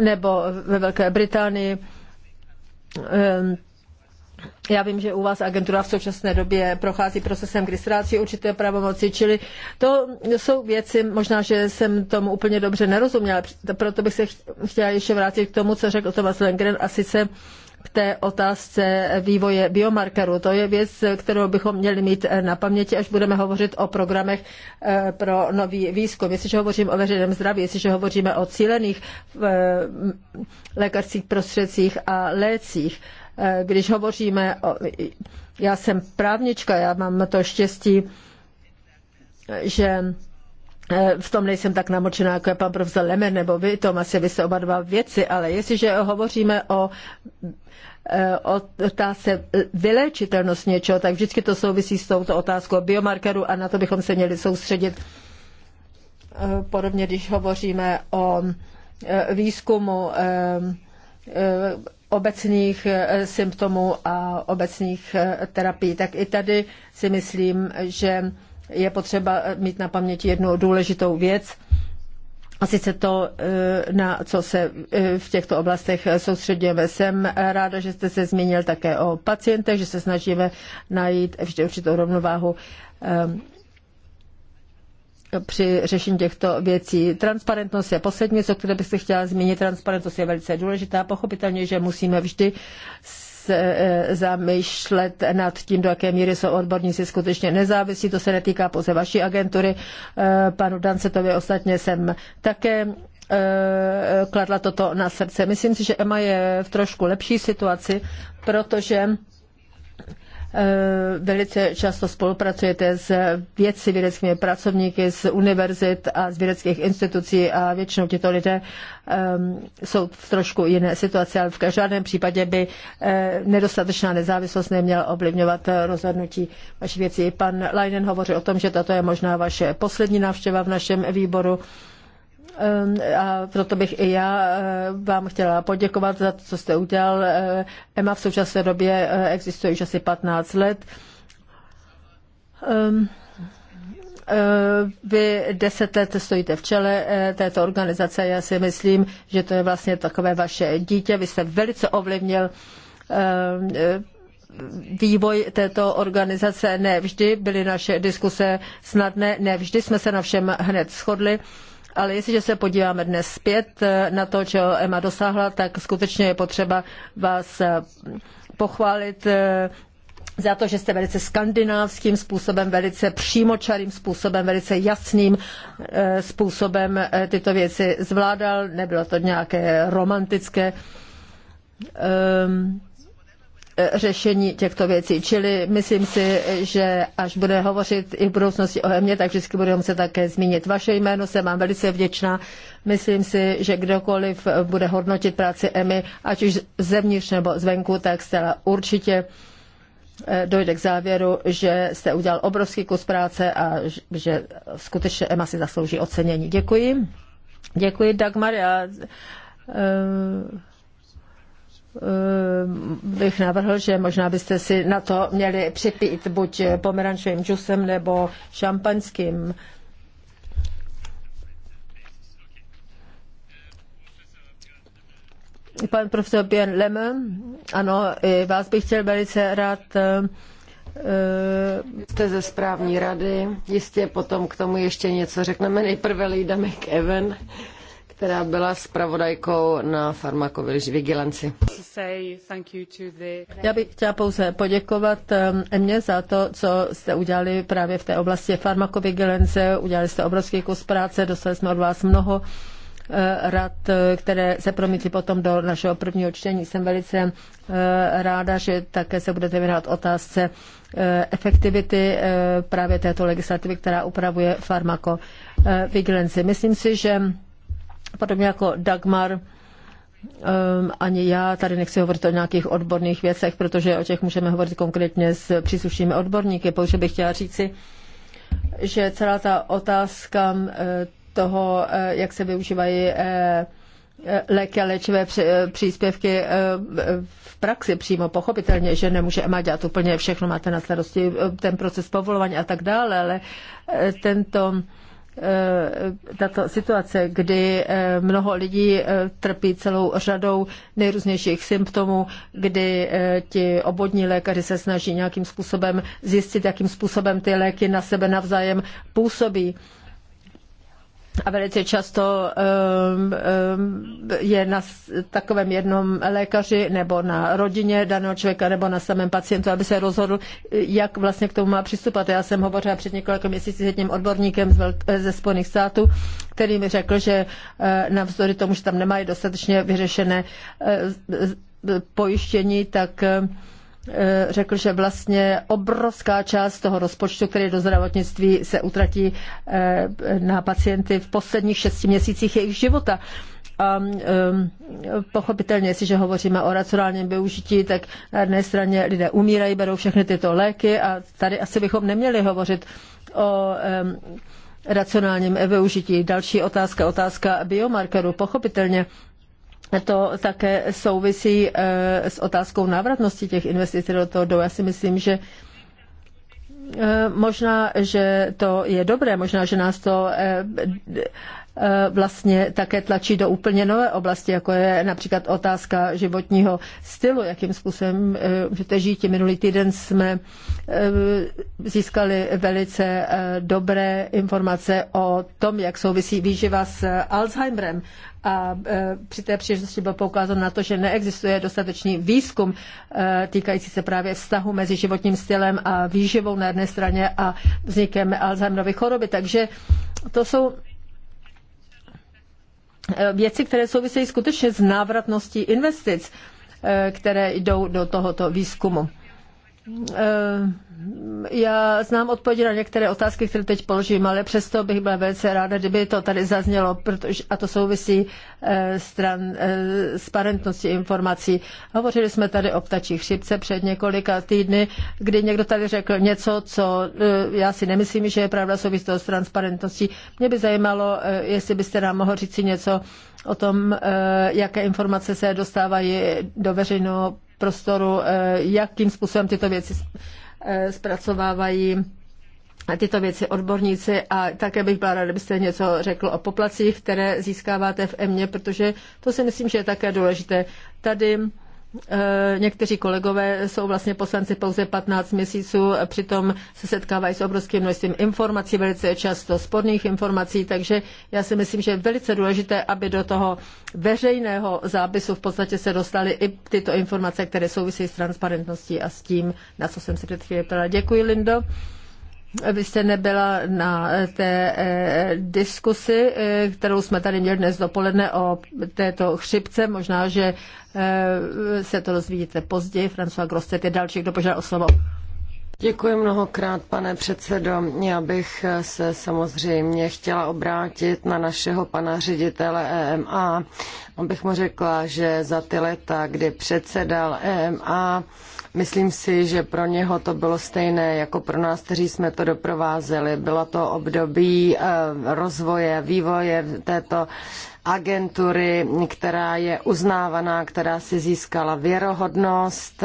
nebo ve Velké Británii já vím, že u vás agentura v současné době prochází procesem, kdy ztrácí určité pravomoci, čili to jsou věci, možná, že jsem tomu úplně dobře nerozuměla, proto bych se chtěla ještě vrátit k tomu, co řekl Thomas Lengren a sice k té otázce vývoje biomarkerů. To je věc, kterou bychom měli mít na paměti, až budeme hovořit o programech eh, pro nový výzkum. Jestliže hovořím o veřejném zdraví, jestliže hovoříme o cílených eh, lékařských prostředcích a lécích, Eh, když hovoříme o... Já jsem právnička, já mám to štěstí, že eh, v tom nejsem tak namočená, jako je pan profesor Lemer nebo vy, Tomasi, vy jste oba dva věci, ale jestliže hovoříme o eh, otázce vyléčitelnost něčeho, tak vždycky to souvisí s touto otázkou biomarkeru a na to bychom se měli soustředit. Podobně, když hovoříme o výzkumu obecných eh, symptomů a obecných eh, terapií. Tak i tady si myslím, že je potřeba eh, mít na paměti jednu důležitou věc. A sice to, na co se v těchto oblastech soustředíme. Jsem ráda, že jste se zmínil také o pacientech, že se snažíme najít ještě určitou rovnováhu při řešení těchto věcí. Transparentnost je poslední věc, o které bych se chtěla zmínit. Transparentnost je velice důležitá. Pochopitelně, že musíme vždy se e, zamýšlet nad tím, do jaké míry jsou odborníci skutečně nezávislí. To se netýká pouze vaší agentury. E, panu Dancetovi ostatně jsem také e, kladla toto na srdce. Myslím si, že Emma je v trošku lepší situaci, protože Eh, velice často spolupracujete s vědci, vědeckými pracovníky z univerzit a z vědeckých institucí a většinou těto lidé um, jsou v trošku jiné situaci, ale v každém případě by uh, nedostatečná nezávislost neměla ovlivňovat eh, rozhodnutí vaší věci. Pan Leinen hovoří o tom, že tato je možná vaše poslední návštěva v našem výboru. Uh, Ehm, a proto bych i já eh, vám chtěla poděkovat za to, co jste udělal. EMA eh, v současné době eh, existuje už asi 15 let. Ehm, vy deset let stojíte v čele této organizace. Já si myslím, že to je vlastně takové vaše dítě. Vy jste velice ovlivnil ehm, vývoj této organizace. Ne vždy byly naše diskuse snadné, ne vždy jsme se na všem hned shodli ale jestliže se podíváme dnes zpět eh, na to, čeho EMA dosáhla, tak skutečně je potřeba vás eh, pochválit eh, za to, že jste velice skandinávským způsobem, velice přímočarým způsobem, velice jasným způsobem tyto věci zvládal. Nebylo to nějaké romantické ehm, Eh, řešení těchto věcí. Čili myslím si, že až bude hovořit i v budoucnosti o mě, tak vždycky budu se také zmínit vaše jméno, jsem vám velice vděčná. Myslím si, že kdokoliv bude hodnotit práci EMI, ať už zevnitř nebo zvenku, tak zcela určitě eh, dojde k závěru, že jste udělal obrovský kus práce a že skutečně EMA si zaslouží ocenění. Děkuji. Děkuji, Dagmar. Já, uh... Eh, bych navrhl, že možná byste si na to měli připít buď pomerančovým džusem nebo šampaňským. Pan profesor Bien Leme, ano, i vás bych chtěl velice rád eh, Jste ze správní rady, jistě potom k tomu ještě něco řekneme. Nejprve lídeme k Even která byla spravodajkou na farmakovigilanci. Já bych chtěla pouze poděkovat mě um, za to, co jste udělali právě v té oblasti farmakovigilance. Udělali jste obrovský kus práce, dostali jsme od vás mnoho uh, rad, uh, které se promítly potom do našeho prvního čtení. Jsem velice uh, ráda, že také se budete věnovat otázce efektivity právě této legislativy, která upravuje farmakovigilanci. Myslím si, že Podobně jako Dagmar, Um, ani já tady nechci hovořit o nějakých odborných věcech, protože o těch můžeme hovořit konkrétně s příslušnými odborníky. Pouze bych chtěla říci, že celá ta otázka um, toho, eh, jak se využívají eh, eh, léky a léčivé příspěvky v praxi přímo pochopitelně, že nemůže EMA dělat úplně všechno, máte na starosti ten proces povolování a tak dále, ale tento Eh, tato situace, kdy eh, mnoho lidí eh, trpí celou řadou nejrůznějších symptomů, kdy ti obodní lékaři se snaží nějakým způsobem zjistit, jakým způsobem ty léky na sebe navzájem působí a velice často ehm, ehm, je na takovém jednom lékaři nebo na rodině daného člověka nebo na samém pacientu, aby se rozhodl, jak vlastně k tomu má přistupovat. Já jsem hovořila před několika měsíci s jedním odborníkem z ze Spojených států, který mi řekl, že e, navzdory tomu, že tam nemají dostatečně vyřešené e, pojištění, tak e, Eh, řekl, že vlastně obrovská část toho rozpočtu, který do zdravotnictví se utratí eh, na pacienty v posledních šesti měsících jejich života. A ehm, pochopitelně, jestliže hovoříme o racionálním využití, tak na jedné straně lidé umírají, berou všechny tyto léky a tady asi bychom neměli hovořit o ehm, racionálním využití. Další otázka, otázka biomarkeru. Pochopitelně to také souvisí eh, s otázkou návratnosti těch investic do toho dolu. Já si myslím, že eh, možná, že to je dobré, možná, že nás to eh, Eh, vlastně také tlačí do úplně nové oblasti, jako je například otázka životního stylu, jakým způsobem eh, můžete žít. Minulý týden jsme eh, získali velice dobré informace o tom, jak souvisí výživa s Alzheimerem a při té příležitosti bylo poukázáno na to, že neexistuje dostatečný výzkum týkající se právě vztahu mezi životním stylem a výživou na jedné straně a vznikem Alzheimerovy choroby. Takže to jsou Eh, věci, které souvisejí skutečně s návratností investic, eh, které jdou do tohoto výzkumu. Eh, já znám odpovědi na některé otázky, které teď položím, ale přesto bych byla velice ráda, kdyby to tady zaznělo, protože, a to souvisí eh, eh, s transparentností informací. Hovořili jsme tady o ptačí chřipce před několika týdny, kdy někdo tady řekl něco, co já si nemyslím, že je pravda, souvisí s transparentností. Mě by zajímalo, jestli byste nám mohl říct něco o tom, jaké informace se dostávají do veřejného prostoru, eh, jakým způsobem tyto věci eh, zpracovávají tyto věci odborníci a také bych byla ráda, kdybyste něco řekl o poplacích, které získáváte v EMě, protože to si myslím, že je také důležité. Tady Eh, někteří kolegové jsou vlastně poslanci pouze 15 měsíců, přitom se setkávají s obrovským množstvím informací, velice často sporných informací, takže já si myslím, že je velice důležité, aby do toho veřejného zápisu v podstatě se dostaly i tyto informace, které souvisí s transparentností a s tím, na co jsem se před chvíli ptala. Děkuji, Lindo. Vy jste nebyla na eh, té eh, diskusi, eh, kterou jsme tady měli dnes dopoledne o této chřipce. Možná, že se to dozvíte později. François Grostet je další, kdo požádá o slovo. Děkuji mnohokrát, pane předsedo. Já bych se samozřejmě chtěla obrátit na našeho pana ředitele EMA. On bych mu řekla, že za ty leta, kdy předsedal EMA, Myslím si, že pro něho to bylo stejné jako pro nás, kteří jsme to doprovázeli. Bylo to období eh, rozvoje, vývoje této agentury, která je uznávaná, která si získala věrohodnost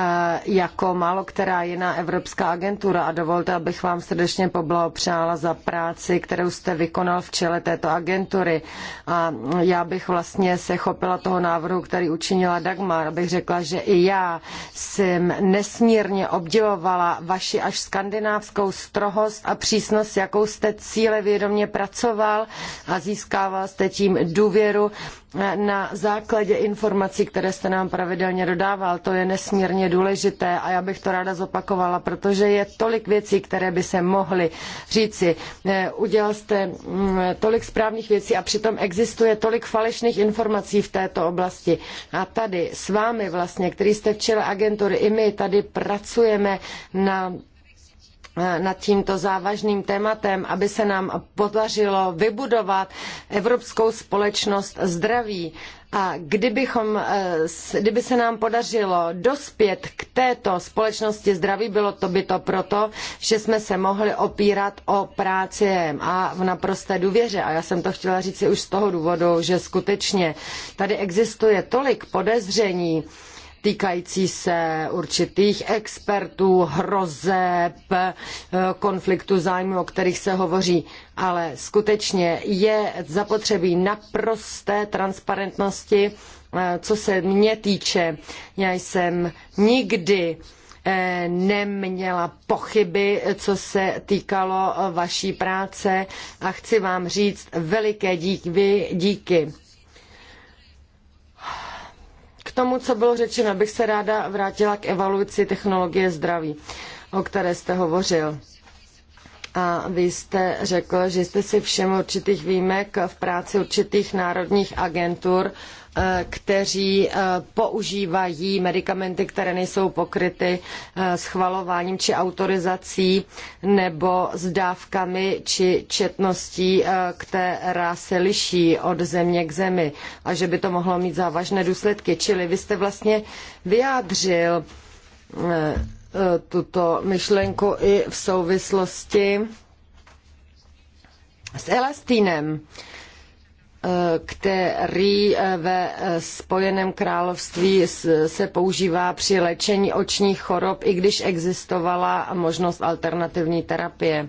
Eh, jako málo která jiná evropská agentura a dovolte, abych vám srdečně poblahopřála za práci, kterou jste vykonal v čele této agentury. A já bych vlastně se chopila toho návrhu, který učinila Dagmar, abych řekla, že i já jsem nesmírně obdivovala vaši až skandinávskou strohost a přísnost, jakou jste cílevědomě pracoval a získával jste tím důvěru na základě informací, které jste nám pravidelně dodával. To je nesmírně důležité a já bych to ráda zopakovala, protože je tolik věcí, které by se mohly říci. Eh, udělal jste mm, tolik správných věcí a přitom existuje tolik falešných informací v této oblasti. A tady s vámi vlastně, který jste v čele agentury, i my tady pracujeme na Eh, nad tímto závažným tématem, aby se nám podařilo vybudovat evropskou společnost zdraví. A kdybychom, eh, kdyby se nám podařilo dospět k této společnosti zdraví, bylo to by to proto, že jsme se mohli opírat o práci a v naprosté důvěře. A já jsem to chtěla říct už z toho důvodu, že skutečně tady existuje tolik podezření, týkající se určitých expertů, hrozeb, eh, konfliktu zájmu, o kterých se hovoří. Ale skutečně je zapotřebí naprosté transparentnosti, eh, co se mě týče. Já jsem nikdy eh, neměla pochyby, co se týkalo vaší práce a chci vám říct veliké díky. díky. K tomu, co bylo řečeno, bych se ráda vrátila k evaluaci technologie zdraví, o které jste hovořil. A vy jste řekl, že jste si všem určitých výjimek v práci určitých národních agentur, eh, kteří eh, používají medicamenty, které nejsou pokryty eh, schvalováním či autorizací nebo s dávkami či četností, která se liší od země k zemi a že by to mohlo mít závažné důsledky. Čili vy jste vlastně vyjádřil Eh, tuto myšlenku i v souvislosti s elastinem, eh, který eh, ve Spojeném království se používá při léčení očních chorob, i když existovala možnost alternativní terapie.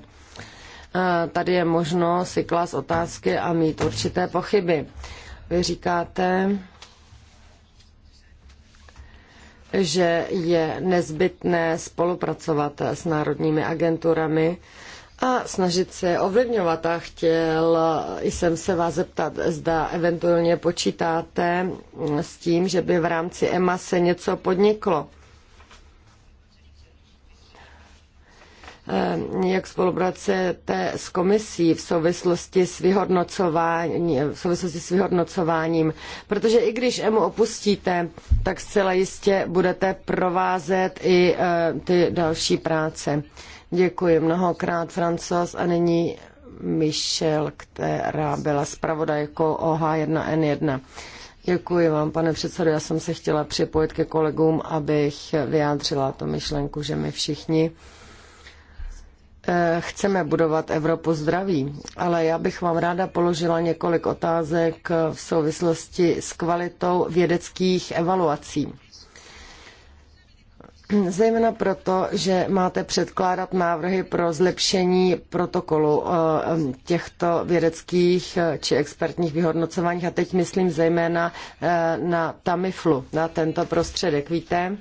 Tady je možno si klas otázky a mít určité pochyby. Vy říkáte, že je nezbytné spolupracovat s národními agenturami a snažit se ovlivňovat. A chtěl jsem se vás zeptat, zda eventuálně počítáte s tím, že by v rámci EMA se něco podniklo Eh, jak spolupracujete s komisí v souvislosti s, vyhodnocování, v souvislosti s vyhodnocováním, protože i když EMU opustíte, tak zcela jistě budete provázet i eh, ty další práce. Děkuji mnohokrát, Francos. a nyní Michel, která byla zpravodajkou OH1N1. Děkuji vám, pane předsedo. Já jsem se chtěla připojit ke kolegům, abych vyjádřila tu myšlenku, že my všichni Eh, chceme budovat Evropu zdraví, ale já bych vám ráda položila několik otázek v souvislosti s kvalitou vědeckých evaluací. Zejména proto, že máte předkládat návrhy pro zlepšení protokolu eh, těchto vědeckých eh, či expertních vyhodnocování. A teď myslím zejména na Tamiflu, na tento prostředek. Víte?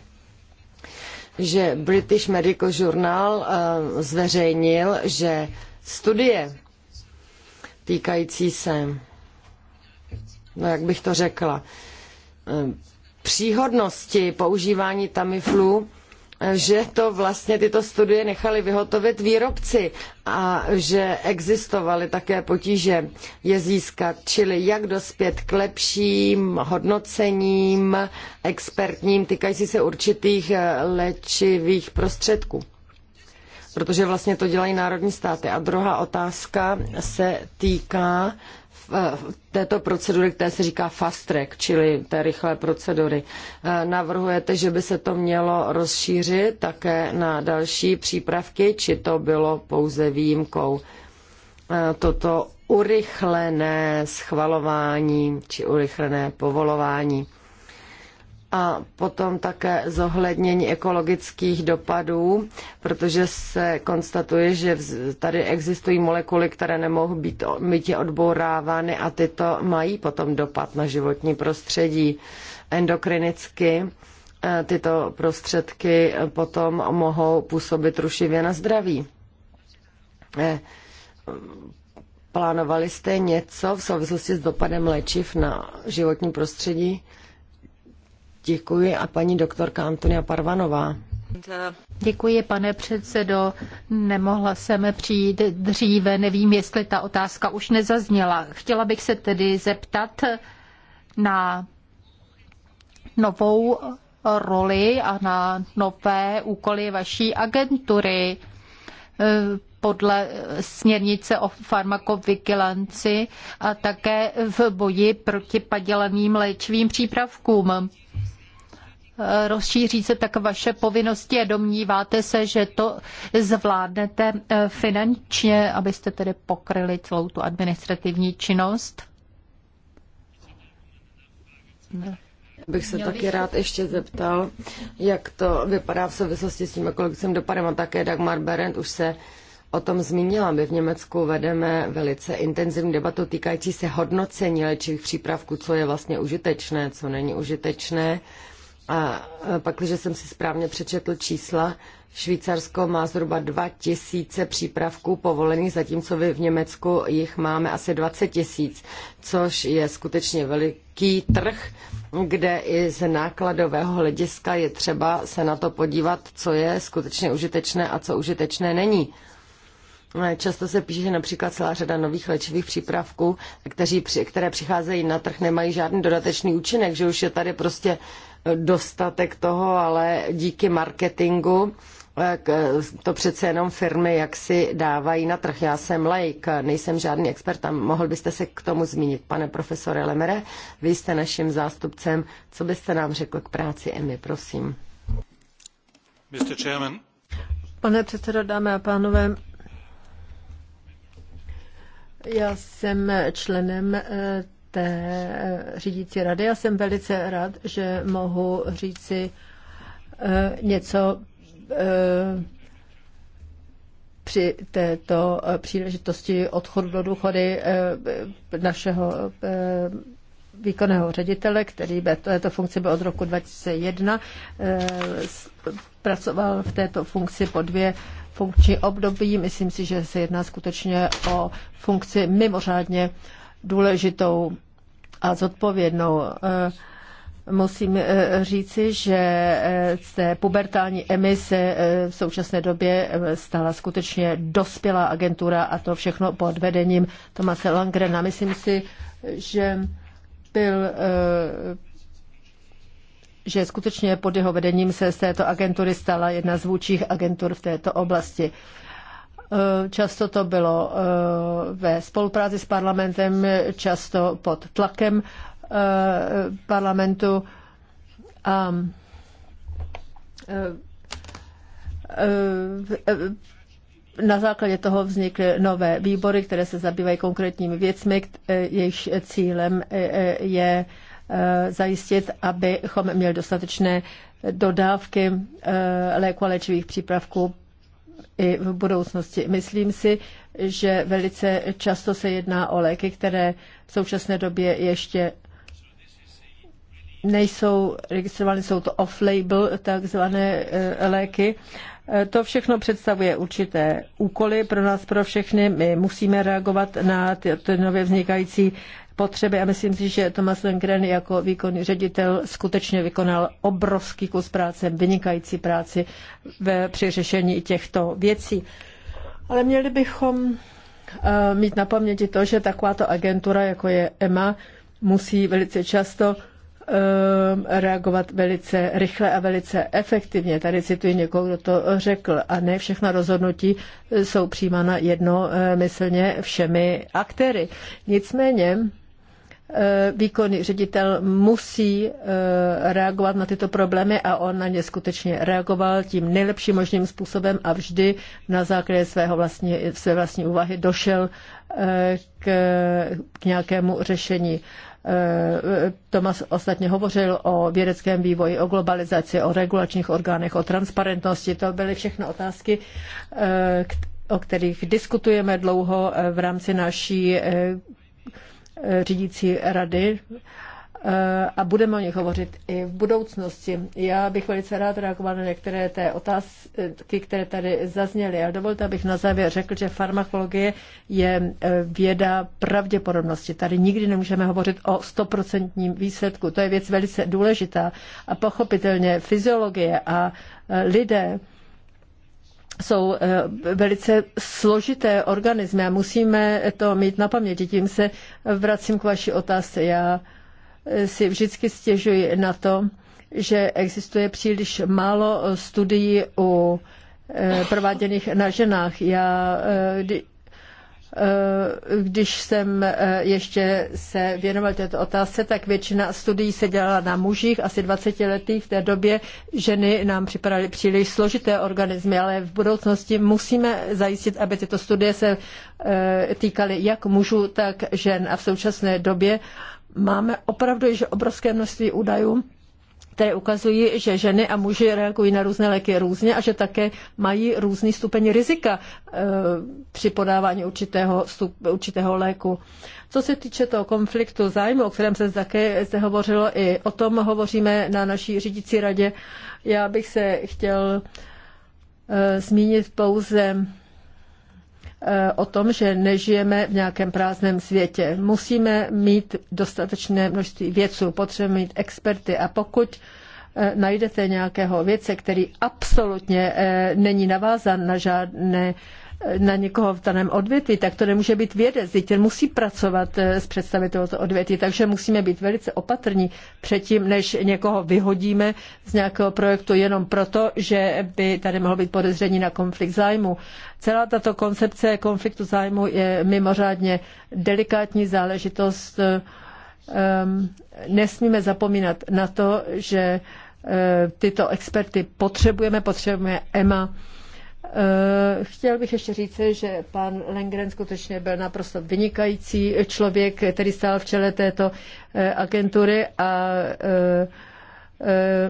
že British Medical Journal eh, zveřejnil, že studie týkající se, no jak bych to řekla, eh, příhodnosti používání Tamiflu že to vlastně tyto studie nechali vyhotovit výrobci a že existovaly také potíže je získat, čili jak dospět k lepším hodnocením expertním týkající se určitých eh, léčivých prostředků protože vlastně to dělají národní státy. A druhá otázka se týká této procedury, které se říká fast track, čili té rychlé procedury. E, navrhujete, že by se to mělo rozšířit také na další přípravky, či to bylo pouze výjimkou? E, toto urychlené schvalování či urychlené povolování a potom také zohlednění ekologických dopadů, protože se konstatuje, že tady existují molekuly, které nemohou být, mytě odbourávány a tyto mají potom dopad na životní prostředí endokrinicky. E, tyto prostředky potom mohou působit rušivě na zdraví. E, plánovali jste něco v souvislosti s dopadem léčiv na životní prostředí? Děkuji a paní doktorka Antonia Parvanová. Děkuji, pane předsedo. Nemohla jsem přijít dříve, nevím, jestli ta otázka už nezazněla. Chtěla bych se tedy zeptat na novou roli a na nové úkoly vaší agentury podle směrnice o farmakovigilanci a také v boji proti padělaným léčivým přípravkům rozšíří se tak vaše povinnosti a domníváte se, že to zvládnete eh, finančně, abyste tedy pokryli celou tu administrativní činnost? Ne bych se taky rád ještě zeptal, jak to vypadá v souvislosti s tím ekologickým dopadem a také Dagmar Berend už se o tom zmínila. My v Německu vedeme velice intenzivní debatu týkající se hodnocení léčivých přípravků, co je vlastně užitečné, co není užitečné a pak, když jsem si správně přečetl čísla, Švýcarsko má zhruba 2000 přípravků povolených, zatímco v Německu jich máme asi 20 tisíc, což je skutečně veliký trh, kde i z nákladového hlediska je třeba se na to podívat, co je skutečně užitečné a co užitečné není. Často se píše, že například celá řada nových léčivých přípravků, kteří, které přicházejí na trh, nemají žádný dodatečný účinek, že už je tady prostě dostatek toho, ale díky marketingu eh, to přece jenom firmy jak si dávají na trh. Já jsem lajk, nejsem žádný expert a mohl byste se k tomu zmínit. Pane profesore Lemere, vy jste naším zástupcem. Co byste nám řekl k práci EMI, prosím? Mr. Chairman. Pane předsedo, dámy a pánové, já jsem členem eh, té eh, řídící rady. Já jsem velice rád, že mohu říci eh, něco eh, při této příležitosti odchodu do důchody našeho výkonného ředitele, který ve této funkci byl od roku 2001, pracoval v této funkci po dvě funkční období. Myslím si, že se jedná skutečně o funkci mimořádně důležitou a zodpovědnou. Eh, musím eh, říci, že eh, z té pubertální emise v současné době stala skutečně dospělá agentura a to všechno pod vedením Tomase Langrena. Myslím si, že byl že skutečně pod jeho vedením se z této agentury stala jedna z vůčích agentur v této oblasti. Eh, často to bylo eh, ve spolupráci s parlamentem, často pod tlakem eh, parlamentu. A na základě toho vznikly nové výbory, které se zabývají konkrétními věcmi, jejichž cílem je zajistit, abychom měli dostatečné dodávky léku a léčivých přípravků i v budoucnosti. Myslím si, že velice často se jedná o léky, které v současné době ještě nejsou registrovány, jsou to off-label takzvané eh, léky. Eh, to všechno představuje určité úkoly pro nás, pro všechny. My musíme reagovat na ty, ty nově vznikající potřeby a myslím si, že Tomas Lengren jako výkonný ředitel skutečně vykonal obrovský kus práce, vynikající práci ve, při řešení těchto věcí. Ale měli bychom eh, mít na paměti to, že takováto agentura, jako je EMA, musí velice často eh, reagovat velice rychle a velice efektivně. Tady cituji někoho, kdo to řekl. A ne všechna rozhodnutí eh, jsou přijímána jednomyslně všemi aktéry. Nicméně Eh, výkonný ředitel musí eh, reagovat na tyto problémy a on na ně skutečně reagoval tím nejlepším možným způsobem a vždy na základě svého vlastní, své vlastní úvahy došel eh, k, k nějakému řešení. Tomas ostatně hovořil o vědeckém vývoji, o globalizaci, o regulačních orgánech, o transparentnosti. To byly všechno otázky, o kterých diskutujeme dlouho v rámci naší Eh, řídící rady eh, a budeme o nich hovořit i v budoucnosti. Já bych velice rád reagoval na některé té otázky, které tady zazněly, ale dovolte, abych na závěr řekl, že farmakologie je eh, věda pravděpodobnosti. Tady nikdy nemůžeme hovořit o stoprocentním výsledku. To je věc velice důležitá. A pochopitelně fyziologie a lidé, jsou eh, velice složité organismy a musíme to mít na paměti. Tím se vracím k vaší otázce. Já eh, si vždycky stěžuji na to, že existuje příliš málo studií u eh, prováděných na ženách. Já Eh, když jsem eh, ještě se věnoval této otázce, tak většina studií se dělala na mužích, asi 20 letých. V té době ženy nám připadaly příliš složité organismy, ale v budoucnosti musíme zajistit, aby tyto studie se eh, týkaly jak mužů, tak žen. A v současné době máme opravdu již obrovské množství údajů které ukazují, že ženy a muži reagují na různé léky různě a že také mají různý stupeň rizika eh, při podávání určitého, stup, určitého léku. Co se týče toho konfliktu zájmu, o kterém se také se hovořilo, i o tom hovoříme na naší řídící radě, já bych se chtěl eh, zmínit pouze o tom, že nežijeme v nějakém prázdném světě. Musíme mít dostatečné množství věců, potřebujeme mít experty a pokud eh, najdete nějakého věce, který absolutně eh, není navázan na žádné na někoho v daném odvětví, tak to nemůže být vědec. Ten musí pracovat eh, s představitelem toho odvětví, takže musíme být velice opatrní předtím, než někoho vyhodíme z nějakého projektu jenom proto, že by tady mohlo být podezření na konflikt zájmu. Celá tato koncepce konfliktu zájmu je mimořádně delikátní záležitost. Ehm, nesmíme zapomínat na to, že eh, tyto experty potřebujeme, potřebujeme EMA, Eh, chtěl bych ještě říct, že pan Lengren skutečně byl naprosto vynikající člověk, který stál v čele této eh, agentury a eh,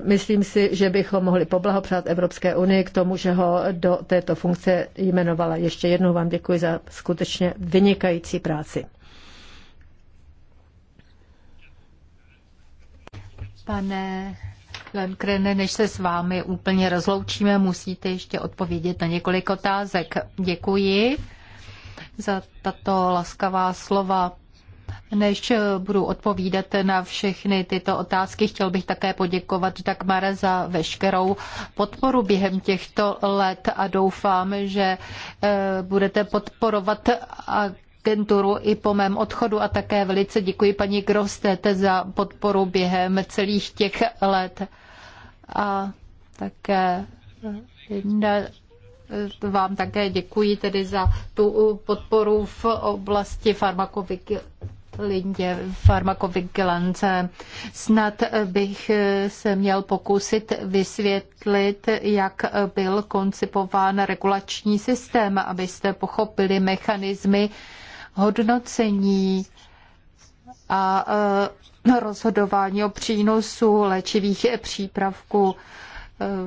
myslím si, že bychom mohli poblahopřát Evropské unii k tomu, že ho do této funkce jmenovala. Ještě jednou vám děkuji za skutečně vynikající práci. Pane Lenkrene, než se s vámi úplně rozloučíme, musíte ještě odpovědět na několik otázek. Děkuji za tato laskavá slova. Než budu odpovídat na všechny tyto otázky, chtěl bych také poděkovat Dagmare za veškerou podporu během těchto let a doufám, že eh, budete podporovat agenturu i po mém odchodu a také velice děkuji paní Grostete za podporu během celých těch let. A také vám také děkuji tedy za tu podporu v oblasti farmakovigilance. farmakovigilance. Snad bych se měl pokusit vysvětlit, jak byl koncipován regulační systém, abyste pochopili mechanismy, hodnocení a e, rozhodování o přínosu léčivých přípravků. E,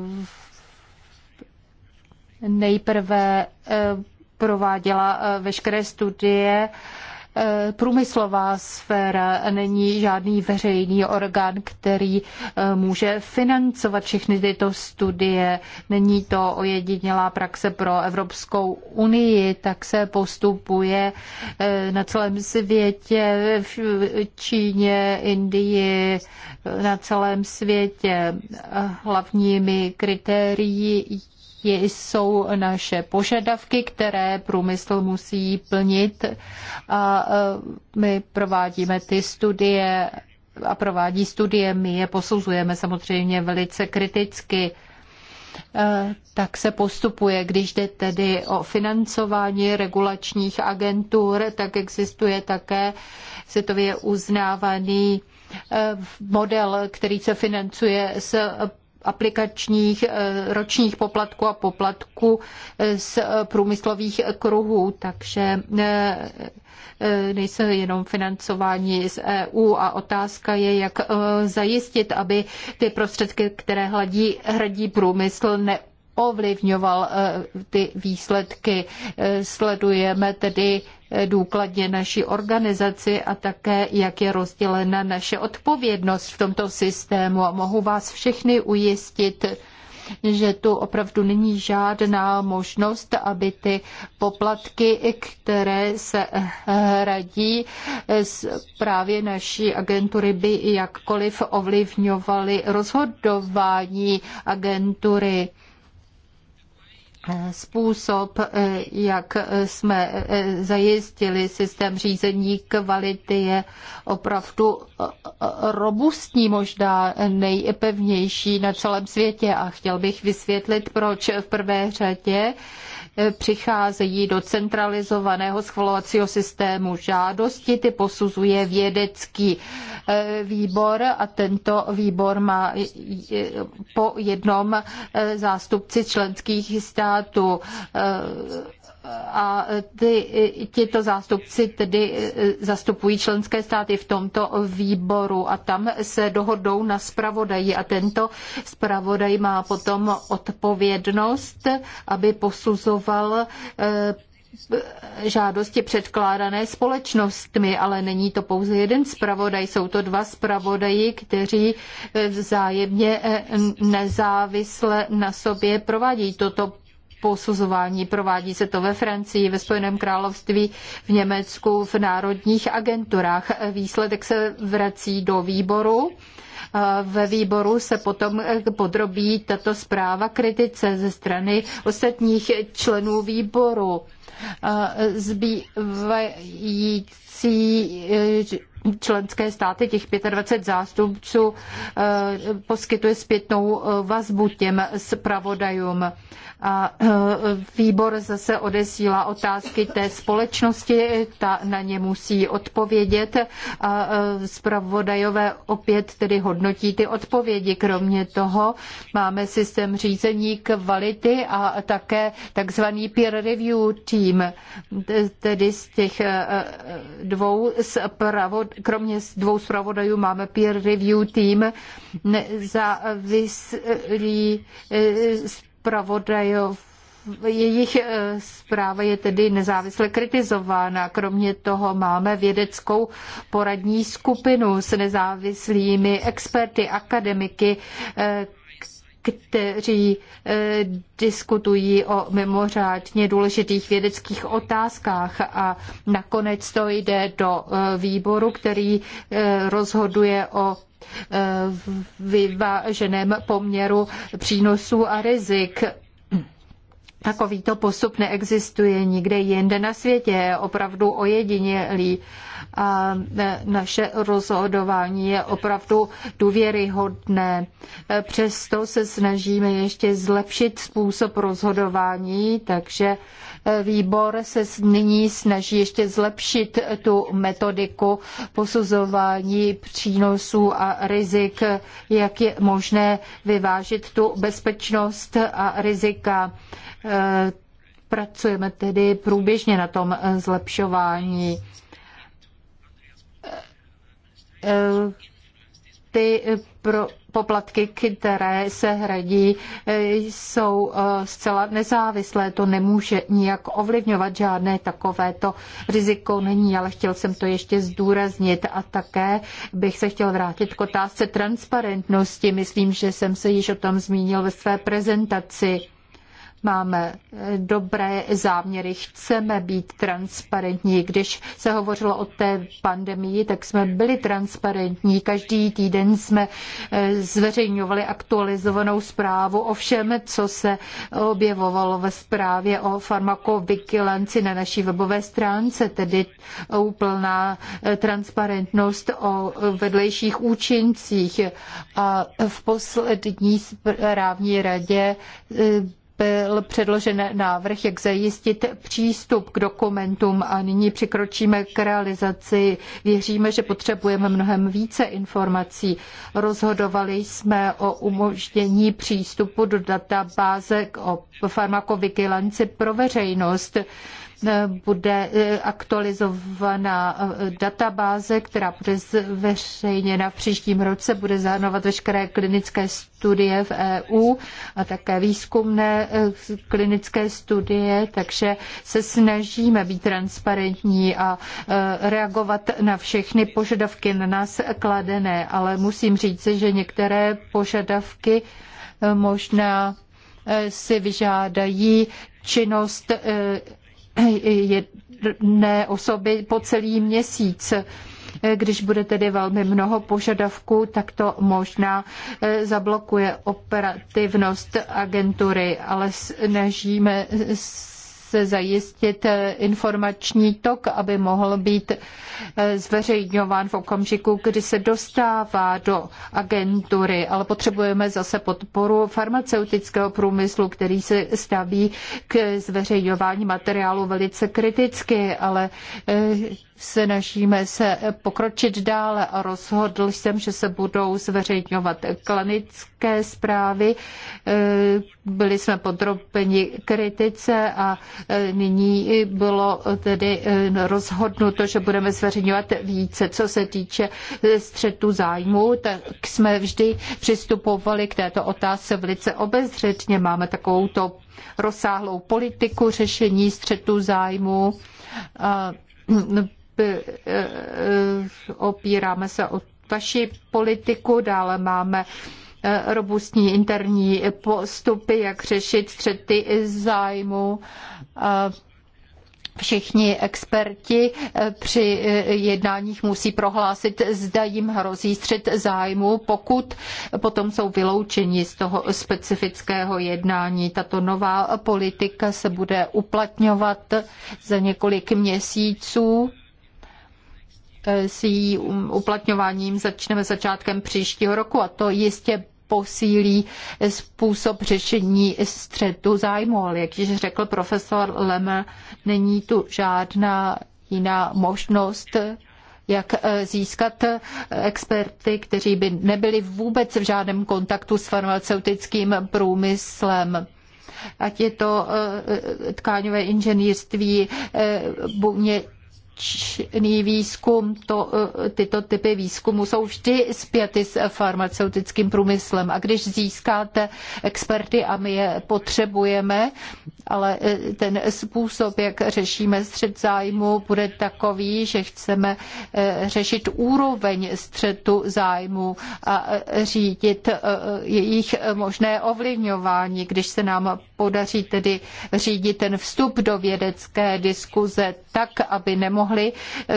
nejprve e, prováděla veškeré studie Eh, průmyslová sféra, není žádný veřejný orgán, který eh, může financovat všechny tyto studie. Není to ojedinělá praxe pro Evropskou unii, tak se postupuje eh, na celém světě, v Číně, Indii, na celém světě. Hlavními kritérií jsou naše požadavky, které průmysl musí plnit a e, my provádíme ty studie a provádí studie, my je posuzujeme samozřejmě velice kriticky e, tak se postupuje. Když jde tedy o financování regulačních agentur, tak existuje také světově uznávaný e, model, který se financuje z aplikačních eh, ročních poplatků a poplatků eh, z eh, průmyslových kruhů, takže nejsou jenom financování z EU a otázka je, jak zajistit, aby ty prostředky, které hladí, hradí průmysl, ne ovlivňoval ty výsledky. Sledujeme tedy důkladně naši organizaci a také, jak je rozdělena naše odpovědnost v tomto systému. A mohu vás všechny ujistit, že tu opravdu není žádná možnost, aby ty poplatky, které se hradí z právě naší agentury, by jakkoliv ovlivňovaly rozhodování agentury způsob, eh, jak jsme eh, zajistili systém řízení kvality, je opravdu eh, robustní, možná nejpevnější na celém světě. A chtěl bych vysvětlit, proč v prvé řadě Eh, přicházejí do centralizovaného schvalovacího systému žádosti, ty posuzuje vědecký eh, výbor a tento výbor má po jednom eh, zástupci členských států a ty, tito zástupci tedy e, zastupují členské státy v tomto výboru a tam se dohodnou na zpravodaji a tento zpravodaj má potom odpovědnost, aby posuzoval e, žádosti předkládané společnostmi, ale není to pouze jeden zpravodaj, jsou to dva zpravodaji, kteří e, vzájemně nezávisle na sobě provádí toto posuzování. Provádí se to ve Francii, ve Spojeném království, v Německu, v národních agenturách. Výsledek se vrací do výboru. Ve výboru se potom podrobí tato zpráva kritice ze strany ostatních členů výboru. Zbývající eh, členské státy, těch 25 zástupců, eh, poskytuje zpětnou eh, vazbu těm zpravodajům a eh, výbor zase odesílá otázky té společnosti, ta na ně musí odpovědět a eh, zpravodajové opět tedy hodnotí ty odpovědi. Kromě toho máme systém řízení kvality a také takzvaný peer review tým, tedy z těch eh, dvou zpravod, kromě dvou zpravodajů máme peer review tým, závislí zpravodajov jejich eh, zpráva je tedy nezávisle kritizována. Kromě toho máme vědeckou poradní skupinu s nezávislými experty, akademiky, eh, kteří eh, diskutují o mimořádně důležitých vědeckých otázkách a nakonec to jde do eh, výboru, který eh, rozhoduje o vyváženém poměru přínosů a rizik Takovýto postup neexistuje nikde jinde na světě, je opravdu ojedinělý. A e, naše rozhodování je opravdu důvěryhodné. E, přesto se snažíme ještě zlepšit způsob rozhodování, takže Výbor se nyní snaží ještě zlepšit tu metodiku posuzování přínosů a rizik, jak je možné vyvážit tu bezpečnost a rizika. Eh, pracujeme tedy průběžně na tom eh, zlepšování eh, ty pro poplatky, které se hradí, jsou eh, zcela nezávislé. To nemůže nijak ovlivňovat žádné takovéto riziko není, ale chtěl jsem to ještě zdůraznit a také bych se chtěl vrátit k otázce transparentnosti. Myslím, že jsem se již o tom zmínil ve své prezentaci máme eh, dobré záměry, chceme být transparentní. Když se hovořilo o té pandemii, tak jsme byli transparentní. Každý týden jsme eh, zveřejňovali aktualizovanou zprávu o všem, co se objevovalo ve zprávě o farmakovigilanci na naší webové stránce, tedy úplná eh, transparentnost o vedlejších účincích. A v poslední správní radě byl předložen návrh, jak zajistit přístup k dokumentům a nyní přikročíme k realizaci. Věříme, že potřebujeme mnohem více informací. Rozhodovali jsme o umožnění přístupu do databáze o farmakovigilanci pro veřejnost bude eh, aktualizována eh, databáze, která bude zveřejněna v příštím roce, bude zahrnovat veškeré klinické studie v EU a také výzkumné eh, klinické studie, takže se snažíme být transparentní a reagovat na všechny požadavky na nás kladené, ale musím říct, že některé požadavky možná si vyžádají činnost jedné osoby po celý měsíc. Když bude tedy velmi mnoho požadavků, tak to možná eh, zablokuje operativnost agentury, ale snažíme se zajistit eh, informační tok, aby mohl být eh, zveřejňován v okamžiku, kdy se dostává do agentury, ale potřebujeme zase podporu farmaceutického průmyslu, který se staví k zveřejňování materiálu velice kriticky, ale eh, snažíme se pokročit dále a rozhodl jsem, že se budou zveřejňovat klinické zprávy. Eh, byli jsme podrobeni kritice a eh, nyní bylo tedy eh, rozhodnuto, že budeme zveřejňovat více. Co se týče střetu zájmu, tak jsme vždy přistupovali k této otázce velice obezřetně. Máme takovou to rozsáhlou politiku řešení střetu zájmu Eh, eh, opíráme se o vaši politiku, dále máme eh, robustní interní postupy, jak řešit střety zájmu. Všichni experti při jednáních musí prohlásit, zda jim hrozí střet zájmu, pokud potom jsou vyloučeni z toho specifického jednání. Tato nová politika se bude uplatňovat za několik měsíců Eh, s její um, uplatňováním začneme začátkem příštího roku a to jistě posílí eh, způsob řešení střetu zájmu, ale jak již řekl profesor Lemer, není tu žádná jiná možnost, jak eh, získat experty, kteří by nebyli vůbec v žádném kontaktu s farmaceutickým průmyslem ať je to tkáňové inženýrství, buněčné společný výzkum, to, eh, tyto typy výzkumu jsou vždy zpěty s farmaceutickým průmyslem. A když získáte experty a my je potřebujeme, ale e, ten způsob, jak řešíme střed zájmu, bude takový, že chceme e, řešit úroveň střetu zájmu a e, řídit jejich možné ovlivňování. Když se nám podaří tedy řídit ten vstup do vědecké diskuze tak, aby nemohli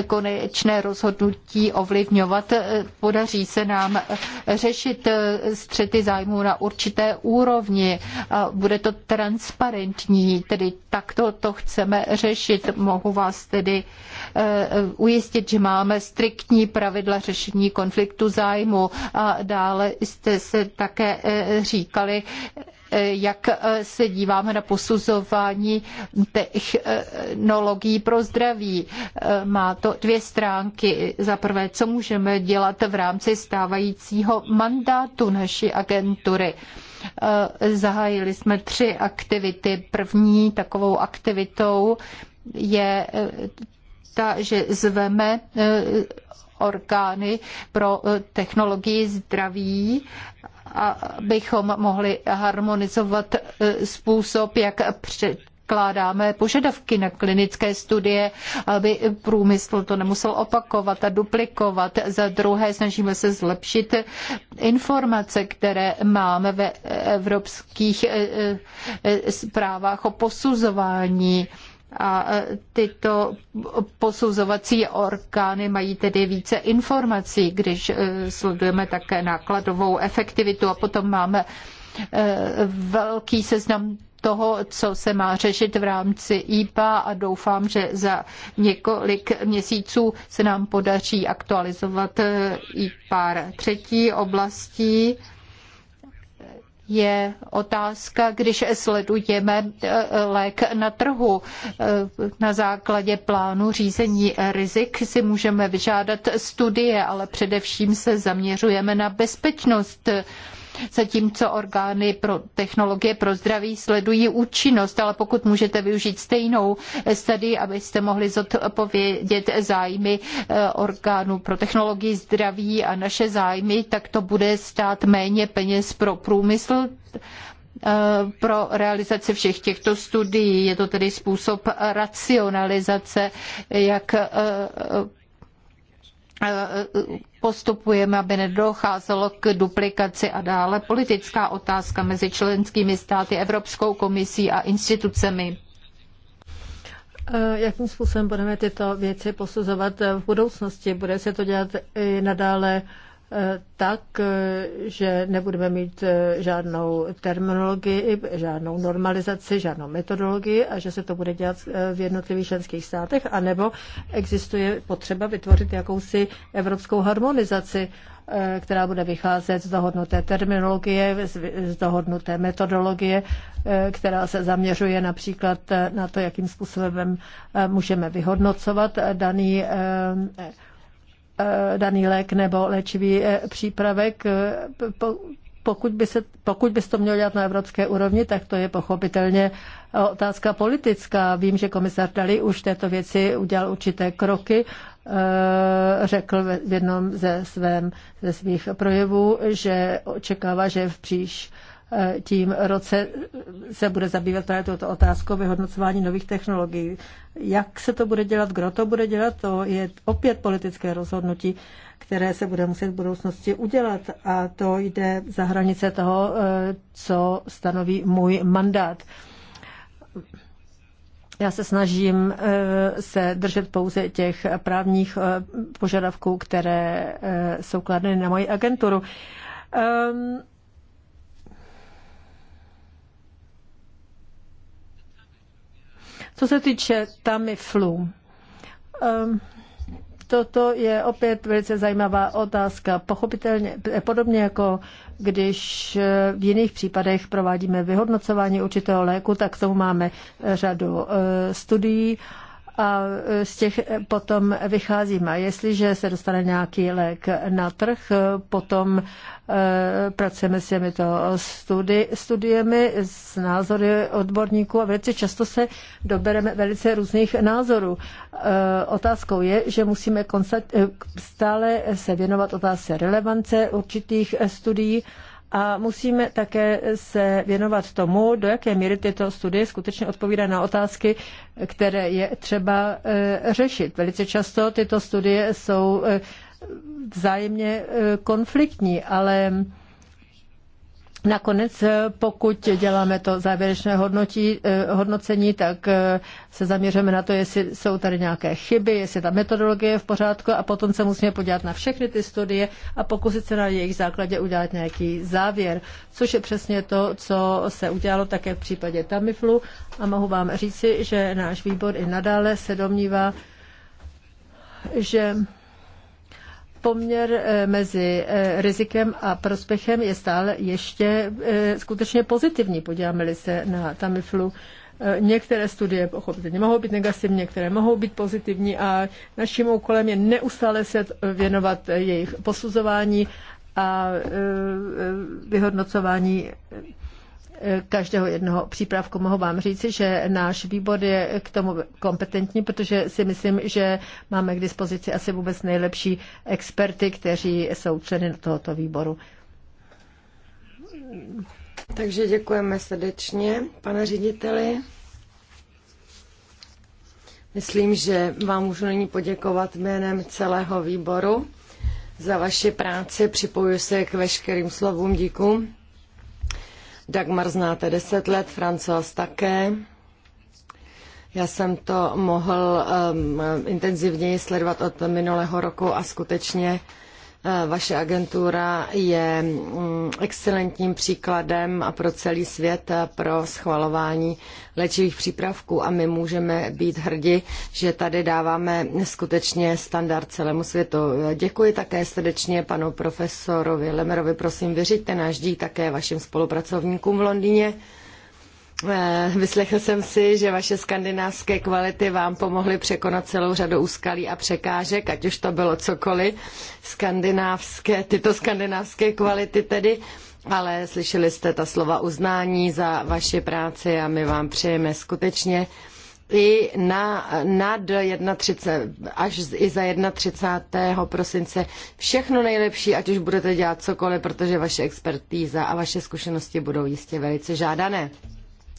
konečné rozhodnutí ovlivňovat, podaří se nám řešit střety zájmu na určité úrovni. A bude to transparentní zní, tedy takto to chceme řešit. Mohu vás tedy eh, eh, ujistit, že máme striktní pravidla řešení konfliktu zájmu a dále jste se také eh, říkali, jak se díváme na posuzování technologií pro zdraví. Má to dvě stránky. Za prvé, co můžeme dělat v rámci stávajícího mandátu naší agentury. Eh, zahájili jsme tři aktivity. První takovou aktivitou je eh, ta, že zveme eh, orgány pro technologii zdraví, abychom mohli harmonizovat způsob, jak před kládáme požadavky na klinické studie, aby průmysl to nemusel opakovat a duplikovat. Za druhé snažíme se zlepšit informace, které máme ve evropských eh, eh, zprávách o posuzování a eh, tyto posuzovací orgány mají tedy více informací, když sledujeme také nákladovou efektivitu a potom máme velký seznam toho, co se má řešit v rámci IPA a doufám, že za několik měsíců se nám podaří aktualizovat eh, IPAR. Třetí oblastí je otázka, když sledujeme eh, lék na trhu. Eh, na základě plánu řízení rizik si můžeme vyžádat studie, ale především se zaměřujeme na bezpečnost zatímco orgány pro technologie pro zdraví sledují účinnost, ale pokud můžete využít stejnou studii, abyste mohli zodpovědět zájmy eh, orgánů pro technologii zdraví a naše zájmy, tak to bude stát méně peněz pro průmysl, eh, pro realizaci všech těchto studií. Je to tedy způsob racionalizace, jak eh, Eh, eh, postupujeme, aby nedocházelo k duplikaci a dále politická otázka mezi členskými státy, Evropskou komisí a institucemi. Eh, jakým způsobem budeme tyto věci posuzovat v budoucnosti? Bude se to dělat i nadále tak, že nebudeme mít eh, žádnou terminologii, žádnou normalizaci, žádnou metodologii a že se to bude dělat eh, v jednotlivých členských státech, anebo existuje potřeba vytvořit jakousi evropskou harmonizaci, eh, která bude vycházet z dohodnuté terminologie, z dohodnuté metodologie, která se zaměřuje například na to, jakým způsobem můžeme vyhodnocovat daný Eh, daný lék nebo léčivý eh, přípravek. Eh, pokud by, se, pokud by se to mělo dělat na evropské úrovni, tak to je pochopitelně otázka politická. Vím, že komisar Dali už této věci udělal určité kroky. Řekl v jednom ze, svém, ze svých projevů, že očekává, že v příští tím roce se bude zabývat právě touto otázkou vyhodnocování nových technologií. Jak se to bude dělat, kdo to bude dělat, to je opět politické rozhodnutí, které se bude muset v budoucnosti udělat a to jde za hranice toho, eh, co stanoví můj mandát. Já se snažím eh, se držet pouze těch právních eh, požadavků, které jsou kladeny na moji agenturu. Ehm, Co se týče Tamiflu, ehm, toto je opět velice zajímavá otázka. Pochopitelně, eh, podobně jako když eh, v jiných případech provádíme vyhodnocování určitého léku, tak k tomu máme eh, řadu studií a e, z těch e, potom vycházíme. Jestliže se dostane nějaký lék na trh, e, potom pracujeme s těmito studi- studiemi, s názory odborníků a velice často se dobereme velice různých názorů. Otázkou je, že musíme stále se věnovat otázce relevance určitých studií a musíme také se věnovat tomu, do jaké míry tyto studie skutečně odpovídají na otázky, které je třeba eh, řešit. Velice často tyto studie jsou eh, vzájemně eh, konfliktní, ale Nakonec, eh, pokud děláme to závěrečné hodnotí, eh, hodnocení, tak eh, se zaměřujeme na to, jestli jsou tady nějaké chyby, jestli ta metodologie je v pořádku a potom se musíme podívat na všechny ty studie a pokusit se na jejich základě udělat nějaký závěr, což je přesně to, co se udělalo také v případě Tamiflu a mohu vám říci, že náš výbor i nadále se domnívá, že poměr eh, mezi eh, rizikem a prospěchem je stále ještě eh, skutečně pozitivní. Podíváme-li se na Tamiflu, Některé studie pochopitelně mohou být negativní, některé mohou být pozitivní a naším úkolem je neustále se věnovat jejich posuzování a vyhodnocování každého jednoho přípravku. Mohu vám říci, že náš výbor je k tomu kompetentní, protože si myslím, že máme k dispozici asi vůbec nejlepší experty, kteří jsou členy tohoto výboru. Takže děkujeme srdečně, pane řediteli. Myslím, že vám můžu nyní poděkovat jménem celého výboru za vaši práci. Připojuji se k veškerým slovům Díkuji. Dagmar znáte deset let, Francois také. Já jsem to mohl um, intenzivněji sledovat od minulého roku a skutečně uh, Eh, vaše agentura je mm, excelentním příkladem a pro celý svět eh, pro schvalování léčivých přípravků a my můžeme být hrdi, že tady dáváme skutečně standard celému světu. Eh, děkuji také srdečně panu profesorovi Lemerovi. Prosím, vyřiďte náš dík také vašim spolupracovníkům v Londýně. Eh, vyslechl jsem si, že vaše skandinávské kvality vám pomohly překonat celou řadu úskalí a překážek, ať už to bylo cokoliv. Skandinávské, tyto skandinávské kvality tedy, ale slyšeli jste ta slova uznání za vaši práci a my vám přejeme skutečně i na, nad 31, až i za 31. prosince všechno nejlepší, ať už budete dělat cokoliv, protože vaše expertíza a vaše zkušenosti budou jistě velice žádané.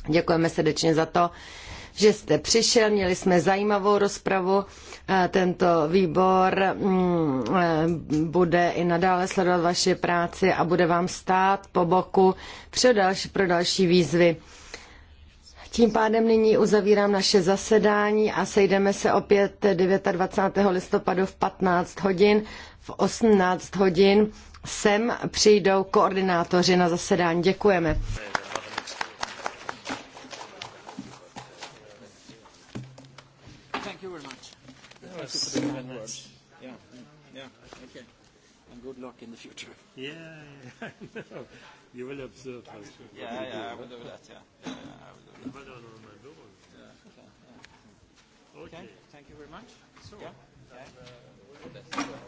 Děkujeme srdečně za to, že jste přišel, měli jsme zajímavou rozpravu. Tento výbor mm, bude i nadále sledovat vaši práci a bude vám stát po boku pro další výzvy. Tím pádem nyní uzavírám naše zasedání a sejdeme se opět 29. listopadu v 15 hodin. V 18 hodin sem přijdou koordinátoři na zasedání. Děkujeme. yes. to put it in that words. Yeah, yeah, okay. And good luck in the future. (laughs) Yeah, yeah. no, you will observe. Yeah, yeah, yeah, I will do that. Yeah, yeah, yeah I will do that. But on my door. Yeah. Okay, yeah. okay. Thank you very much. So, yeah. Uh, yeah.